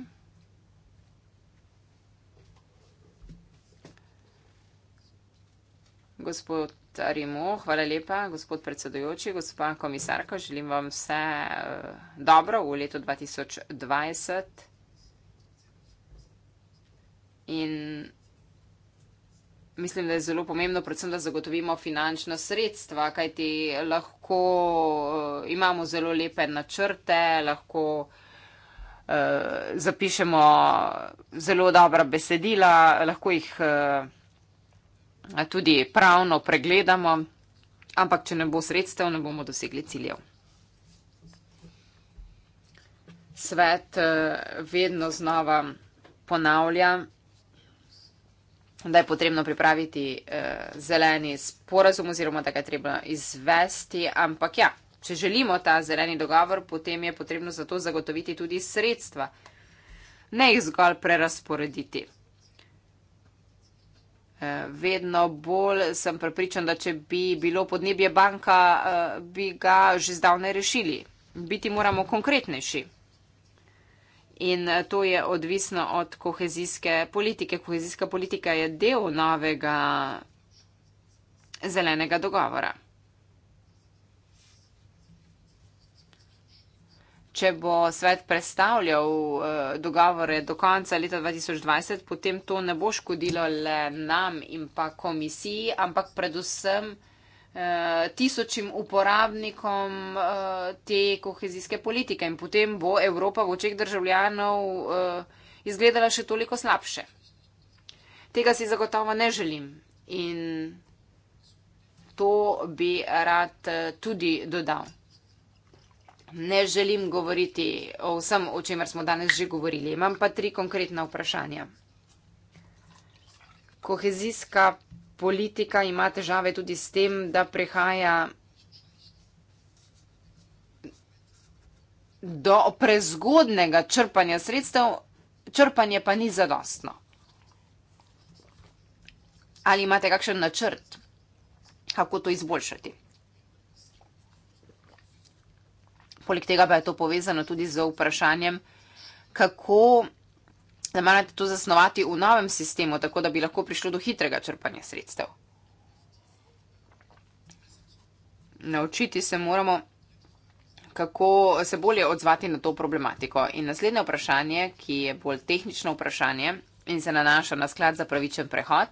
Gospod Rimu. Hvala lepa, gospod predsedujoči, gospa komisarka. Želim vam vse eh, dobro v letu 2020. In mislim, da je zelo pomembno, predvsem, da zagotovimo finančna sredstva, kajti lahko eh, imamo zelo lepe načrte, lahko eh, zapišemo zelo dobra besedila, lahko jih tudi pravno pregledamo, ampak če ne bo sredstev, ne bomo dosegli ciljev. Svet eh, vedno znova ponavlja, da je potrebno pripraviti eh, zeleni sporazum oziroma da ga je treba izvesti, ampak ja, če želimo ta zeleni dogovor, potem je potrebno za to zagotoviti tudi sredstva. Ne jih zgolj prerasporediti. Eh, vedno bolj sem prepričan, da če bi bilo podnebje banka, eh, bi ga že zdavne rešili. Biti moramo konkretnejši. In eh, to je odvisno od kohezijske politike. Kohezijska politika je del novega zelenega dogovora. če bo svet predstavljal eh, dogovore do konca leta 2020, potem to ne bo škodilo le nam in pa komisiji, ampak predvsem eh, tisočim uporabnikom eh, te kohezijske politike in potem bo Evropa v očeh državljanov izgledala še toliko slabše. Tega si zagotovo ne želim in to bi rad tudi dodal. Ne želim govoriti o vsem, o čemer smo danes že govorili. Imam pa tri konkretna vprašanja. Kohezijska politika ima težave tudi s tem, da prehaja do prezgodnega črpanja sredstev, črpanje pa ni zadostno. Ali imate kakšen načrt, kako to izboljšati? Poleg tega pa je to povezano tudi z vprašanjem, kako namenjate to zasnovati v novem sistemu, tako da bi lahko prišlo do hitrega črpanja sredstev. Naučiti se moramo, kako se bolje odzvati na to problematiko. In naslednje vprašanje, ki je bolj tehnično vprašanje in se nanaša na sklad za pravičen prehod.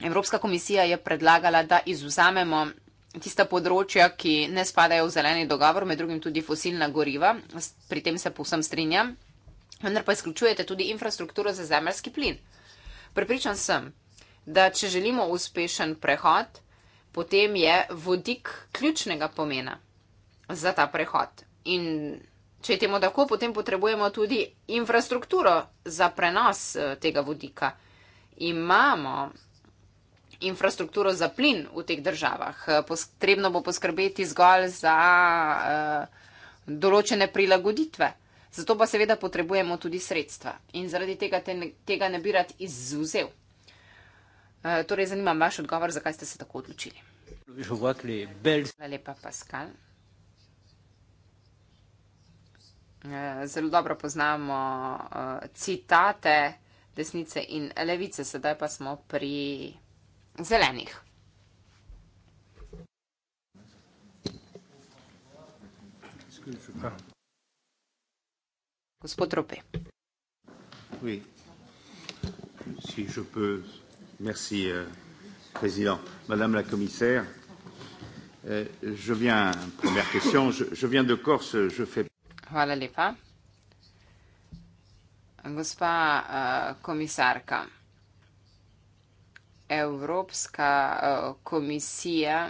Evropska komisija je predlagala, da izuzamemo tista področja, ki ne spadajo v zeleni dogovor, med drugim tudi fosilna goriva, pri tem se povsem strinjam, vendar pa izključujete tudi infrastrukturo za zemljski plin. Prepričan sem, da če želimo uspešen prehod, potem je vodik ključnega pomena za ta prehod. In če je temu tako, potem potrebujemo tudi infrastrukturo za prenos eh, tega vodika. Imamo infrastrukturo za plin v teh državah. Eh, potrebno bo poskrbeti zgolj za eh, določene prilagoditve. Zato pa seveda potrebujemo tudi sredstva in zaradi tega, te, tega ne bi rad izuzel. Eh, torej, zanimam vaš odgovor, zakaj ste se tako odločili. Hvala lepa, Pascal. Zelo dobro poznamo citate desnice in levice, sedaj pa smo pri zelenih. Gospod Rope. Oui. Si je peux. Merci, euh, Président. Madame la Commissaire, euh, je viens. Première question. Je, je viens de Corse. Je fais. Voilà les pas. Gospa euh, Commissarka. Evropska eh, komisija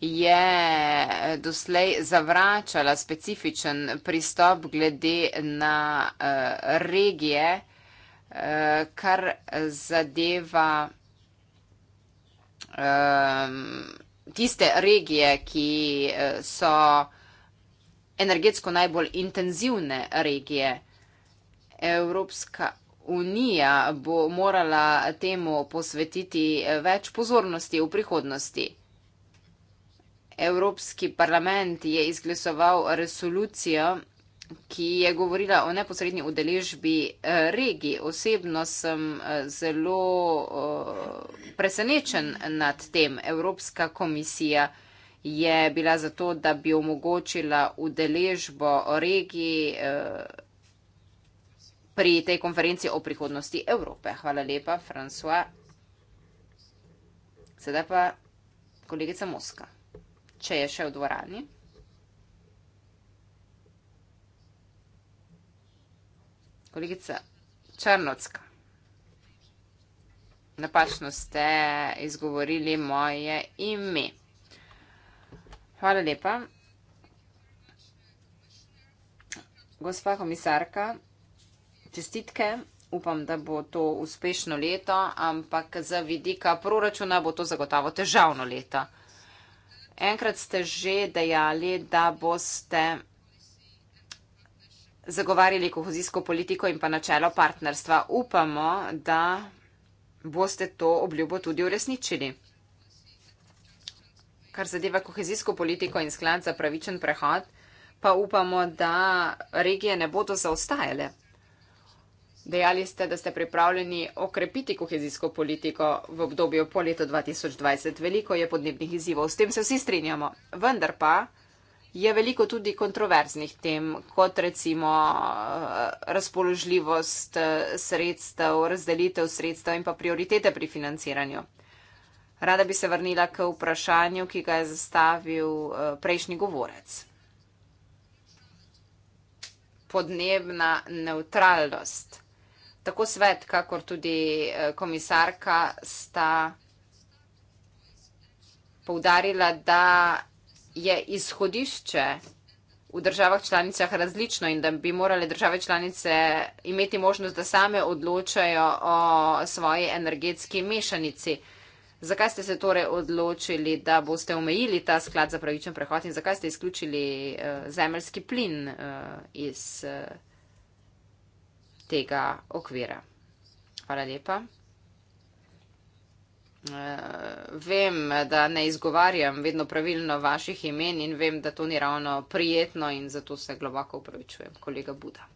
je doslej zavračala specifičen pristop glede na eh, regije, eh, kar zadeva ehm, tiste regije, ki so energetsko najbolj intenzivne regije. Evropska komisija Unija bo morala temu posvetiti več pozornosti v prihodnosti. Evropski parlament je izglasoval resolucijo, ki je govorila o neposrednji udeležbi eh, regij. Osebno sem eh, zelo eh, presenečen nad tem. Evropska komisija je bila zato, da bi omogočila udeležbo regij pri tej konferenci o prihodnosti Evrope. Hvala lepa, François. Sedaj pa kolegica Moska, če je še v dvorani. Kolegica Črnocka, napačno ste izgovorili moje ime. Hvala lepa. Gospa komisarka, čestitke. Upam, da bo to uspešno leto, ampak za vidika proračuna bo to zagotovo težavno leto. Enkrat ste že dejali, da boste zagovarjali kohozijsko politiko in pa načelo partnerstva. Upamo, da boste to obljubo tudi uresničili. Kar zadeva kohezijsko politiko in sklad za pravičen prehod, pa upamo, da regije ne bodo zaostajale Dejali ste, da ste pripravljeni okrepiti kohezijsko politiko v obdobju po letu 2020. Veliko je podnebnih izzivov, s tem se vsi strinjamo. Vendar pa je veliko tudi kontroverznih tem, kot recimo eh, razpoložljivost eh, sredstev, razdelitev sredstev in pa prioritete pri financiranju. Rada bi se vrnila k vprašanju, ki ga je zastavil eh, prejšnji govorec. Podnebna neutralnost tako svet, kakor tudi eh, komisarka sta povdarila, da je izhodišče v državah članicah različno in da bi morale države članice imeti možnost, da same odločajo o svoji energetski mešanici. Zakaj ste se torej odločili, da boste omejili ta sklad za pravičen prehod in zakaj ste izključili eh, zemeljski plin eh, iz tega okvira. Hvala lepa. Eh, vem, da ne izgovarjam vedno pravilno vaših imen in vem, da to ni ravno prijetno in zato se globoko upravičujem, kolega Buda.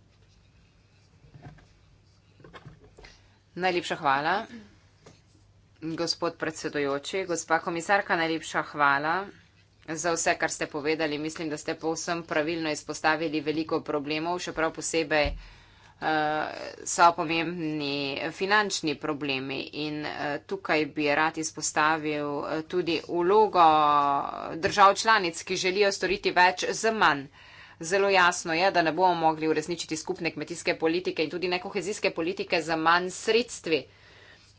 Najlepša hvala. Gospod predsedojoči, gospa komisarka, najlepša hvala za vse, kar ste povedali. Mislim, da ste povsem pravilno izpostavili veliko problemov, še prav posebej so pomembni finančni problemi in eh, tukaj bi rad izpostavil eh, tudi ulogo držav članic, ki želijo storiti več z manj. Zelo jasno je, da ne bomo mogli uresničiti skupne kmetijske politike in tudi nekohezijske politike z manj sredstvi.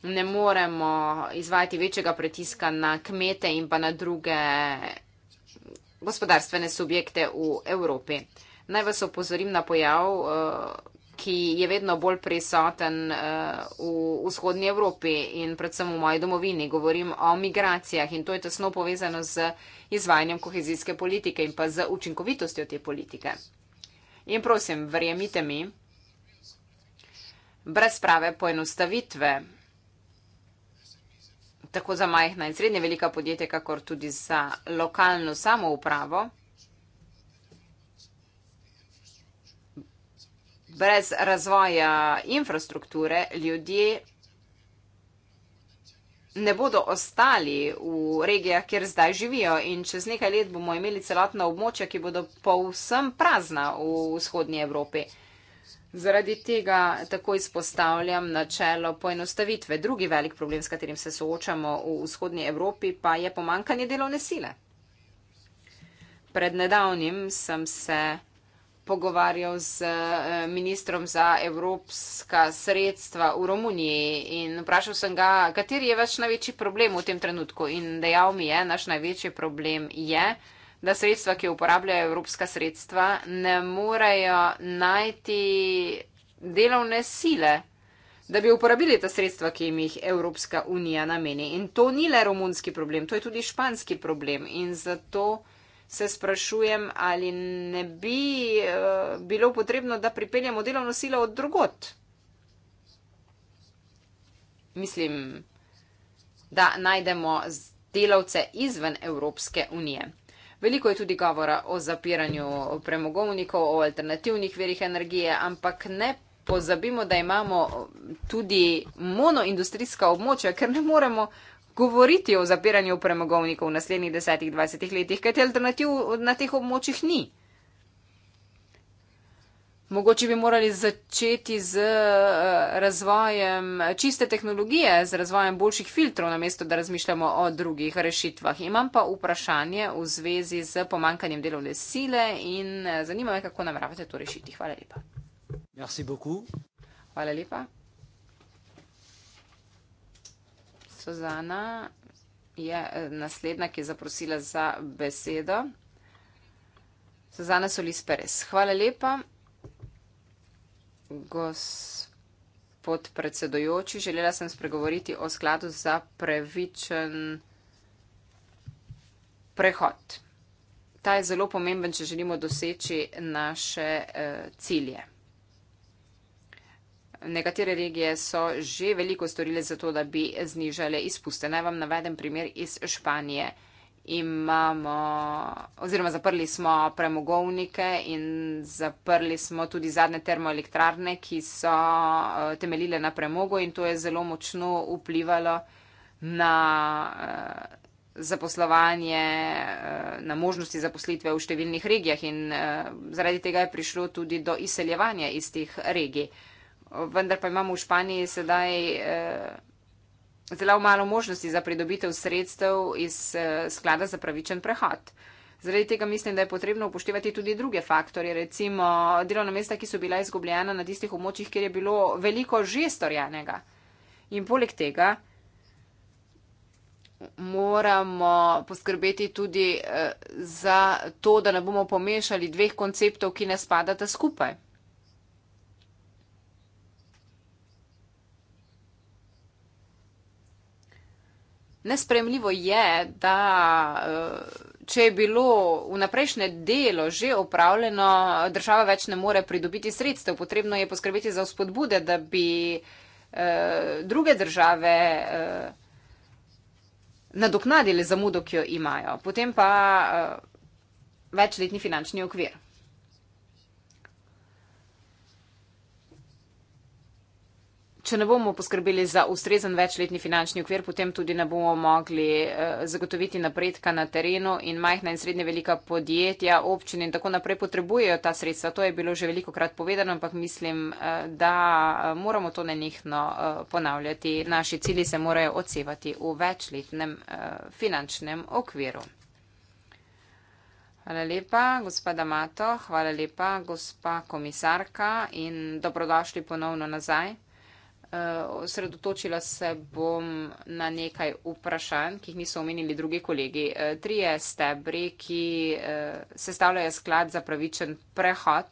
Ne moremo izvajati večjega pritiska na kmete in pa na druge gospodarstvene subjekte v Evropi. Naj vas opozorim na pojav eh, ki je vedno bolj prisoten eh, v vzhodnji Evropi in predvsem v moji domovini. Govorim o migracijah in to je tesno povezano z izvajanjem kohezijske politike in pa z učinkovitostjo te politike. In prosim, verjemite mi, brez prave poenostavitve, tako za majhna in srednje velika podjetja, kakor tudi za lokalno samoupravo, brez razvoja infrastrukture ljudje ne bodo ostali v regijah, kjer zdaj živijo in čez nekaj let bomo imeli celotna območja, ki bodo povsem prazna v vzhodnji Evropi. Zaradi tega tako izpostavljam načelo poenostavitve. Drugi velik problem, s katerim se soočamo v vzhodnji Evropi, pa je pomankanje delovne sile. Pred nedavnim sem se pogovarjal z eh, ministrom za evropska sredstva v Romuniji in vprašal sem ga, kateri je vaš največji problem v tem trenutku. In dejal mi je, naš največji problem je, da sredstva, ki uporabljajo evropska sredstva, ne morejo najti delovne sile, da bi uporabili ta sredstva, ki jim jih Evropska unija nameni. In to ni le romunski problem, to je tudi španski problem. In zato se sprašujem, ali ne bi eh, bilo potrebno, da pripeljamo delovno silo od drugot. Mislim, da najdemo delavce izven Evropske unije. Veliko je tudi govora o zapiranju premogovnikov, o alternativnih verjih energije, ampak ne pozabimo, da imamo tudi monoindustrijska območja, ker ne moremo govoriti o zapiranju premogovnikov v naslednjih desetih, dvajsetih letih, kajti alternativ na teh območjih ni. Mogoče bi morali začeti z eh, razvojem čiste tehnologije, z razvojem boljših filtrov, namesto da razmišljamo o drugih rešitvah. Imam pa vprašanje v zvezi z pomankanjem delovne sile in eh, zanima me, kako nameravate to rešiti. Hvala lepa. Merci beaucoup. Hvala lepa. Suzana je eh, naslednja, ki je zaprosila za besedo. Suzana Solis Perez. Hvala lepa. Gospod predsedojoči, želela sem spregovoriti o skladu za pravičen prehod. Ta je zelo pomemben, če želimo doseči naše eh, cilje. Nekatere regije so že veliko storile za to, da bi znižale izpuste. Naj vam navedem primer iz Španije. Imamo, oziroma zaprli smo premogovnike in zaprli smo tudi zadnje termoelektrarne, ki so eh, temeljile na premogu in to je zelo močno vplivalo na eh, zaposlovanje, eh, na možnosti zaposlitve v številnih regijah in zaradi tega je prišlo tudi do izseljevanja iz teh regij vendar pa imamo v Španiji sedaj eh, zelo malo možnosti za pridobitev sredstev iz eh, sklada za pravičen prehod. Zaradi tega mislim, da je potrebno upoštevati tudi druge faktorje, recimo delovna mesta, ki so bila izgubljena na tistih območjih, kjer je bilo veliko že storjenega. In poleg tega moramo poskrbeti tudi eh, za to, da ne bomo pomešali dveh konceptov, ki ne spadata skupaj. Nespremljivo je, da eh, če je bilo vnaprejšnje delo že opravljeno, država več ne more pridobiti sredstev. Potrebno je poskrbeti za vzpodbude, da bi eh, druge države eh, nadoknadile zamudo, ki jo imajo. Potem pa večletni finančni okvir. če ne bomo poskrbeli za ustrezen večletni finančni okvir, potem tudi ne bomo mogli eh, zagotoviti napredka na terenu in majhna in srednje velika podjetja, občine in tako naprej potrebujejo ta sredstva. To je bilo že veliko krat povedano, ampak mislim, eh, da eh, moramo to nenihno ponavljati. Naši cili se morajo odsevati v večletnem finančnem okviru. Hvala lepa, gospa Damato, hvala lepa, gospa komisarka in dobrodošli ponovno nazaj. Eh, osredotočila se bom na nekaj vprašanj, ki jih niso omenili drugi kolegi. Eh, trije stebri, ki eh, sestavljajo sklad za pravičen prehod.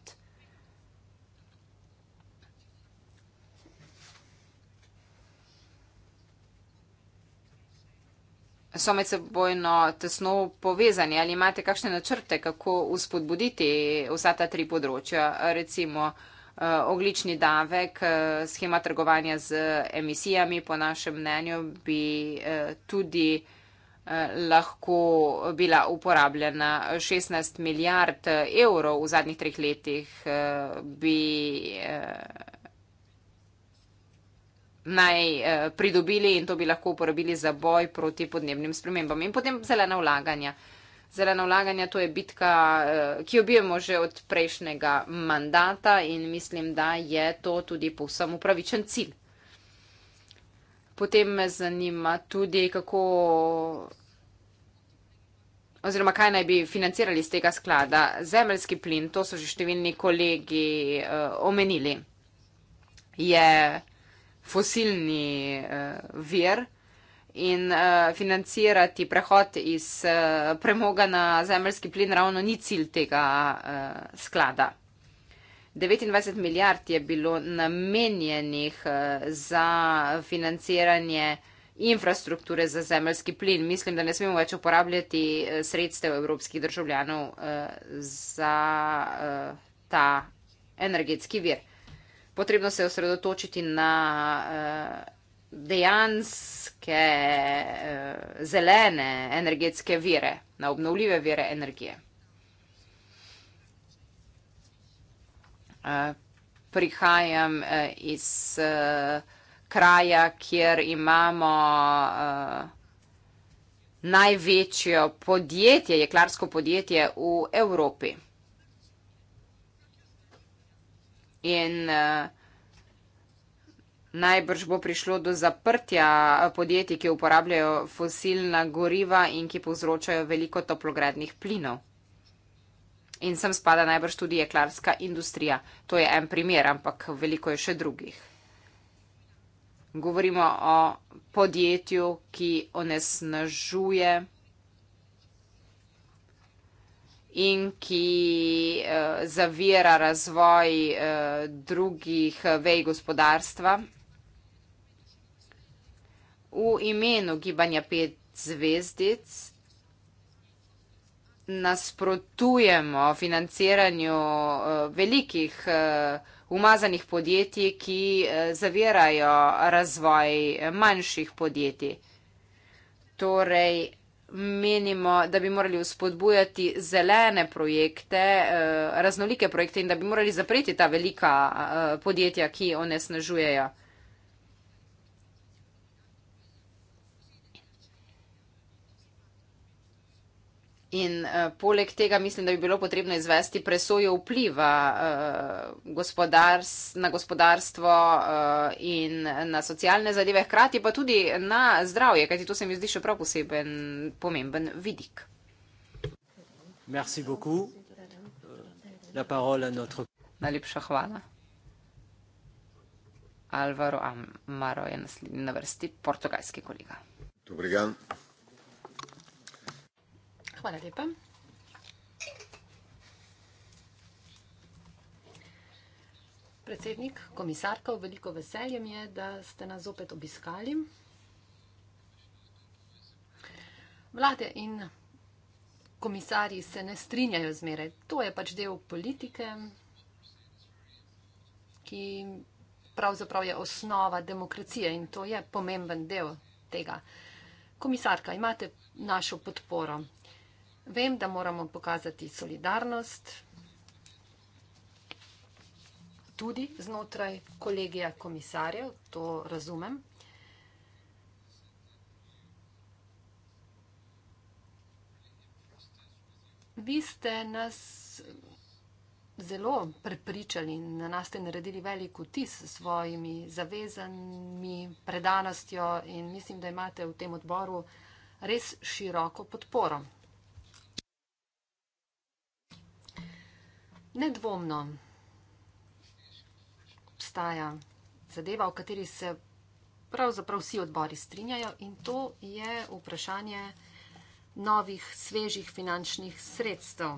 So med sebojno tesno povezani. Ali imate kakšne načrte, kako uspodbuditi vsa ta tri področja? Recimo, Eh, oglični davek, eh, schema trgovanja z emisijami, po našem mnenju, bi eh, tudi lahko bila uporabljena. 16 milijard evrov v zadnjih treh letih bi naj pridobili in to bi lahko uporabili za boj proti podnebnim spremembam. In potem zelena vlaganja zelena vlaganja, to je bitka, eh, ki jo bijemo že od prejšnjega mandata in mislim, da je to tudi povsem upravičen cilj. Potem me zanima tudi, kako oziroma kaj naj bi financirali iz tega sklada. Zemeljski plin, to so že številni kolegi uh, omenili, je fosilni uh, vir in uh, financirati prehod iz uh, premoga na zemljski plin ravno ni cilj tega uh, sklada. 29 milijard je bilo namenjenih uh, za financiranje infrastrukture za zemljski plin. Mislim, da ne smemo več uporabljati sredstev evropskih državljanov uh, za uh, ta energetski vir. Potrebno se osredotočiti na uh, dejanske uh, zelene energetske vire, na obnovljive vire energije. Uh, prihajam uh, iz uh, kraja, kjer imamo uh, največjo podjetje, jeklarsko podjetje v Evropi. In uh, Najbrž bo prišlo do zaprtja podjetij, ki uporabljajo fosilna goriva in ki povzročajo veliko toplogrednih plinov. In sem spada najbrž tudi jeklarska industrija. To je en primer, ampak veliko je še drugih. Govorimo o podjetju, ki onesnažuje in ki eh, zavira razvoj eh, drugih eh, vej gospodarstva V imenu gibanja pet zvezdic nasprotujemo financiranju eh, velikih eh, umazanih podjetij, ki eh, zavirajo razvoj manjših podjetij. Torej, menimo, da bi morali uspodbujati zelene projekte, raznolike projekte in da bi morali zapreti ta velika podjetja, ki onesnažujejo. In uh, poleg tega mislim, da bi bilo potrebno izvesti presojo vpliva uh, gospodars, na gospodarstvo uh, in na socialne zadeve, hkrati pa tudi na zdravje, kajti to se mi zdi še prav poseben pomemben vidik. Najlepša hvala. Alvaro Amaro je na vrsti portugalski kolega. Dobrigan. Hvala lepa. Predsednik, komisarka, veliko veselje mi je, da ste nas opet obiskali. Vlade in komisarji se ne strinjajo zmeraj. To je pač del politike, ki pravzaprav je osnova demokracije in to je pomemben del tega. Komisarka, imate našo podporo. Vem, da moramo pokazati solidarnost tudi znotraj kolegija komisarjev, to razumem. Vi ste nas zelo prepričali in na nas ste naredili velik vtis s svojimi zavezanmi, predanostjo in mislim, da imate v tem odboru res široko podporo. Nedvomno obstaja zadeva, o kateri se pravzaprav vsi odbori strinjajo in to je vprašanje novih, svežih finančnih sredstev.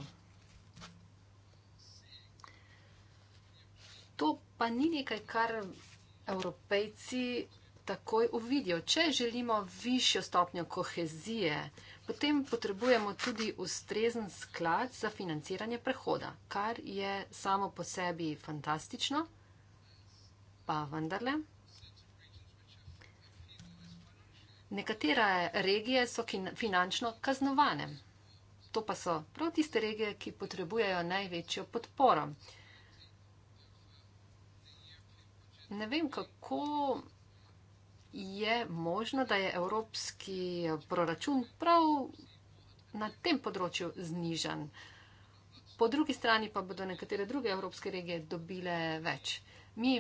To pa ni nekaj, kar evropejci takoj uvidijo. Če želimo višjo stopnjo kohezije, Potem potrebujemo tudi ustrezen sklad za financiranje prehoda, kar je samo po sebi fantastično, pa vendarle. Nekatere regije so finančno kaznovane. To pa so prav tiste regije, ki potrebujejo največjo podporo. Ne vem, kako je možno, da je evropski proračun prav na tem področju znižan. Po drugi strani pa bodo nekatere druge evropske regije dobile več. Mi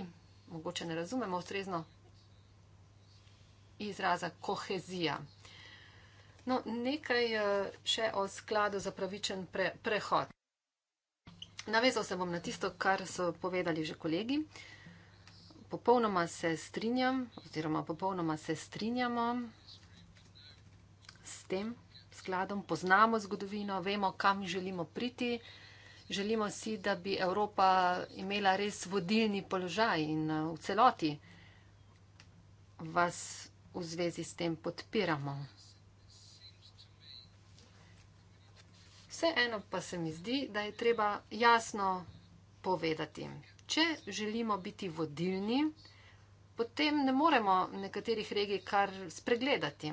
mogoče ne razumemo ustrezno izraza kohezija. No, nekaj eh, še o skladu za pravičen pre prehod. Navezal se bom na tisto, kar so povedali že kolegi. Uh, popolnoma se strinjam, oziroma popolnoma se strinjamo s tem skladom, poznamo zgodovino, vemo, kam želimo priti. Želimo si, da bi Evropa imela res vodilni položaj in eh, v celoti vas v zvezi s tem podpiramo. Vseeno pa se mi zdi, da je treba jasno povedati če želimo biti vodilni, potem ne moremo nekaterih regij kar spregledati.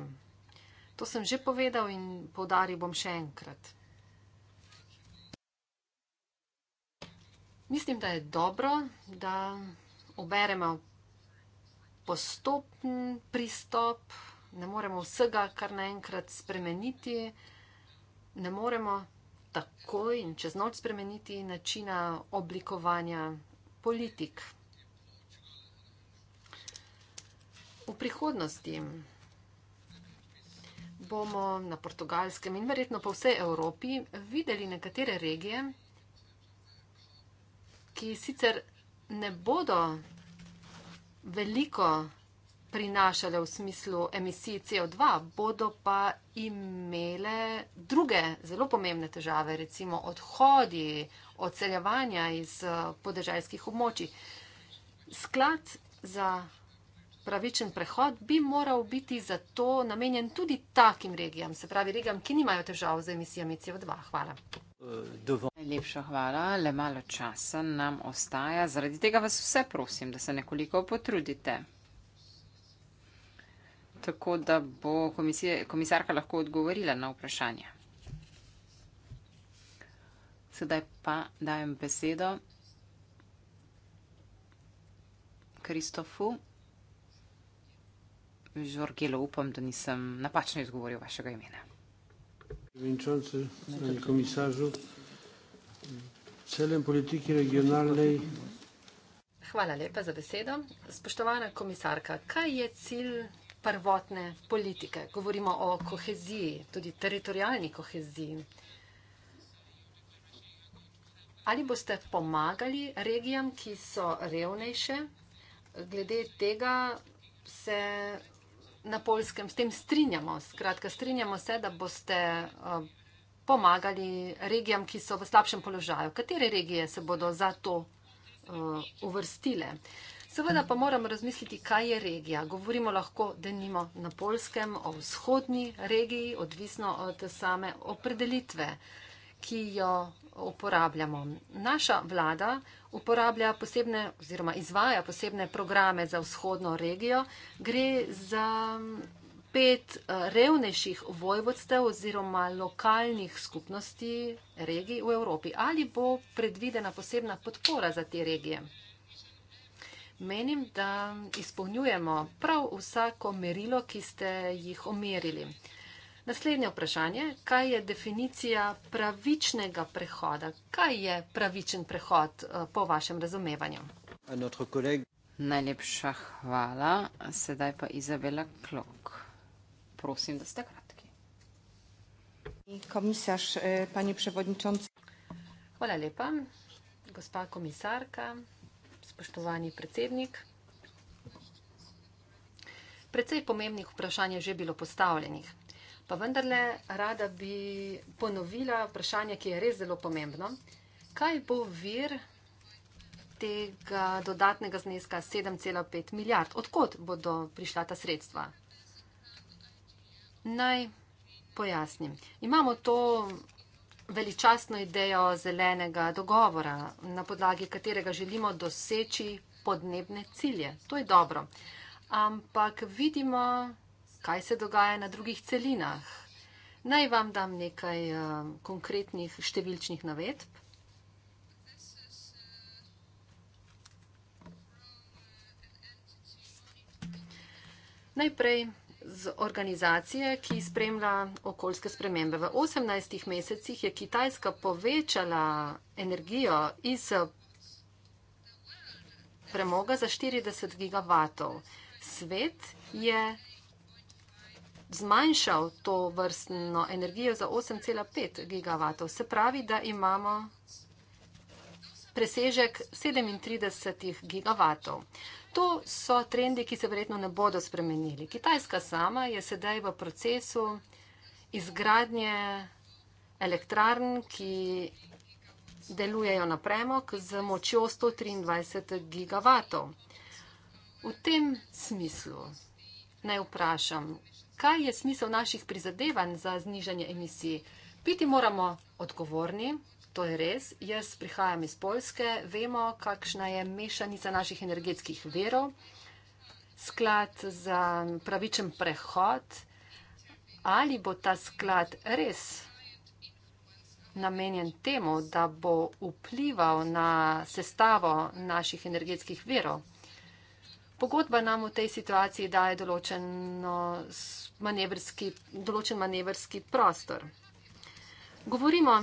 To sem že povedal in povdaril bom še enkrat. Mislim, da je dobro, da oberemo postopen pristop, ne moremo vsega kar naenkrat spremeniti, ne moremo takoj in čez noč spremeniti načina oblikovanja politik. V prihodnosti bomo na portugalskem in verjetno po vsej Evropi videli nekatere regije, ki sicer ne bodo veliko prinašale v smislu emisij CO2, bodo pa imele druge zelo pomembne težave, recimo odhodi, odseljevanja iz eh, podeželjskih območij. Sklad za pravičen prehod bi moral biti zato namenjen tudi takim regijam, se pravi regijam, ki nimajo težav z emisijami CO2. Hvala. Najlepša hvala, le malo časa nam ostaja. Zaradi tega vas vse prosim, da se nekoliko potrudite tako da bo komisija, komisarka lahko odgovorila na vprašanje. Sedaj pa dajem besedo Kristofu Žorgelu. Upam, da nisem napačno izgovoril vašega imena. Vinčance, zdaj komisaržu, celem politiki regionalnej. Hvala lepa za besedo. Spoštovana komisarka, kaj je cilj prvotne politike. Govorimo o koheziji, tudi teritorijalni koheziji. Ali boste pomagali regijam, ki so revnejše? Glede tega se na polskem s tem strinjamo. Skratka, strinjamo se, da boste eh, pomagali regijam, ki so v slabšem položaju. Katere regije se bodo za to eh, uvrstile? Uh, Seveda pa moramo razmisliti, kaj je regija. Govorimo lahko, da nimo na polskem, o vzhodni regiji, odvisno od same opredelitve, ki jo uporabljamo. Naša vlada uporablja posebne oziroma izvaja posebne programe za vzhodno regijo. Gre za pet eh, revnejših vojvodstev oziroma lokalnih skupnosti regij v Evropi. Ali bo predvidena posebna podpora za te regije? menim, da izpolnjujemo prav vsako merilo, ki ste jih omerili. Naslednje vprašanje, kaj je definicija pravičnega prehoda? Kaj je pravičen prehod eh, po vašem razumevanju? Najlepša hvala. Sedaj pa Izabela Klok. Prosim, da ste kratki. Komisarš, e, pani predsednica. Hvala lepa, gospa komisarka spoštovani predsednik. Predvsej pomembnih vprašanj je že bilo postavljenih, pa vendarle rada bi ponovila vprašanje, ki je res zelo pomembno. Kaj bo vir tega dodatnega zneska 7,5 milijard? Odkot bodo prišla ta sredstva? Naj pojasnim. Imamo to veličastno idejo zelenega dogovora, na podlagi katerega želimo doseči podnebne cilje. To je dobro. Ampak vidimo, kaj se dogaja na drugih celinah. Naj vam dam nekaj eh, konkretnih številčnih navedb. Najprej z organizacije, ki spremlja okoljske spremembe. V 18 mesecih je Kitajska povečala energijo iz premoga za 40 gigavatov. Svet je zmanjšal to vrstno energijo za 8,5 gigavatov. Se pravi, da imamo presežek 37 gigavatov. To so trendi, ki se verjetno ne bodo spremenili. Kitajska sama je sedaj v procesu izgradnje elektrarn, ki delujejo na premok z močjo 123 gigavatov. V tem smislu naj vprašam, kaj je smisel naših prizadevanj za znižanje emisij. Biti moramo odgovorni, To je res. Jaz prihajam iz Poljske. Vemo, kakšna je mešanica naših energetskih verov. Sklad za pravičen prehod. Ali bo ta sklad res namenjen temu, da bo vplival na sestavo naših energetskih verov? Pogodba nam v tej situaciji daje manevrski, določen manevrski prostor. Govorimo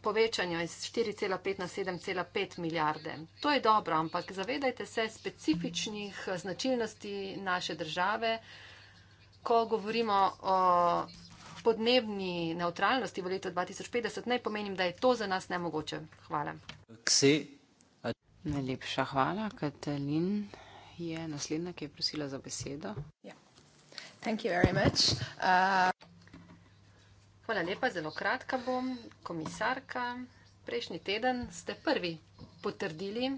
povečanju iz 4,5 na 7,5 milijarde. To je dobro, ampak zavedajte se specifičnih značilnosti naše države, ko govorimo o podnebni neutralnosti v letu 2050, naj pomenim, da je to za nas nemogoče. Hvala. Ksi. Najlepša hvala, Katalin. Je naslednja, ki je prosila za besedo. Yeah. Thank you very much. Uh... Hvala lepa, zelo kratka bom. Komisarka, prejšnji teden ste prvi potrdili,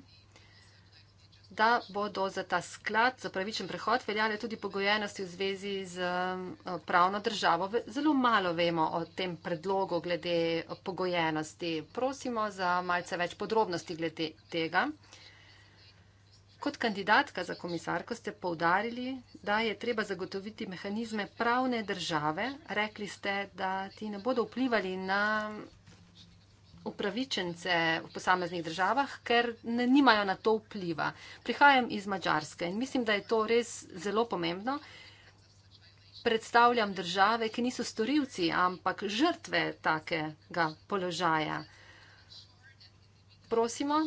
da bodo za ta sklad, za pravičen prehod, veljale tudi pogojenosti v zvezi z eh, pravno državo. Zelo malo vemo o tem predlogu glede pogojenosti. Prosimo za malce več podrobnosti glede tega. Kot kandidatka za komisarko ste povdarili, da je treba zagotoviti mehanizme pravne države. Rekli ste, da ti ne bodo vplivali na upravičence v posameznih državah, ker ne, nimajo na to vpliva. Prihajam iz Mačarske in mislim, da je to res zelo pomembno. Predstavljam države, ki niso storilci, ampak žrtve takega položaja. Prosimo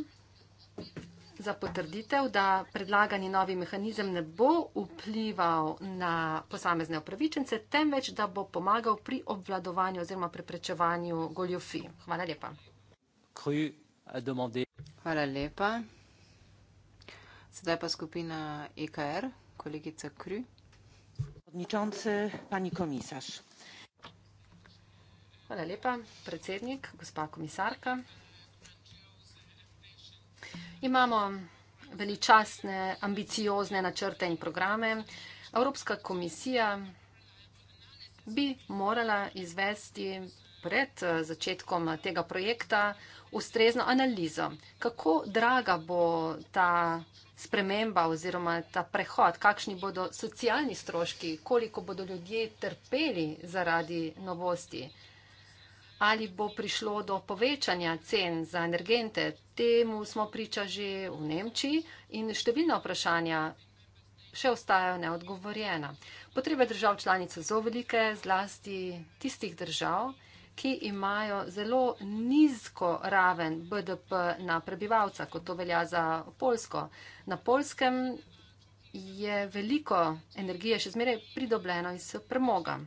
za potrditev, da predlagani novi mehanizem ne bo vplival na posamezne upravičence, temveč da bo pomagal pri obvladovanju oziroma preprečevanju goljofi. Hvala lepa. Hvala lepa. Sedaj pa skupina EKR, kolegica Kry. Podničance, pani komisar. Hvala lepa, predsednik, gospa komisarka. Imamo veličastne, ambiciozne načrte in programe. Evropska komisija bi morala izvesti pred eh, začetkom eh, tega projekta ustrezno analizo, kako draga bo ta sprememba oziroma ta prehod, kakšni bodo socialni stroški, koliko bodo ljudje trpeli zaradi novosti ali bo prišlo do povečanja cen za energente. Temu smo priča že v Nemčiji in številna vprašanja še ostajajo neodgovorjena. Potrebe držav članice so velike, zlasti tistih držav, ki imajo zelo nizko raven BDP na prebivalca, kot to velja za Polsko. Na Polskem je veliko energije še zmeraj pridobljeno iz premoga.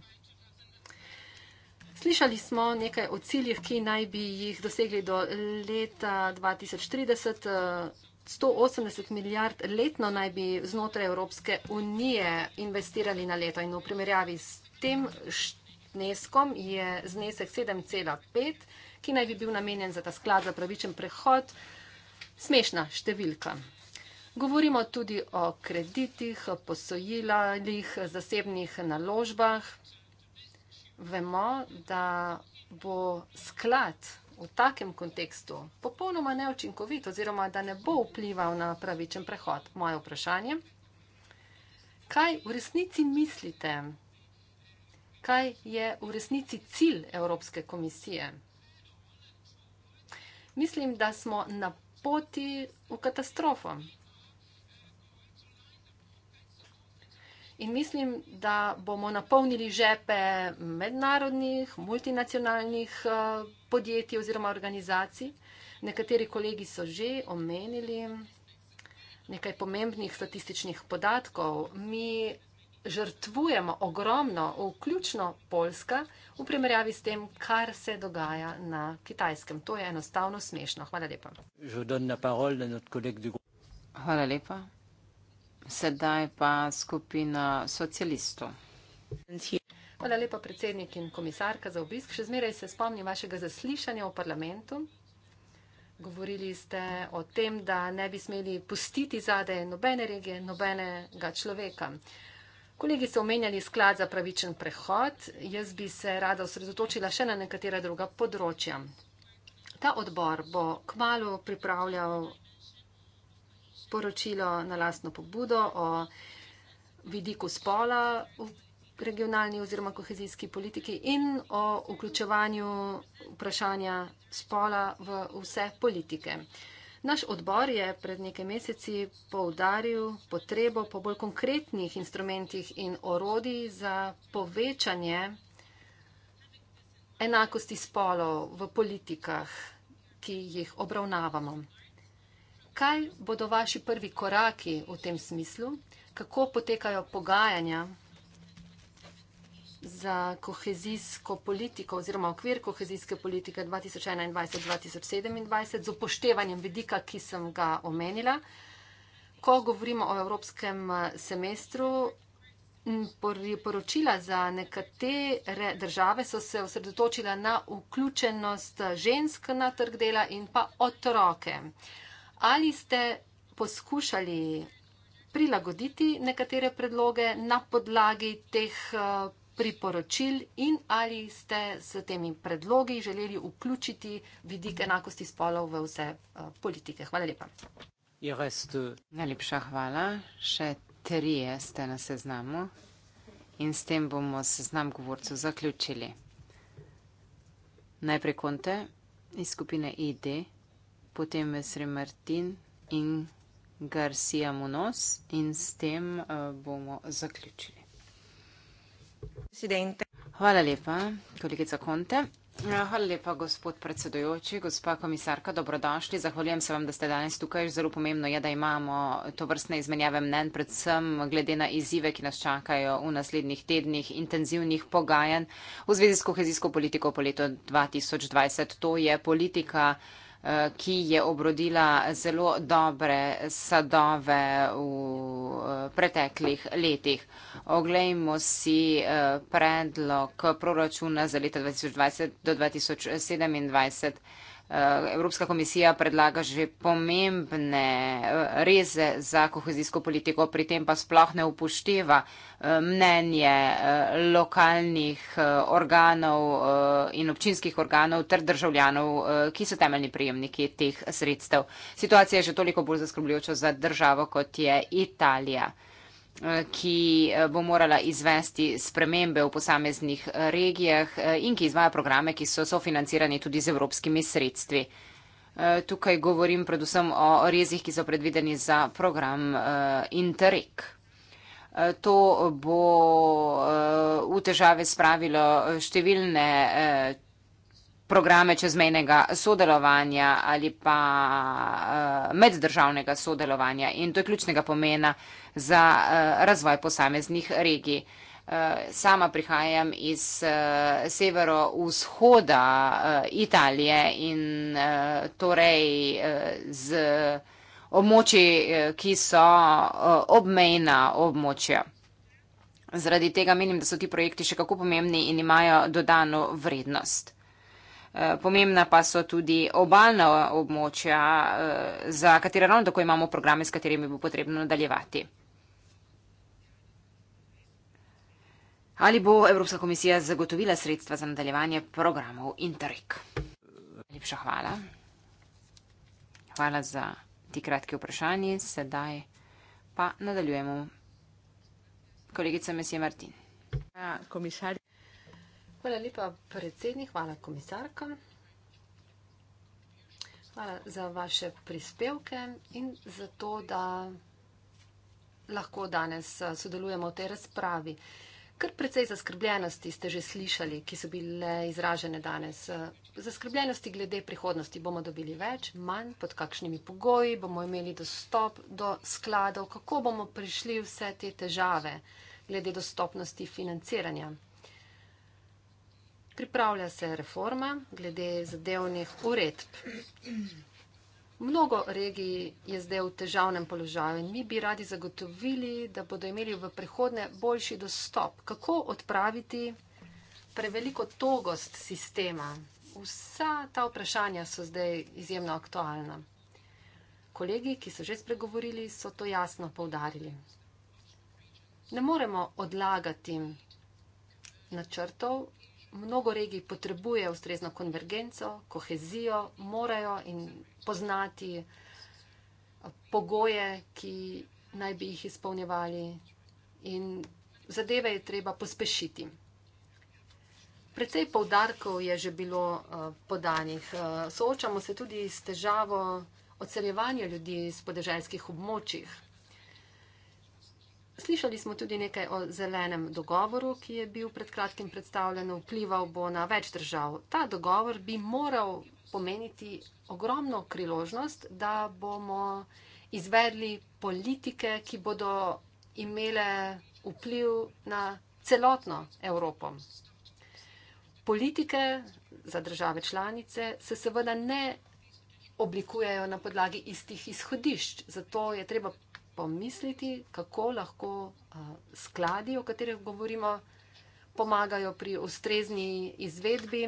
Slišali smo nekaj o ciljih, ki naj bi jih dosegli do leta 2030. 180 eh, milijard letno naj bi znotraj Evropske unije investirali na leto in v primerjavi s tem zneskom je znesek 7,5, ki naj bi bil namenjen za ta sklad za pravičen prehod, smešna številka. Govorimo tudi o kreditih, posojilah, zasebnih naložbah vemo, da bo sklad v takem kontekstu popolnoma neočinkovit oziroma da ne bo vplival na pravičen prehod. Moje vprašanje. Kaj v resnici mislite? Kaj je v resnici cilj Evropske komisije? Mislim, da smo na poti v katastrofo. In mislim, da bomo napolnili žepe mednarodnih, multinacionalnih eh, podjetij oziroma organizacij. Nekateri kolegi so že omenili nekaj pomembnih statističnih podatkov. Mi žrtvujemo ogromno, vključno Poljska, v primerjavi s tem, kar se dogaja na kitajskem. To je enostavno smešno. Hvala lepa. Hvala lepa. Sedaj pa skupina socialistov. Hvala lepa predsednik in komisarka za obisk. Še zmeraj se spomnim vašega zaslišanja v parlamentu. Govorili ste o tem, da ne bi smeli pustiti zade nobene regije, nobenega človeka. Kolegi so omenjali sklad za pravičen prehod. Jaz bi se rada osredotočila še na nekatera druga področja. Ta odbor bo kmalo pripravljal poročilo na lastno pobudo o vidiku spola v regionalni oziroma kohezijski politiki in o vključevanju vprašanja spola v vse politike. Naš odbor je pred nekaj meseci poudaril potrebo po bolj konkretnih instrumentih in orodij za povečanje enakosti spolov v politikah, ki jih obravnavamo. Kaj bodo vaši prvi koraki v tem smislu? Kako potekajo pogajanja za kohezijsko politiko oziroma okvir kohezijske politike 2021-2027 z upoštevanjem vedika, ki sem ga omenila? Ko govorimo o evropskem eh, semestru, poročila za nekatere države so se osredotočila na vključenost eh, žensk na trg dela in pa otroke. Ali ste poskušali prilagoditi nekatere predloge na podlagi teh eh, priporočil in ali ste s temi predlogi želeli vključiti vidik enakosti spolov v vse eh, politike? Hvala lepa. Eh, Najlepša hvala. Še trije ste na seznamu in s tem bomo seznam govorcev zaključili. Najprej Konte iz skupine ID potem Vesri Martin in Garcia Munoz in s tem eh, bomo zaključili. Hvala lepa, kolegica Konte. Ja, hvala lepa, gospod predsedojoči, gospa komisarka, dobrodošli. Zahvaljujem se vam, da ste danes tukaj. Zelo pomembno je, da imamo to vrstne izmenjave mnen, predvsem glede na izzive, ki nas čakajo v naslednjih tednih intenzivnih pogajanj v zvezi s kohezijsko politiko po letu 2020. To je politika ki je obrodila zelo dobre sadove v eh, preteklih letih. Oglejmo si eh, predlog proračuna za leta 2020 do 2027. Eh, Evropska komisija predlaga že pomembne eh, reze za kohezijsko politiko, pri tem pa sploh ne upošteva eh, mnenje lokalnih organov in občinskih organov ter državljanov, ki so temeljni prijemniki teh sredstev. Situacija je že toliko bolj zaskrbljujoča za državo, kot je Italija. Eh, ki eh, bo morala izvesti spremembe v posameznih eh, regijah in ki izvaja programe, ki so sofinancirani tudi z evropskimi sredstvi. Tukaj govorim predvsem o rezih, ki so predvideni za program Interreg. To bo v težave spravilo številne programe čezmejnega sodelovanja ali pa eh, meddržavnega sodelovanja in to je ključnega pomena za eh, razvoj posameznih regij. Eh, sama prihajam iz severovzhoda Italije in torej z območji, ki so obmejna območja. Zaradi tega menim, da so ti projekti še kako pomembni in imajo dodano vrednost. Pomembna pa so tudi obaljna območja, eh, za katera ravno tako imamo programe, s katerimi bo potrebno nadaljevati. Ali bo Evropska komisija zagotovila sredstva za nadaljevanje programov Interreg? Lepša hvala. Hvala za ti kratki vprašanji. Sedaj pa nadaljujemo. Kolegica Mesija Martin. Ja, komisar. Hvala lepa predsednik, hvala komisarka. Hvala za vaše prispevke in za to, da lahko danes eh, sodelujemo v tej razpravi. Kar precej zaskrbljenosti ste že slišali, ki so bile izražene danes. Eh, zaskrbljenosti glede prihodnosti bomo dobili več, manj, pod kakšnimi pogoji bomo imeli dostop do skladov, kako bomo prišli vse te težave glede dostopnosti financiranja. Pripravlja se reforma glede zadevnih uredb. Mnogo regij je zdaj v težavnem položaju in mi bi radi zagotovili, da bodo imeli v prihodnje boljši dostop. Kako odpraviti preveliko togost sistema? Vsa ta vprašanja so zdaj izjemno aktualna. Kolegi, ki so že spregovorili, so to jasno povdarili. Ne moremo odlagati načrtov mnogo regij potrebuje ustrezno konvergenco, kohezijo, morajo in poznati eh, pogoje, ki naj bi jih izpolnjevali in zadeve je treba pospešiti. Precej povdarkov je že bilo eh, podanih. Eh, soočamo se tudi s težavo odseljevanja ljudi iz podeželjskih območjih. Slišali smo tudi nekaj o zelenem dogovoru, ki je bil pred kratkim predstavljen, vplival bo na več držav. Ta dogovor bi moral pomeniti ogromno priložnost, da bomo izvedli politike, ki bodo imele vpliv na celotno Evropo. Politike za države članice se seveda ne oblikujejo na podlagi istih izhodišč, zato je treba pomisliti, kako lahko skladi, o katerih govorimo, pomagajo pri ustrezni izvedbi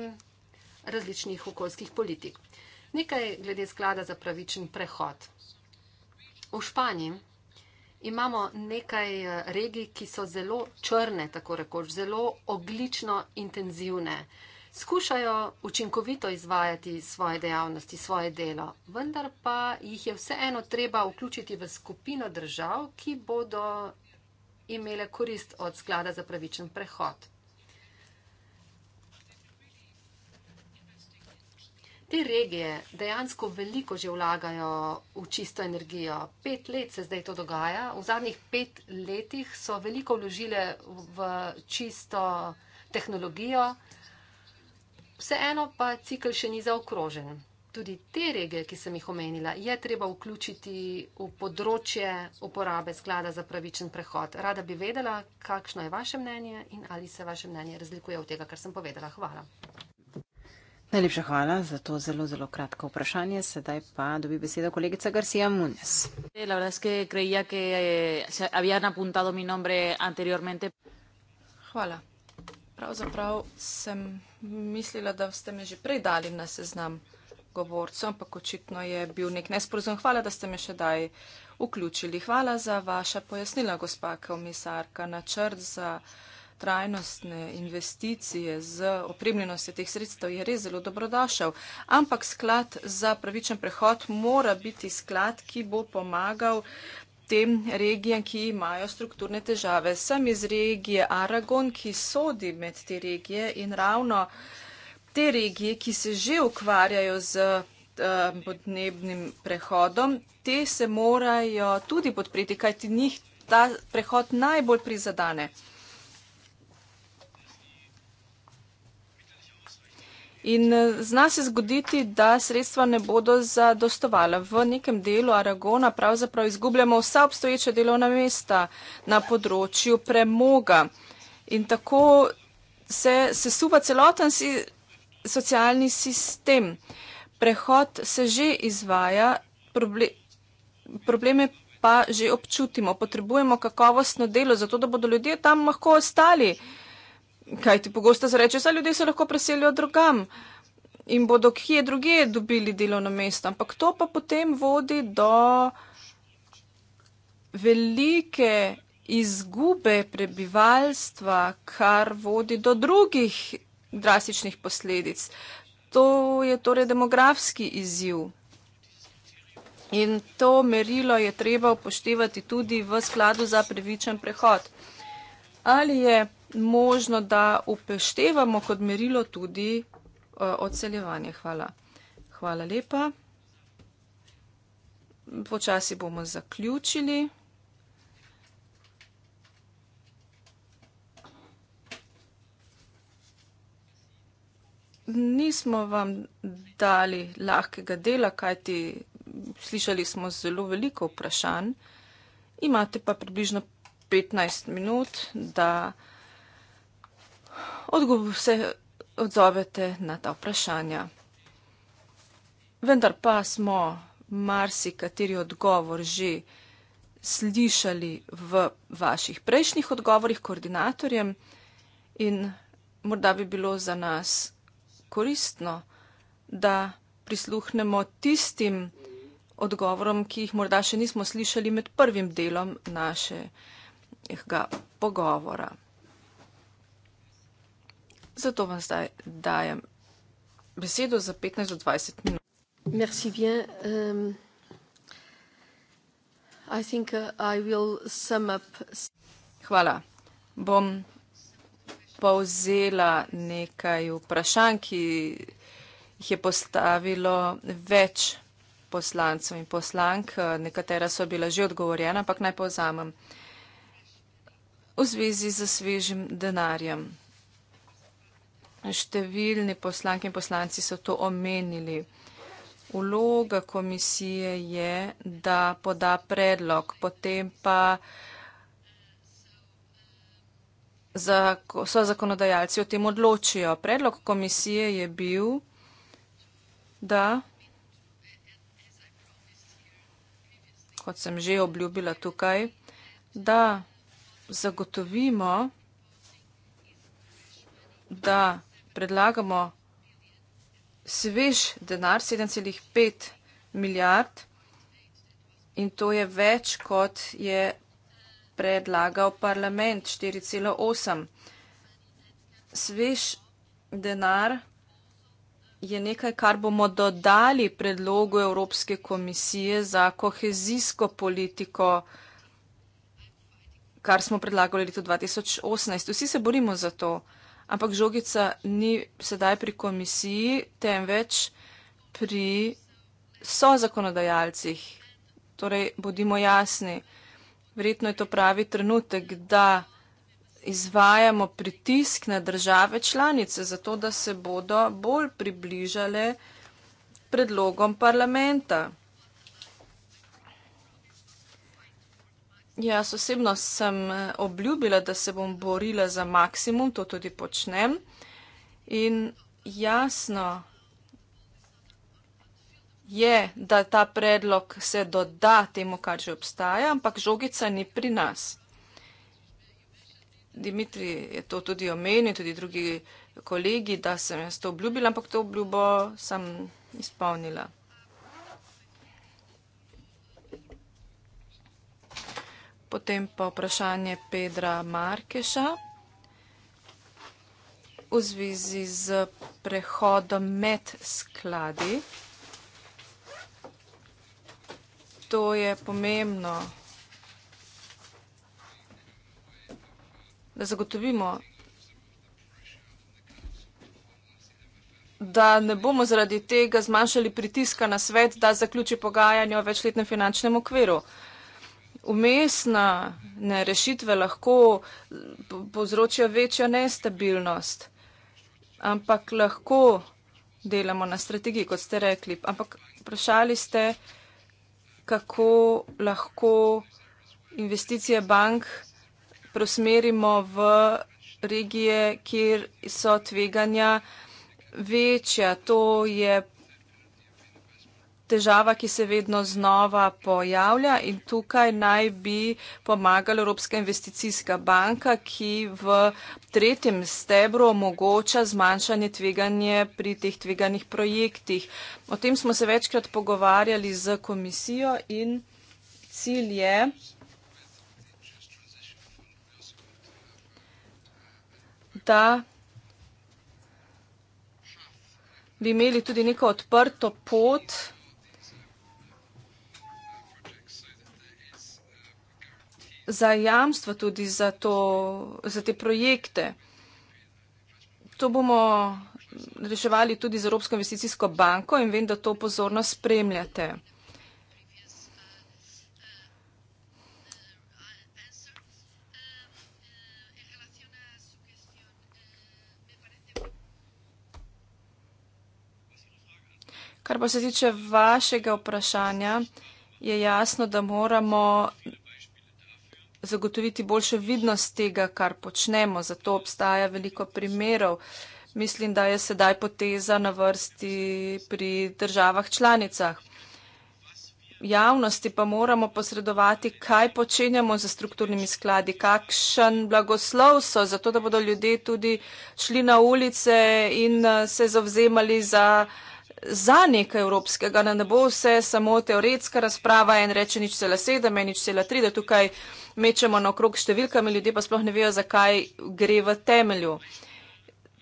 različnih okoljskih politik. Nekaj glede sklada za pravičen prehod. V Španiji imamo nekaj regij, ki so zelo črne, tako rekoč, zelo oglično intenzivne skušajo učinkovito izvajati svoje dejavnosti, svoje delo, vendar pa jih je vseeno treba vključiti v skupino držav, ki bodo imele korist od sklada za pravičen prehod. Te regije dejansko veliko že vlagajo v čisto energijo. Pet let se zdaj to dogaja. V zadnjih pet letih so veliko vložile v čisto tehnologijo. Vseeno pa cikl še ni zaokrožen. Tudi te rege, ki sem jih omenila, je treba vključiti v področje uporabe sklada za pravičen prehod. Rada bi vedela, kakšno je vaše mnenje in ali se vaše mnenje razlikuje od tega, kar sem povedala. Hvala. Najlepša hvala za to zelo, zelo kratko vprašanje. Sedaj pa dobi besedo kolegica Garcia Munes. Eh, hvala. Pravzaprav sem mislila, da ste me že prej dali na seznam govorcev, ampak očitno je bil nek nesporazum. Hvala, da ste me še daj vključili. Hvala za vaša pojasnila, gospa komisarka. Načrt za trajnostne investicije z opremljenostjo teh sredstev je res zelo dobrodošel. Ampak sklad za pravičen prehod mora biti sklad, ki bo pomagal te regije, ki imajo strukturne težave. Sem iz regije Aragon, ki sodi med te regije in ravno te regije, ki se že ukvarjajo z eh, podnebnim prehodom, te se morajo tudi podpreti, kajti njih ta prehod najbolj prizadane. In eh, zna se zgoditi, da sredstva ne bodo zadostovala. V nekem delu Aragona pravzaprav izgubljamo vsa obstoječa delovna mesta na področju premoga. In tako se, se suva celoten si, socialni sistem. Prehod se že izvaja, proble, probleme pa že občutimo. Potrebujemo kakovostno delo, zato da bodo ljudje tam lahko ostali kaj ti pogosto zreče, saj ljudje se lahko preselijo drugam in bodo kje druge dobili delovno mesto. Ampak to pa potem vodi do velike izgube prebivalstva, kar vodi do drugih drastičnih posledic. To je torej demografski izziv. In to merilo je treba upoštevati tudi v skladu za previčen prehod. Ali je možno, da upeštevamo kot merilo tudi eh, odseljevanje. Hvala. Hvala lepa. Počasi bomo zaključili. Nismo vam dali lahkega dela, kajti slišali smo zelo veliko vprašanj. Imate pa približno 15 minut, da odgovor se odzovete na ta vprašanja. Vendar pa smo marsikateri odgovor že slišali v vaših prejšnjih odgovorih koordinatorjem in morda bi bilo za nas koristno, da prisluhnemo tistim odgovorom, ki jih morda še nismo slišali med prvim delom našega pogovora. Zato vam zdaj dajem besedo za 15 do 20 minut. Merci bien. Um, I think uh, I will sum up. Hvala. Bom povzela nekaj vprašanj, ki jih je postavilo več poslancev in poslank. Nekatera so bila že odgovorjena, ampak naj povzamem. V zvezi z svežim denarjem. Številni poslanki in poslanci so to omenili. Vloga komisije je, da poda predlog, potem pa so zakonodajalci o tem odločijo. Predlog komisije je bil, da, kot sem že obljubila tukaj, da zagotovimo, da predlagamo svež denar 7,5 milijard in to je več, kot je predlagal parlament 4,8. Svež denar je nekaj, kar bomo dodali predlogu Evropske komisije za kohezijsko politiko, kar smo predlagali leto 2018. Vsi se borimo za to ampak žogica ni sedaj pri komisiji, temveč pri so zakonodajalcih. Torej, bodimo jasni, verjetno je to pravi trenutek, da izvajamo pritisk na države članice, zato da se bodo bolj približale predlogom parlamenta. Jaz osebno sem eh, obljubila, da se bom borila za maksimum, to tudi počnem. In jasno je, da ta predlog se doda temu, kar že obstaja, ampak žogica ni pri nas. Dimitri je to tudi omenil, tudi drugi kolegi, da sem jaz to obljubila, ampak to obljubo sem izpolnila. potem pa vprašanje Pedra Markeša v zvezi z prehodom med skladi. To je pomembno, da zagotovimo, da ne bomo zaradi tega zmanjšali pritiska na svet, da zaključi pogajanje o večletnem finančnem okviru umestna ne, rešitve lahko povzročijo večjo nestabilnost, ampak lahko delamo na strategiji, kot ste rekli. Ampak vprašali ste, kako lahko investicije bank prosmerimo v regije, kjer so tveganja večja. To je težava, ki se vedno znova pojavlja in tukaj naj bi pomagala Evropska investicijska banka, ki v tretjem stebru omogoča zmanjšanje tveganje pri teh tveganih projektih. O tem smo se večkrat pogovarjali z komisijo in cilj je. da bi imeli tudi neko odprto pot za jamstva tudi za, to, za te projekte. To bomo reševali tudi z Evropsko investicijsko banko in vem, da to pozorno spremljate. Kar pa se tiče vašega vprašanja, je jasno, da moramo zagotoviti boljšo vidnost tega, kar počnemo. Zato obstaja veliko primerov. Mislim, da je sedaj poteza na vrsti pri državah članicah. Javnosti pa moramo posredovati, kaj počenjamo za strukturnimi skladi, kakšen blagoslov so, zato da bodo ljudje tudi šli na ulice in eh, se zavzemali za za nekaj evropskega, da ne bo vse samo teoretska razprava in reče nič cela sedem, nič cela tri, da tukaj mečemo na okrog številkami, ljudje pa sploh ne vejo, zakaj gre v temelju.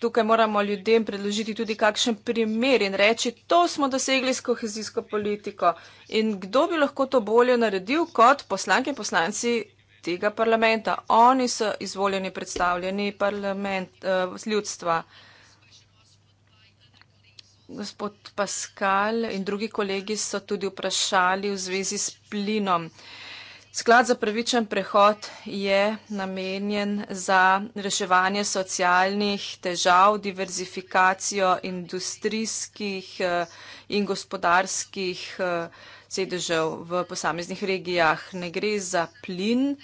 Tukaj moramo ljudem predložiti tudi kakšen primer in reči, to smo dosegli s kohezijsko politiko. In kdo bi lahko to bolje naredil kot poslanke in poslanci tega parlamenta? Oni so izvoljeni predstavljeni parlament, eh, ljudstva gospod Pascal in drugi kolegi so tudi vprašali v zvezi s plinom. Sklad za pravičen prehod je namenjen za reševanje socialnih težav, diverzifikacijo industrijskih eh, in gospodarskih eh, sedežev v posameznih regijah. Ne gre za plin.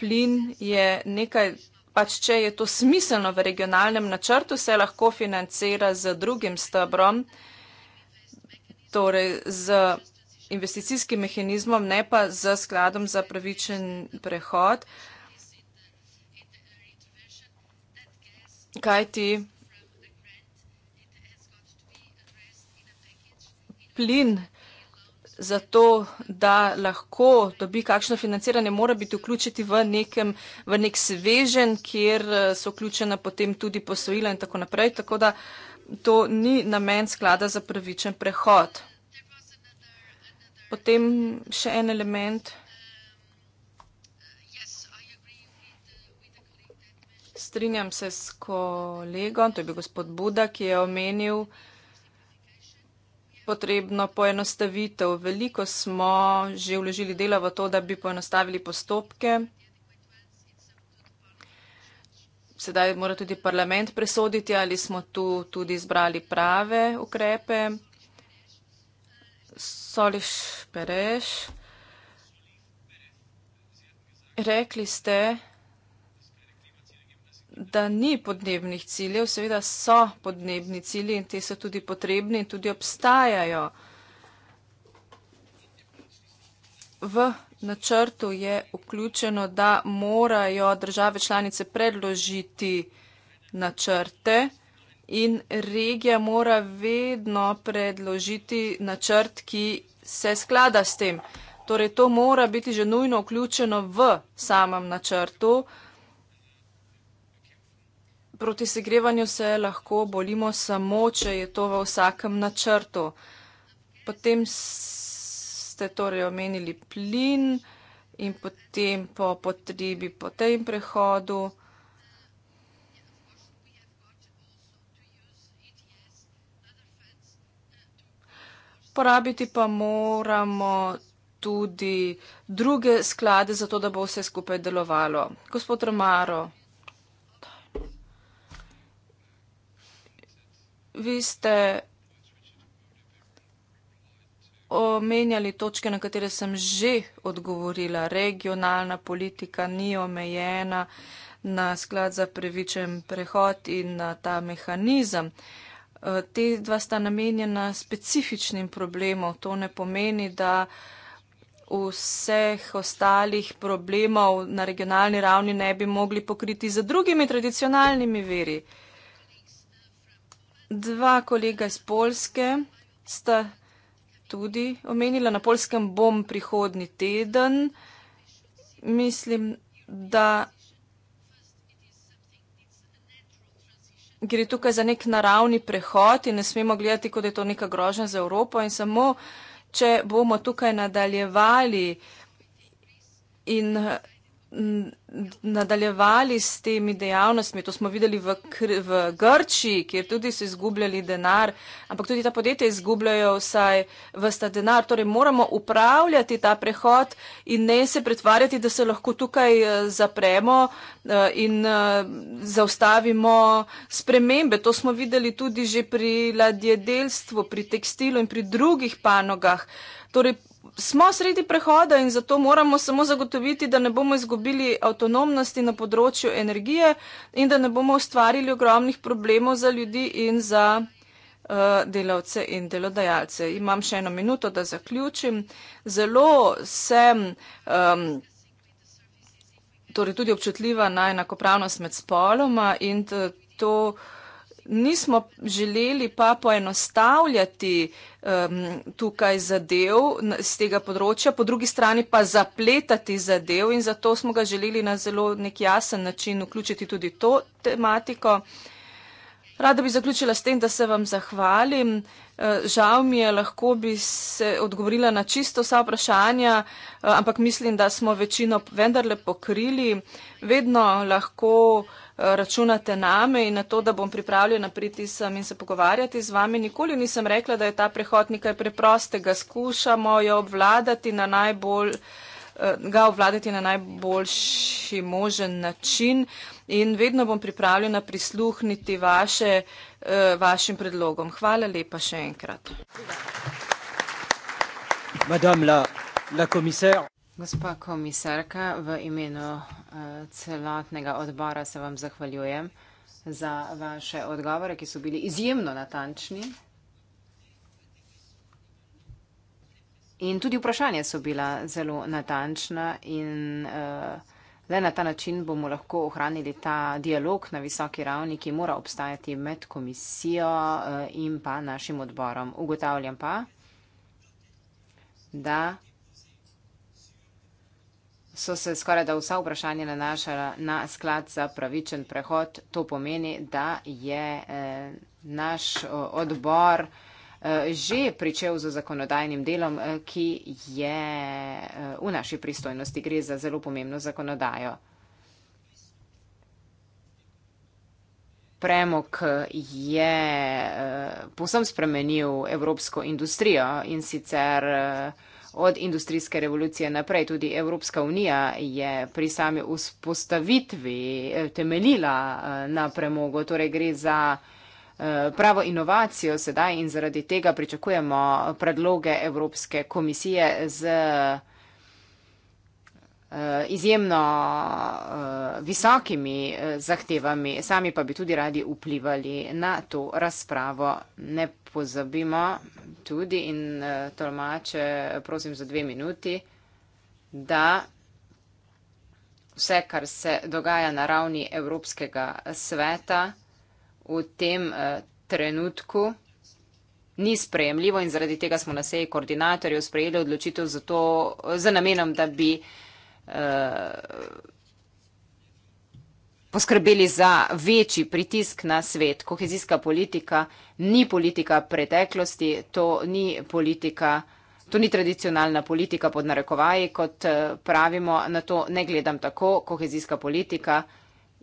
Plin je nekaj pač če je to smiselno v regionalnem načrtu, se lahko financira z drugim stebrom, torej z investicijskim mehanizmom, ne pa z skladom za pravičen prehod. Kaj ti plin, za to, da lahko dobi kakšno financiranje, mora biti vključiti v, nekem, v nek svežen, kjer eh, so vključena potem tudi posojila in tako naprej. Tako da to ni namen sklada za pravičen prehod. Potem še en element. Strinjam se s kolegom, to je bil gospod Buda, ki je omenil, potrebno poenostavitev. Veliko smo že vložili dela v to, da bi poenostavili postopke. Sedaj mora tudi parlament presoditi, ali smo tu tudi izbrali prave ukrepe. Soliš Pereš, rekli ste, da ni podnebnih ciljev, seveda so podnebni cilji in te so tudi potrebni in tudi obstajajo. V načrtu je vključeno, da morajo države članice predložiti načrte in regija mora vedno predložiti načrt, ki se sklada s tem. Torej, to mora biti že nujno vključeno v samem načrtu proti segrevanju se lahko bolimo samo, če je to v vsakem načrtu. Potem ste torej omenili plin in potem po potrebi po tem prehodu. Porabiti pa moramo tudi druge sklade, zato da bo vse skupaj delovalo. Gospod Romaro. vi ste omenjali točke, na katere sem že odgovorila. Regionalna politika ni omejena na sklad za previčen prehod in na ta mehanizem. Eh, te dva sta namenjena specifičnim problemom. To ne pomeni, da vseh ostalih problemov na regionalni ravni ne bi mogli pokriti z drugimi tradicionalnimi veri. Dva kolega iz Polske sta tudi omenila, na Polskem bom prihodni teden. Mislim, da gre tukaj za nek naravni prehod in ne smemo gledati, kot je to neka grožnja za Evropo in samo, če bomo tukaj nadaljevali in nadaljevali s temi dejavnostmi. To smo videli v, v Grči, kjer tudi so izgubljali denar, ampak tudi ta podjetja izgubljajo vsaj vsta denar. Torej moramo upravljati ta prehod in ne se pretvarjati, da se lahko tukaj eh, zapremo eh, in eh, zaustavimo spremembe. To smo videli tudi že pri ladjedelstvu, pri tekstilu in pri drugih panogah. Torej, smo sredi prehoda in zato moramo samo zagotoviti, da ne bomo izgubili avtonomnosti na področju energije in da ne bomo ustvarili ogromnih problemov za ljudi in za uh, delavce in delodajalce. Imam še eno minuto, da zaključim. Zelo sem. Um, Torej, tudi občutljiva na enakopravnost med spoloma in to. to nismo želeli pa poenostavljati um, tukaj zadev z tega področja, po drugi strani pa zapletati zadev in zato smo ga želeli na zelo nek jasen način vključiti tudi to tematiko. Rada bi zaključila s tem, da se vam zahvalim. E, žal mi je, lahko bi se odgovorila na čisto vsa vprašanja, e, ampak mislim, da smo večino vendarle pokrili. Vedno lahko uh, računate name in na to, da bom pripravljena priti sem in se pogovarjati z vami. Nikoli nisem rekla, da je ta prehod nekaj preprostega. Skušamo jo obvladati na najbolj eh, ga obvladati na najboljši možen način in vedno bom pripravljena prisluhniti vaše, eh, vašim predlogom. Hvala lepa še enkrat. Madame la, la Gospa komisarka, v imenu eh, celotnega odbora se vam zahvaljujem za vaše odgovore, ki so bili izjemno natančni. In tudi vprašanje so bila zelo natančna in eh, le na ta način bomo lahko ohranili ta dialog na visoki ravni, ki mora obstajati med komisijo eh, in pa našim odborom. Ugotavljam pa, da so se skoraj da vsa vprašanja nanašala na sklad za pravičen prehod. To pomeni, da je eh, naš odbor eh, že pričel z zakonodajnim delom, eh, ki je v naši pristojnosti. Gre za zelo pomembno zakonodajo. Premok je povsem spremenil evropsko industrijo in sicer od industrijske revolucije naprej. Tudi Evropska unija je pri sami vzpostavitvi eh, temeljila eh, na premogu. Torej gre za eh, pravo inovacijo sedaj in zaradi tega pričakujemo predloge Evropske komisije z izjemno visokimi zahtevami. Sami pa bi tudi radi vplivali na to razpravo. Ne pozabimo tudi in eh, tolmače, prosim za dve minuti, da vse, kar se dogaja na ravni Evropskega sveta v tem eh, trenutku, ni sprejemljivo in zaradi tega smo na seji koordinatorjev sprejeli odločitev za to, za namenom, da bi eh, poskrbeli za večji pritisk na svet. Kohezijska politika ni politika preteklosti, to ni politika. To ni tradicionalna politika pod narekovaji, kot eh, pravimo, na to ne gledam tako. Kohezijska politika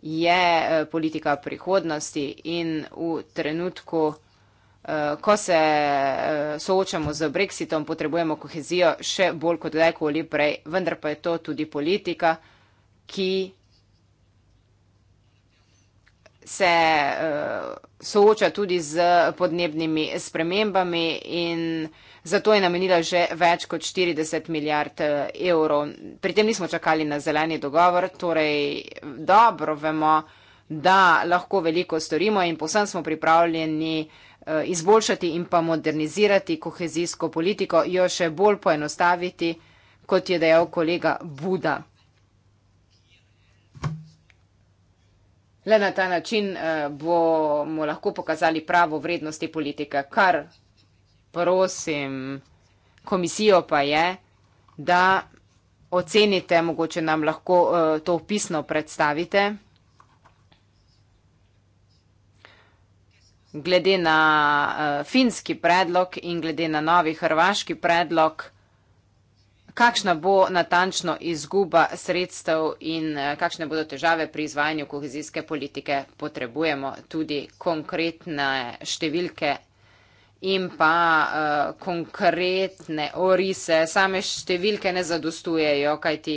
je eh, politika prihodnosti in v trenutku, eh, ko se soočamo z Brexitom, potrebujemo kohezijo še bolj kot kdajkoli prej, vendar pa je to tudi politika, ki se uh, sooča tudi z podnebnimi spremembami in zato je namenila že več kot 40 milijard eh, evrov. Pri tem nismo čakali na zeleni dogovor, torej dobro vemo, da lahko veliko storimo in povsem smo pripravljeni uh, izboljšati in pa modernizirati kohezijsko politiko, jo še bolj poenostaviti, kot je dejal kolega Buda. Le na ta način eh, bomo lahko pokazali pravo vrednosti politike, kar prosim komisijo pa je, da ocenite, mogoče nam lahko eh, to pisno predstavite. Glede na eh, finski predlog in glede na novi hrvaški predlog, kakšna bo natančno izguba sredstev in eh, kakšne bodo težave pri izvajanju kohezijske politike, potrebujemo tudi konkretne številke in pa uh, konkretne orise. Same številke ne zadostujejo, kajti